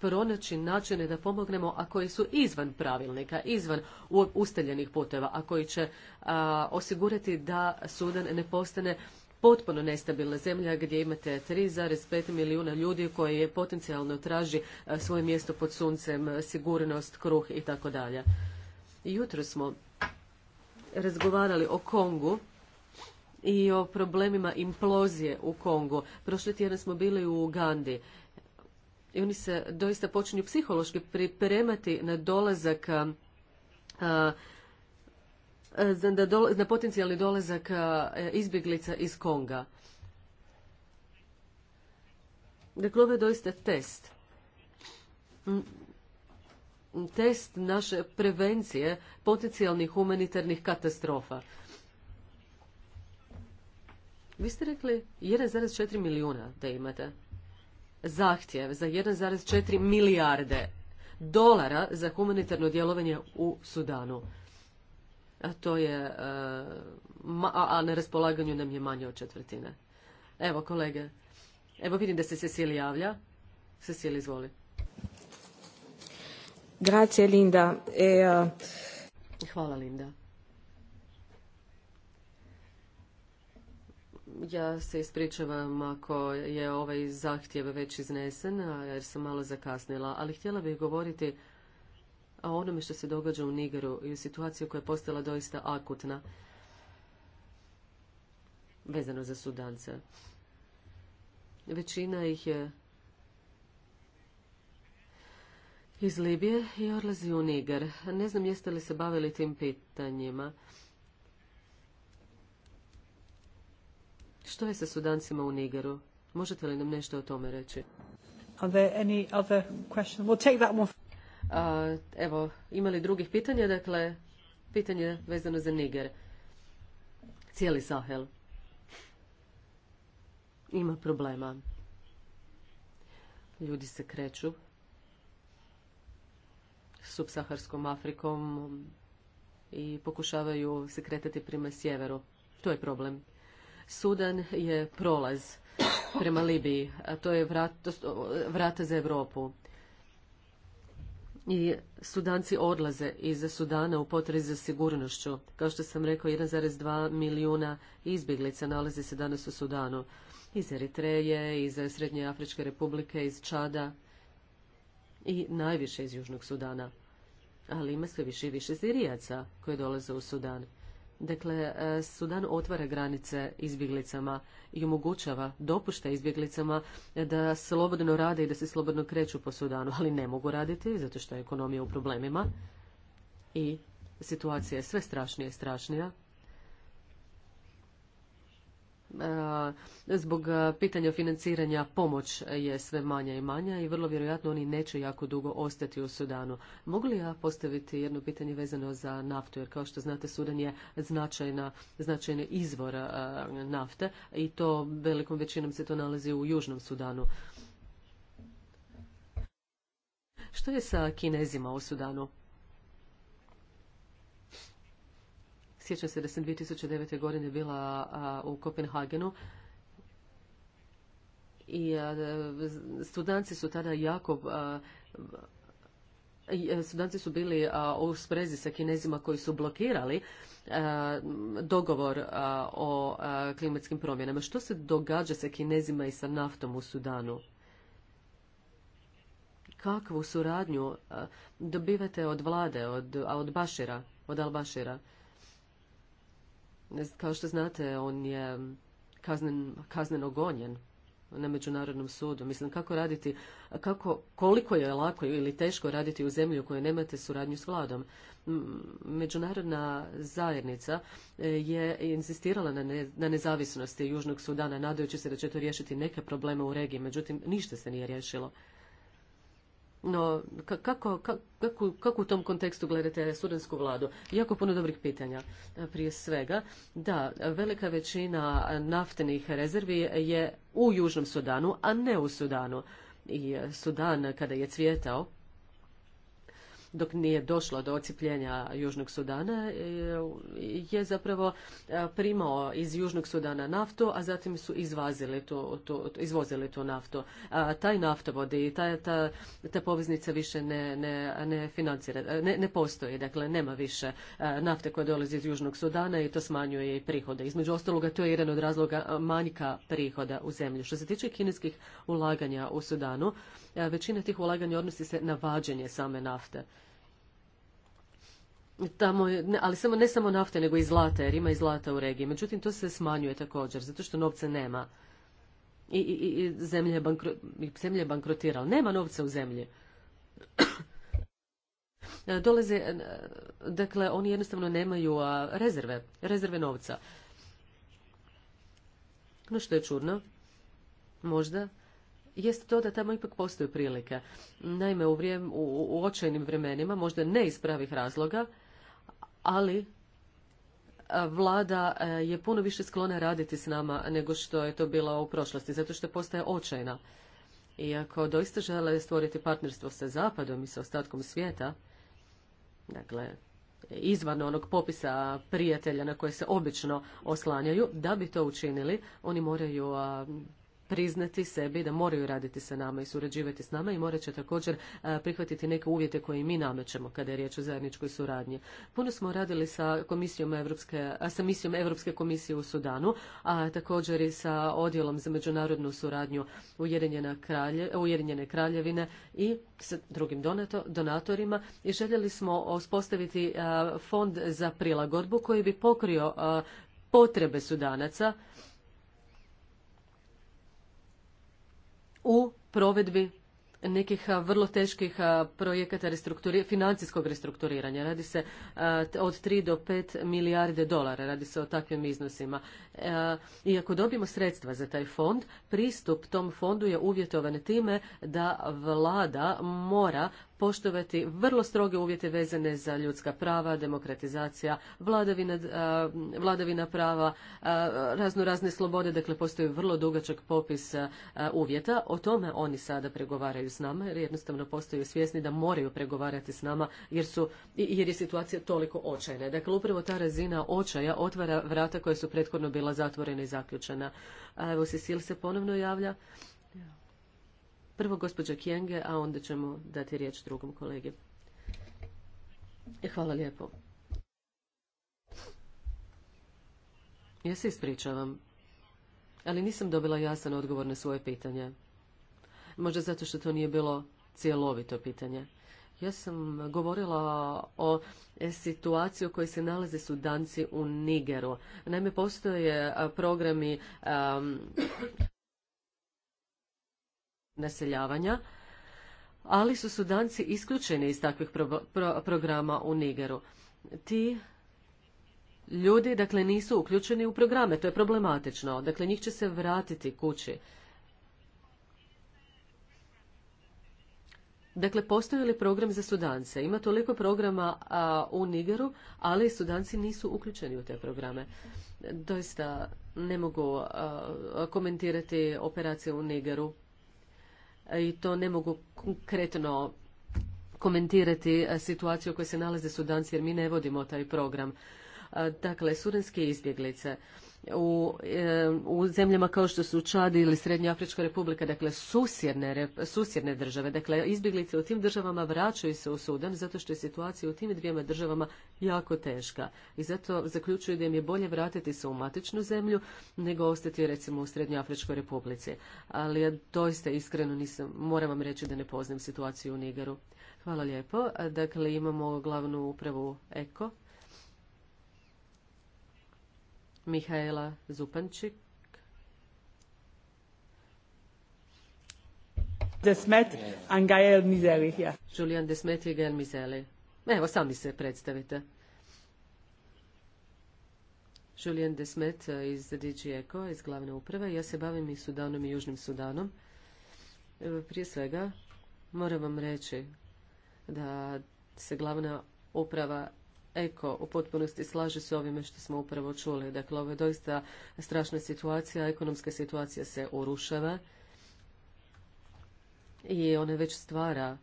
pronaći načine da pomognemo, a koji su izvan pravilnika, izvan ustaljenih puteva, a koji će osigurati da Sudan ne postane potpuno nestabilna zemlja gdje imate 3,5 milijuna ljudi koji potencijalno traži svoje mjesto pod suncem, sigurnost, kruh i tako dalje. Jutro smo razgovarali o Kongu i o problemima implozije u Kongu. Prošli tjedan smo bili u Ugandi i oni se doista počinju psihološki pripremati na dolazak a, E, na, potencijalni dolazak e, izbjeglica iz Konga. Dakle, ovo je doista test. Mm. Test naše prevencije potencijalnih humanitarnih katastrofa. Vi ste rekli 1,4 milijuna da imate. Zahtjev za 1,4 milijarde dolara za humanitarno djelovanje u Sudanu a to je, e, a na raspolaganju nam je manje od četvrtine. Evo kolege, evo vidim da se Cecil javlja. Cecil, izvoli. Grazie Linda. E, e, Hvala Linda. Ja se ispričavam ako je ovaj zahtjev već iznesen, jer sam malo zakasnila, ali htjela bih govoriti o onome što se događa u Nigeru i u situaciju koja je postala doista akutna vezano za Sudance. Većina ih je iz Libije i odlazi u Niger. Ne znam jeste li se bavili tim pitanjima. Što je sa Sudancima u Nigeru? Možete li nam nešto o tome reći? Evo, imali drugih pitanja? Dakle, pitanje vezano za Niger. Cijeli Sahel ima problema. Ljudi se kreću subsaharskom Afrikom i pokušavaju se kretati prema sjeveru. To je problem. Sudan je prolaz prema Libiji, a to je vrata za Europu i Sudanci odlaze iz Sudana u potrazi za sigurnošću. Kao što sam rekao, 1,2 milijuna izbjeglica nalazi se danas u Sudanu. Iz Eritreje, iz Srednje Afričke republike, iz Čada i najviše iz Južnog Sudana. Ali ima sve više i više Sirijaca koji dolaze u Sudan. Dakle, e, Sudan otvara granice izbjeglicama i omogućava, dopušta izbjeglicama da slobodno rade i da se slobodno kreću po Sudanu, ali ne mogu raditi zato što je ekonomija u problemima i situacija je sve strašnija i strašnija. E, zbog e, pitanja financiranja pomoć je sve manja i manja i vrlo vjerojatno oni neće jako dugo ostati u Sudanu. Mogu li ja postaviti jedno pitanje vezano za naftu? Jer kao što znate, Sudan je značajna, značajni izvor e, nafte i to velikom većinom se to nalazi u Južnom Sudanu. Što je sa Kinezima u Sudanu? Sjećam se da sam 2009. godine bila u Kopenhagenu i studanci su tada jako studanci su bili u sprezi sa kinezima koji su blokirali dogovor o klimatskim promjenama. Što se događa sa kinezima i sa naftom u Sudanu? Kakvu suradnju dobivate od vlade, od, od Bašira, od Albašira? Kao što znate, on je kaznen, kazneno gonjen na Međunarodnom sudu. Mislim, kako raditi, kako, koliko je lako ili teško raditi u zemlji u kojoj nemate suradnju s vladom. Međunarodna zajednica e, je insistirala na, na nezavisnosti Južnog Sudana, nadajući se da će to riješiti neke probleme u regiji. Međutim, ništa se nije riješilo. No, kako, kako, kako u tom kontekstu gledate studentsku vladu? Jako puno dobrih pitanja. E, prije svega, da, velika većina naftnih rezervi je u Južnom Sudanu, a ne u Sudanu. I e, Sudan, kada je cvjetao, dok nije došlo do ocipljenja Južnog Sudana eh, je zapravo eh, primao iz Južnog Sudana naftu, a zatim su izvazili tu, izvozili tu naftu. taj naftovod i ta, ta, ta poveznica više ne, ne, ne financira, ne, ne postoji, dakle nema više eh, nafte koja dolazi iz Južnog Sudana i to smanjuje i prihode. Između ostaloga to je jedan od razloga manjka prihoda u zemlji. Što se tiče kineskih ulaganja u Sudanu, većina tih ulaganja odnosi se na vađenje same nafte tamo, ali samo, ne samo nafte, nego i zlata, jer ima i zlata u regiji. Međutim, to se smanjuje također, zato što novca nema. I, i, i zemlja je bankrotirala. Nema novca u zemlji. E, dolaze, e, dakle, oni jednostavno nemaju rezerve, rezerve novca. No što je čudno, možda, jest to da tamo ipak postoje prilike. Naime, u, vrijem, u, u očajnim vremenima, možda ne iz pravih razloga, ali e, vlada e, je puno više sklona raditi s nama nego što je to bila u prošlosti, zato što postaje očajna. Iako doista žele stvoriti partnerstvo sa Zapadom i sa ostatkom svijeta, dakle, izvan onog popisa prijatelja na koje se obično oslanjaju, da bi to učinili, oni moraju priznati sebi da moraju raditi sa nama i surađivati s nama i morat će također e, prihvatiti neke uvjete koje mi namećemo kada je riječ o zajedničkoj suradnji. Puno smo radili sa komisijom Evropske, sa misijom Europske komisije u Sudanu, a također i sa odjelom za međunarodnu suradnju Ujedinjene, kralje, Ujedinjene kraljevine i s drugim donatorima i željeli smo uspostaviti e, fond za prilagodbu koji bi pokrio e, potrebe sudanaca u provedbi nekih vrlo teških projekata financijskog restrukturiranja. Radi se od 3 do 5 milijarde dolara, radi se o takvim iznosima. E, I ako dobijemo sredstva za taj fond, pristup tom fondu je uvjetovan time da vlada mora poštovati vrlo stroge uvjete vezane za ljudska prava, demokratizacija, vladavina, eh, prava, eh, razno razne slobode, dakle postoji vrlo dugačak popis eh, uvjeta. O tome oni sada pregovaraju s nama jer jednostavno postaju svjesni da moraju pregovarati s nama jer, su, jer je situacija toliko očajna. Dakle, upravo ta razina očaja otvara vrata koja su prethodno bila zatvorena i zaključena. Evo, Cecil se ponovno javlja. Prvo gospođa Kijenge, a onda ćemo dati riječ drugom kolegi. Hvala lijepo. Ja se ispričavam, ali nisam dobila jasan odgovor na svoje pitanje. Možda zato što to nije bilo cjelovito pitanje. Ja sam govorila o situaciji u kojoj se nalaze sudanci u Nigeru. Naime, postoje programi naseljavanja, ali su Sudanci isključeni iz takvih programa u Nigeru. Ti ljudi dakle nisu uključeni u programe, to je problematično. Dakle, njih će se vratiti kući. Dakle, postoji li program za Sudance? Ima toliko programa u Nigeru, ali Sudanci nisu uključeni u te programe. Doista ne mogu komentirati operacije u Nigeru. E, i to ne mogu konkretno komentirati e, situaciju u kojoj se nalaze Sudanci jer mi ne vodimo taj program. E, dakle, sudanske izbjeglice u, e, u zemljama kao što su Čad ili Srednjoafrička republika, dakle susjedne, susjedne države. Dakle, izbjeglice u tim državama vraćaju se u Sudan zato što je situacija u tim dvijema državama jako teška. I zato zaključuju da im je bolje vratiti se u matičnu zemlju nego ostati recimo u Srednjoafričkoj republici. Ali ja doista iskreno nisam, moram vam reći da ne poznam situaciju u Nigeru. Hvala lijepo. Dakle, imamo glavnu upravu EKO. Mihaela Zupančik. Desmet Angael Mizeli. Julian Desmet i Gael Mizeli. Evo, sami se predstavite. Julian Desmet eh, iz DG Eko, iz glavne uprave. Ja se bavim i Sudanom i Južnim Sudanom. Prije svega, moram vam reći da se glavna uprava Eko u potpunosti slaže se ovime što smo upravo čuli. Dakle, ovo je doista strašna situacija, ekonomska situacija se urušava i ona već stvara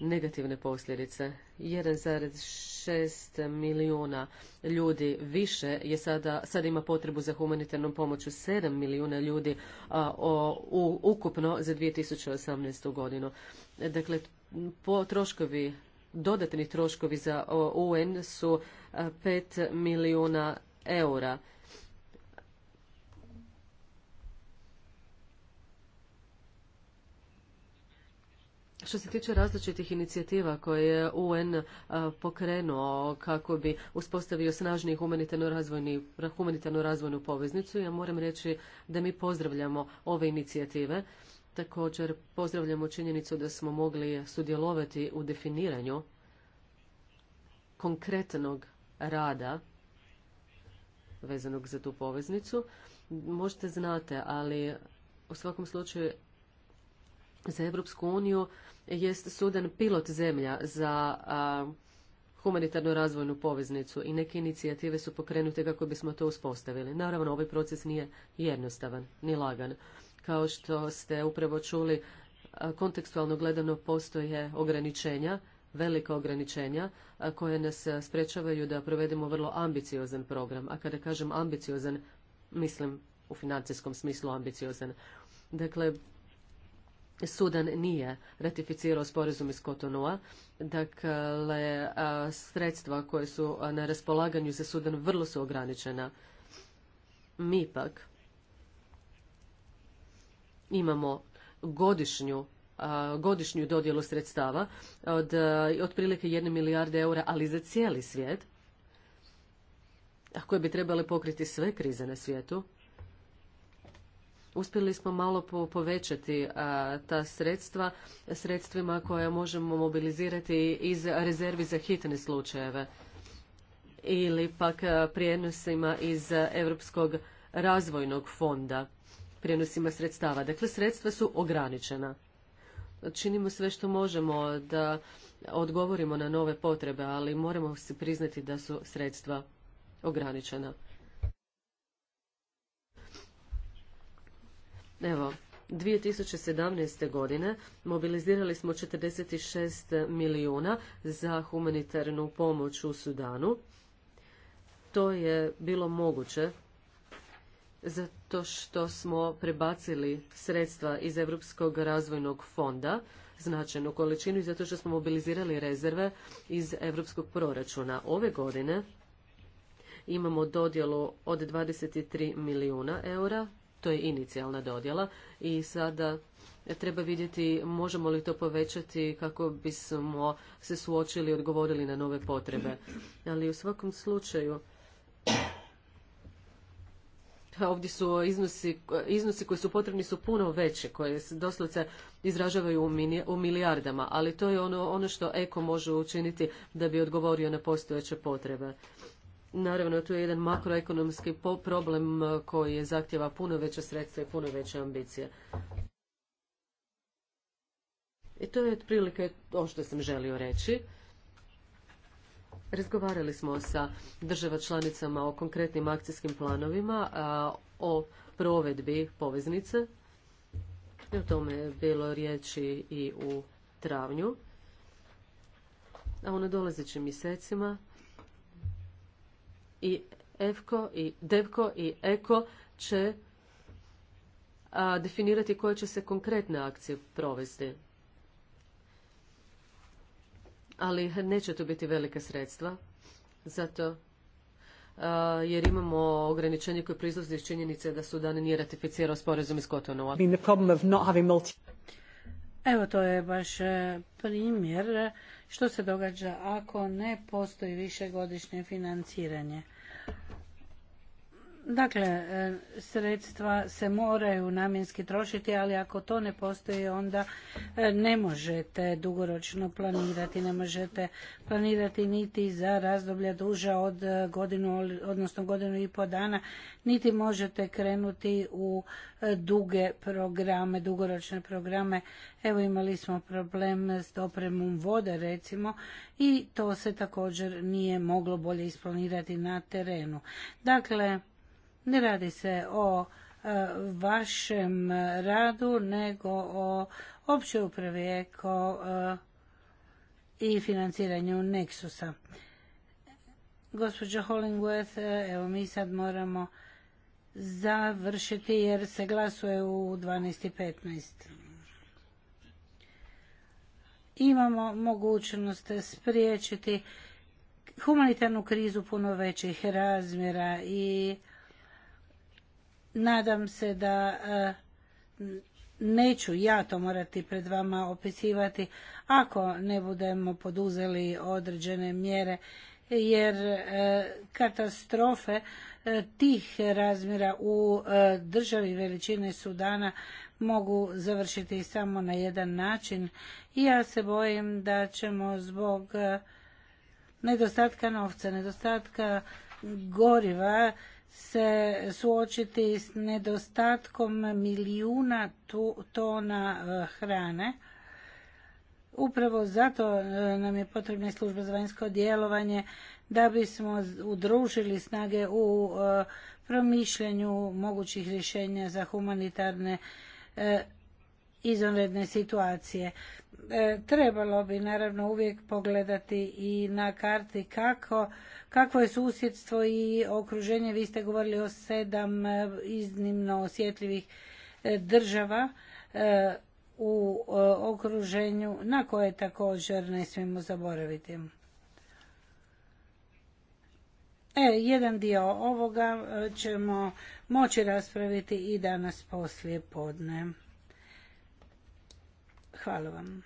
negativne posljedice. 1,6 milijuna ljudi više je sada, sada ima potrebu za humanitarnom pomoću 7 milijuna ljudi a, o, u, ukupno za 2018. godinu. Dakle, po, troškovi dodatni troškovi za UN su 5 e, milijuna eura. Što se tiče različitih inicijativa koje je UN e, pokrenuo kako bi uspostavio snažniji humanitarno-razvojnu humanitarno razvojnu poveznicu, ja moram reći da mi pozdravljamo ove inicijative Također pozdravljamo činjenicu da smo mogli sudjelovati u definiranju konkretnog rada vezanog za tu poveznicu. Možete znate, ali u svakom slučaju za Europsku uniju jest sudan pilot zemlja za a, humanitarnu razvojnu poveznicu i neke inicijative su pokrenute kako bismo to uspostavili. Naravno, ovaj proces nije jednostavan, ni lagan. Kao što ste upravo čuli, kontekstualno gledano postoje ograničenja, velika ograničenja koje nas sprečavaju da provedemo vrlo ambiciozan program. A kada kažem ambiciozan, mislim u financijskom smislu ambiciozan. Dakle, Sudan nije ratificirao sporazum iz Kotonua. Dakle, sredstva koje su na raspolaganju za Sudan vrlo su ograničena. Mi ipak imamo godišnju godišnju dodjelu sredstava od otprilike jedne milijarde eura, ali za cijeli svijet, a koje bi trebale pokriti sve krize na svijetu, uspjeli smo malo povećati ta sredstva sredstvima koja možemo mobilizirati iz rezervi za hitne slučajeve ili pak prijenosima iz Europskog razvojnog fonda prijenosima sredstava. Dakle, sredstva su ograničena. Činimo sve što možemo da odgovorimo na nove potrebe, ali moramo se priznati da su sredstva ograničena. Evo, 2017. godine mobilizirali smo 46 milijuna za humanitarnu pomoć u Sudanu. To je bilo moguće za to što smo prebacili sredstva iz Europskog razvojnog fonda značajnu količinu i zato što smo mobilizirali rezerve iz europskog proračuna. Ove godine imamo dodjelu od 23 milijuna eura, to je inicijalna dodjela i sada treba vidjeti možemo li to povećati kako bismo se suočili i odgovorili na nove potrebe. Ali u svakom slučaju Ovdje su iznosi, iznosi koji su potrebni su puno veće, koje se doslovce izražavaju u milijardama, ali to je ono, ono što eko može učiniti da bi odgovorio na postojeće potrebe. Naravno, tu je jedan makroekonomski problem koji je zahtjeva puno veće sredstva i puno veće ambicije. I to je otprilike to što sam želio reći. Razgovarali smo sa država članicama o konkretnim akcijskim planovima, o provedbi poveznice. O tome je bilo riječi i u travnju. A u nadolazećim mjesecima i EFKO i DEVKO i EKO će definirati koje će se konkretne akcije provesti ali neće to biti velika sredstva, zato jer imamo ograničenje koje proizlazi iz činjenice da Sudan nije ratificirao sporazum iz Kotonova. Evo to je baš e, primjer što se događa ako ne postoji više godišnje financiranje. Dakle, e, sredstva se moraju namjenski trošiti, ali ako to ne postoji, onda e, ne možete dugoročno planirati, ne možete planirati niti za razdoblja duža od e, godinu, odnosno godinu i po dana, niti možete krenuti u duge programe, dugoročne programe. Evo imali smo problem s opremom vode, recimo, i to se također nije moglo bolje isplanirati na terenu. Dakle, ne radi se o e, vašem radu, nego o općoj upravi eko e, i financiranju Nexusa. Gospođo Hollingworth, e, evo mi sad moramo završiti jer se glasuje u 12.15. Imamo mogućnost spriječiti humanitarnu krizu puno većih razmjera i Nadam se da e, neću ja to morati pred vama opisivati ako ne budemo poduzeli određene mjere jer e, katastrofe e, tih razmjera u državi veličine Sudana mogu završiti samo na jedan način i ja se bojim da ćemo zbog nedostatka novca, nedostatka goriva se suočiti s nedostatkom milijuna tona e, hrane. Upravo zato e, nam je potrebna služba za vanjsko djelovanje da bismo udružili snage u e, promišljanju mogućih rješenja za humanitarne izvanredne situacije. E, trebalo bi naravno uvijek pogledati i na karti kako, kako je susjedstvo i okruženje. Vi ste govorili o sedam e, iznimno osjetljivih e, država u okruženju na koje također ne smijemo zaboraviti. E, jedan dio ovoga ćemo moći raspraviti i danas poslije podne. Hvala vam. you.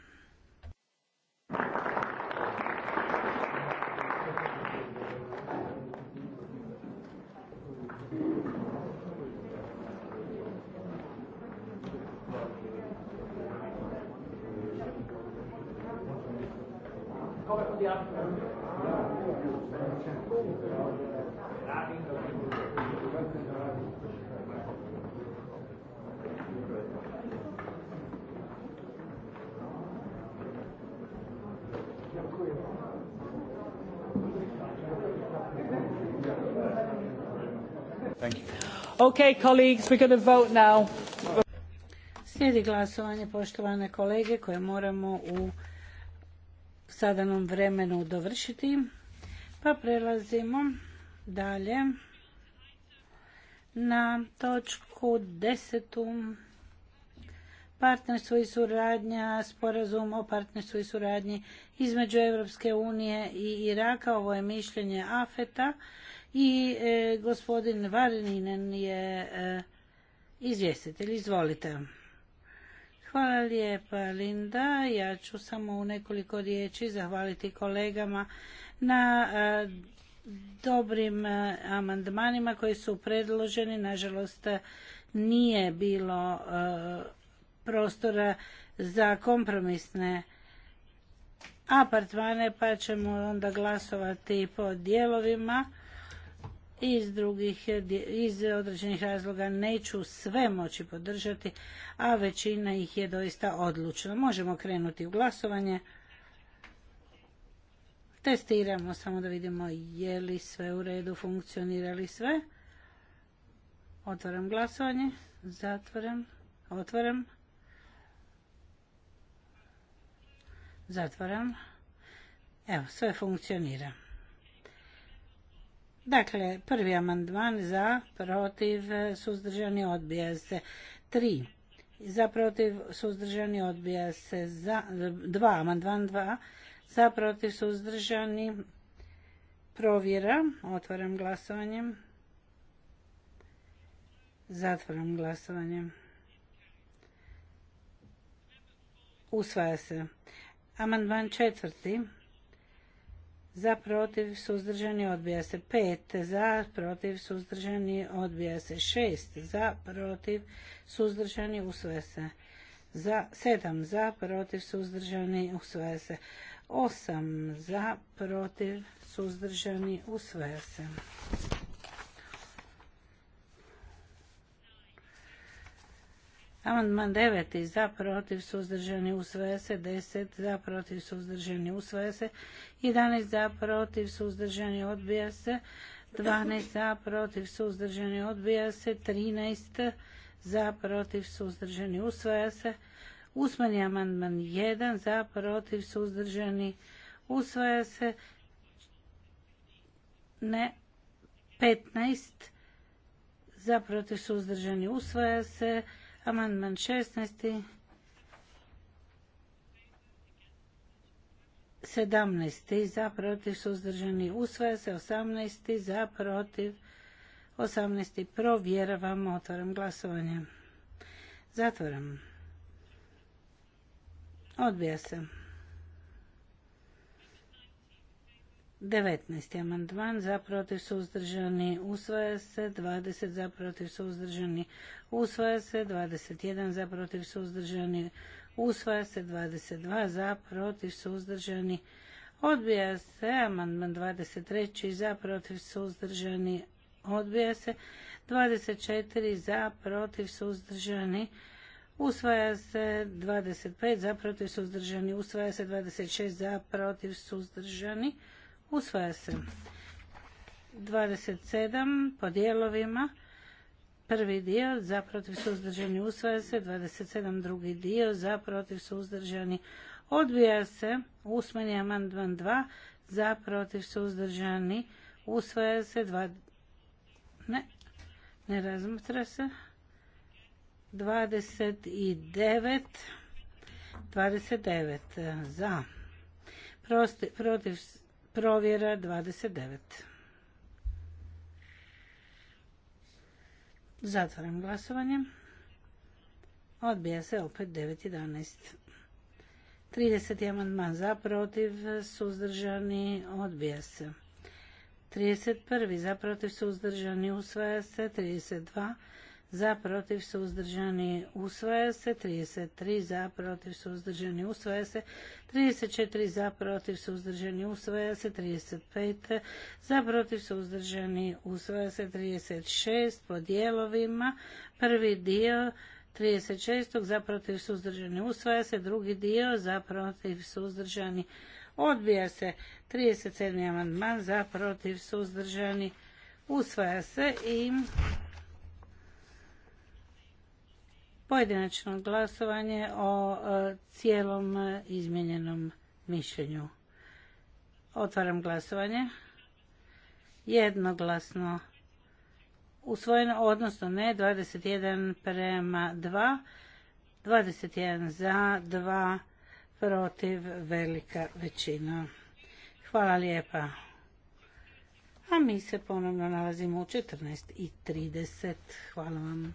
Slijedi glasovanje, poštovane kolege, koje moramo u sadanom vremenu dovršiti. Pa prelazimo dalje na točku desetu partnerstvo i suradnja, sporazum o partnerstvu i suradnji između Europske unije i Iraka. Ovo je mišljenje AFETA i e, gospodin Varninen je e, izvjestitelj. Izvolite. Hvala lijepa Linda. Ja ću samo u nekoliko riječi zahvaliti kolegama na e, dobrim e, amandmanima koji su predloženi. Nažalost nije bilo e, prostora za kompromisne apartmane pa ćemo onda glasovati po dijelovima iz drugih, iz određenih razloga neću sve moći podržati, a većina ih je doista odlučna. Možemo krenuti u glasovanje. Testiramo samo da vidimo je li sve u redu, funkcionira li sve. Otvaram glasovanje, zatvaram, otvaram, zatvaram. Evo, sve funkcionira. Dakle, prvi amandman za, protiv, suzdržani odbija se. Tri. Za, protiv, suzdržani odbija se. Za, dva, amandman dva. Za, protiv, suzdržani provjera. Otvaram glasovanje. Zatvaram glasovanje. Usvaja se. Amandman četvrti za protiv suzdržani odbija se 5 za protiv suzdržani odbija se 6 za protiv suzdržani usvaja se za 7 za protiv suzdržani usvaja se 8 za protiv suzdržani usvaja se Amandman 9. za protiv suzdržani usvaja se. 10. za protiv suzdržani usvaja se. 11. za protiv suzdržani odbija se. 12. za protiv suzdržani odbija se. 13. za protiv suzdržani usvaja se. Usmeni amandman 1. za protiv suzdržani usvaja se. Ne. 15. za protiv suzdržani usvaja se. Amandman šestnesti, 17. za protiv suzdržani usvaja se 18. za protiv 18. provjeravamo otvaram glasovanje zatvaram odbija se 19. amandman za protiv suzdržani usvaja se, 20 za protiv suzdržani usvaja se, 21 za protiv suzdržani usvaja se, 22 za protiv suzdržani odbija se, amandman 23 za protiv suzdržani odbija se, 24 za protiv suzdržani Usvaja se 25 za protiv suzdržani, usvaja se 26 za protiv suzdržani. Usvaja se. 27 po dijelovima. Prvi dio za protiv suzdržani usvaja se. 27 drugi dio za protiv suzdržani odbija se. Usmeni amandman 2 za protiv suzdržani usvaja se. Dva... Ne, ne razmatra se. 29 29 za protiv Provjera 29. Zatvaram glasovanje. Odbija se opet 9.11. 30. amandman za, protiv, suzdržani, odbija se. 31. za, protiv, suzdržani, usvaja se. 32 za protiv suzdržani usvaja se 33 za protiv suzdržani usvaja se 34 za protiv suzdržani usvaja se 35 za protiv suzdržani usvaja se 36 po dijelovima prvi dio 36. za protiv suzdržani usvaja se drugi dio za protiv suzdržani odbija se 37. amandman za protiv suzdržani usvaja se i pojedinačno glasovanje o e, cijelom e, izmijenjenom mišljenju. Otvaram glasovanje. Jednoglasno usvojeno, odnosno ne, 21 prema 2, 21 za, 2 protiv, velika većina. Hvala lijepa. A mi se ponovno nalazimo u 14.30. Hvala vam.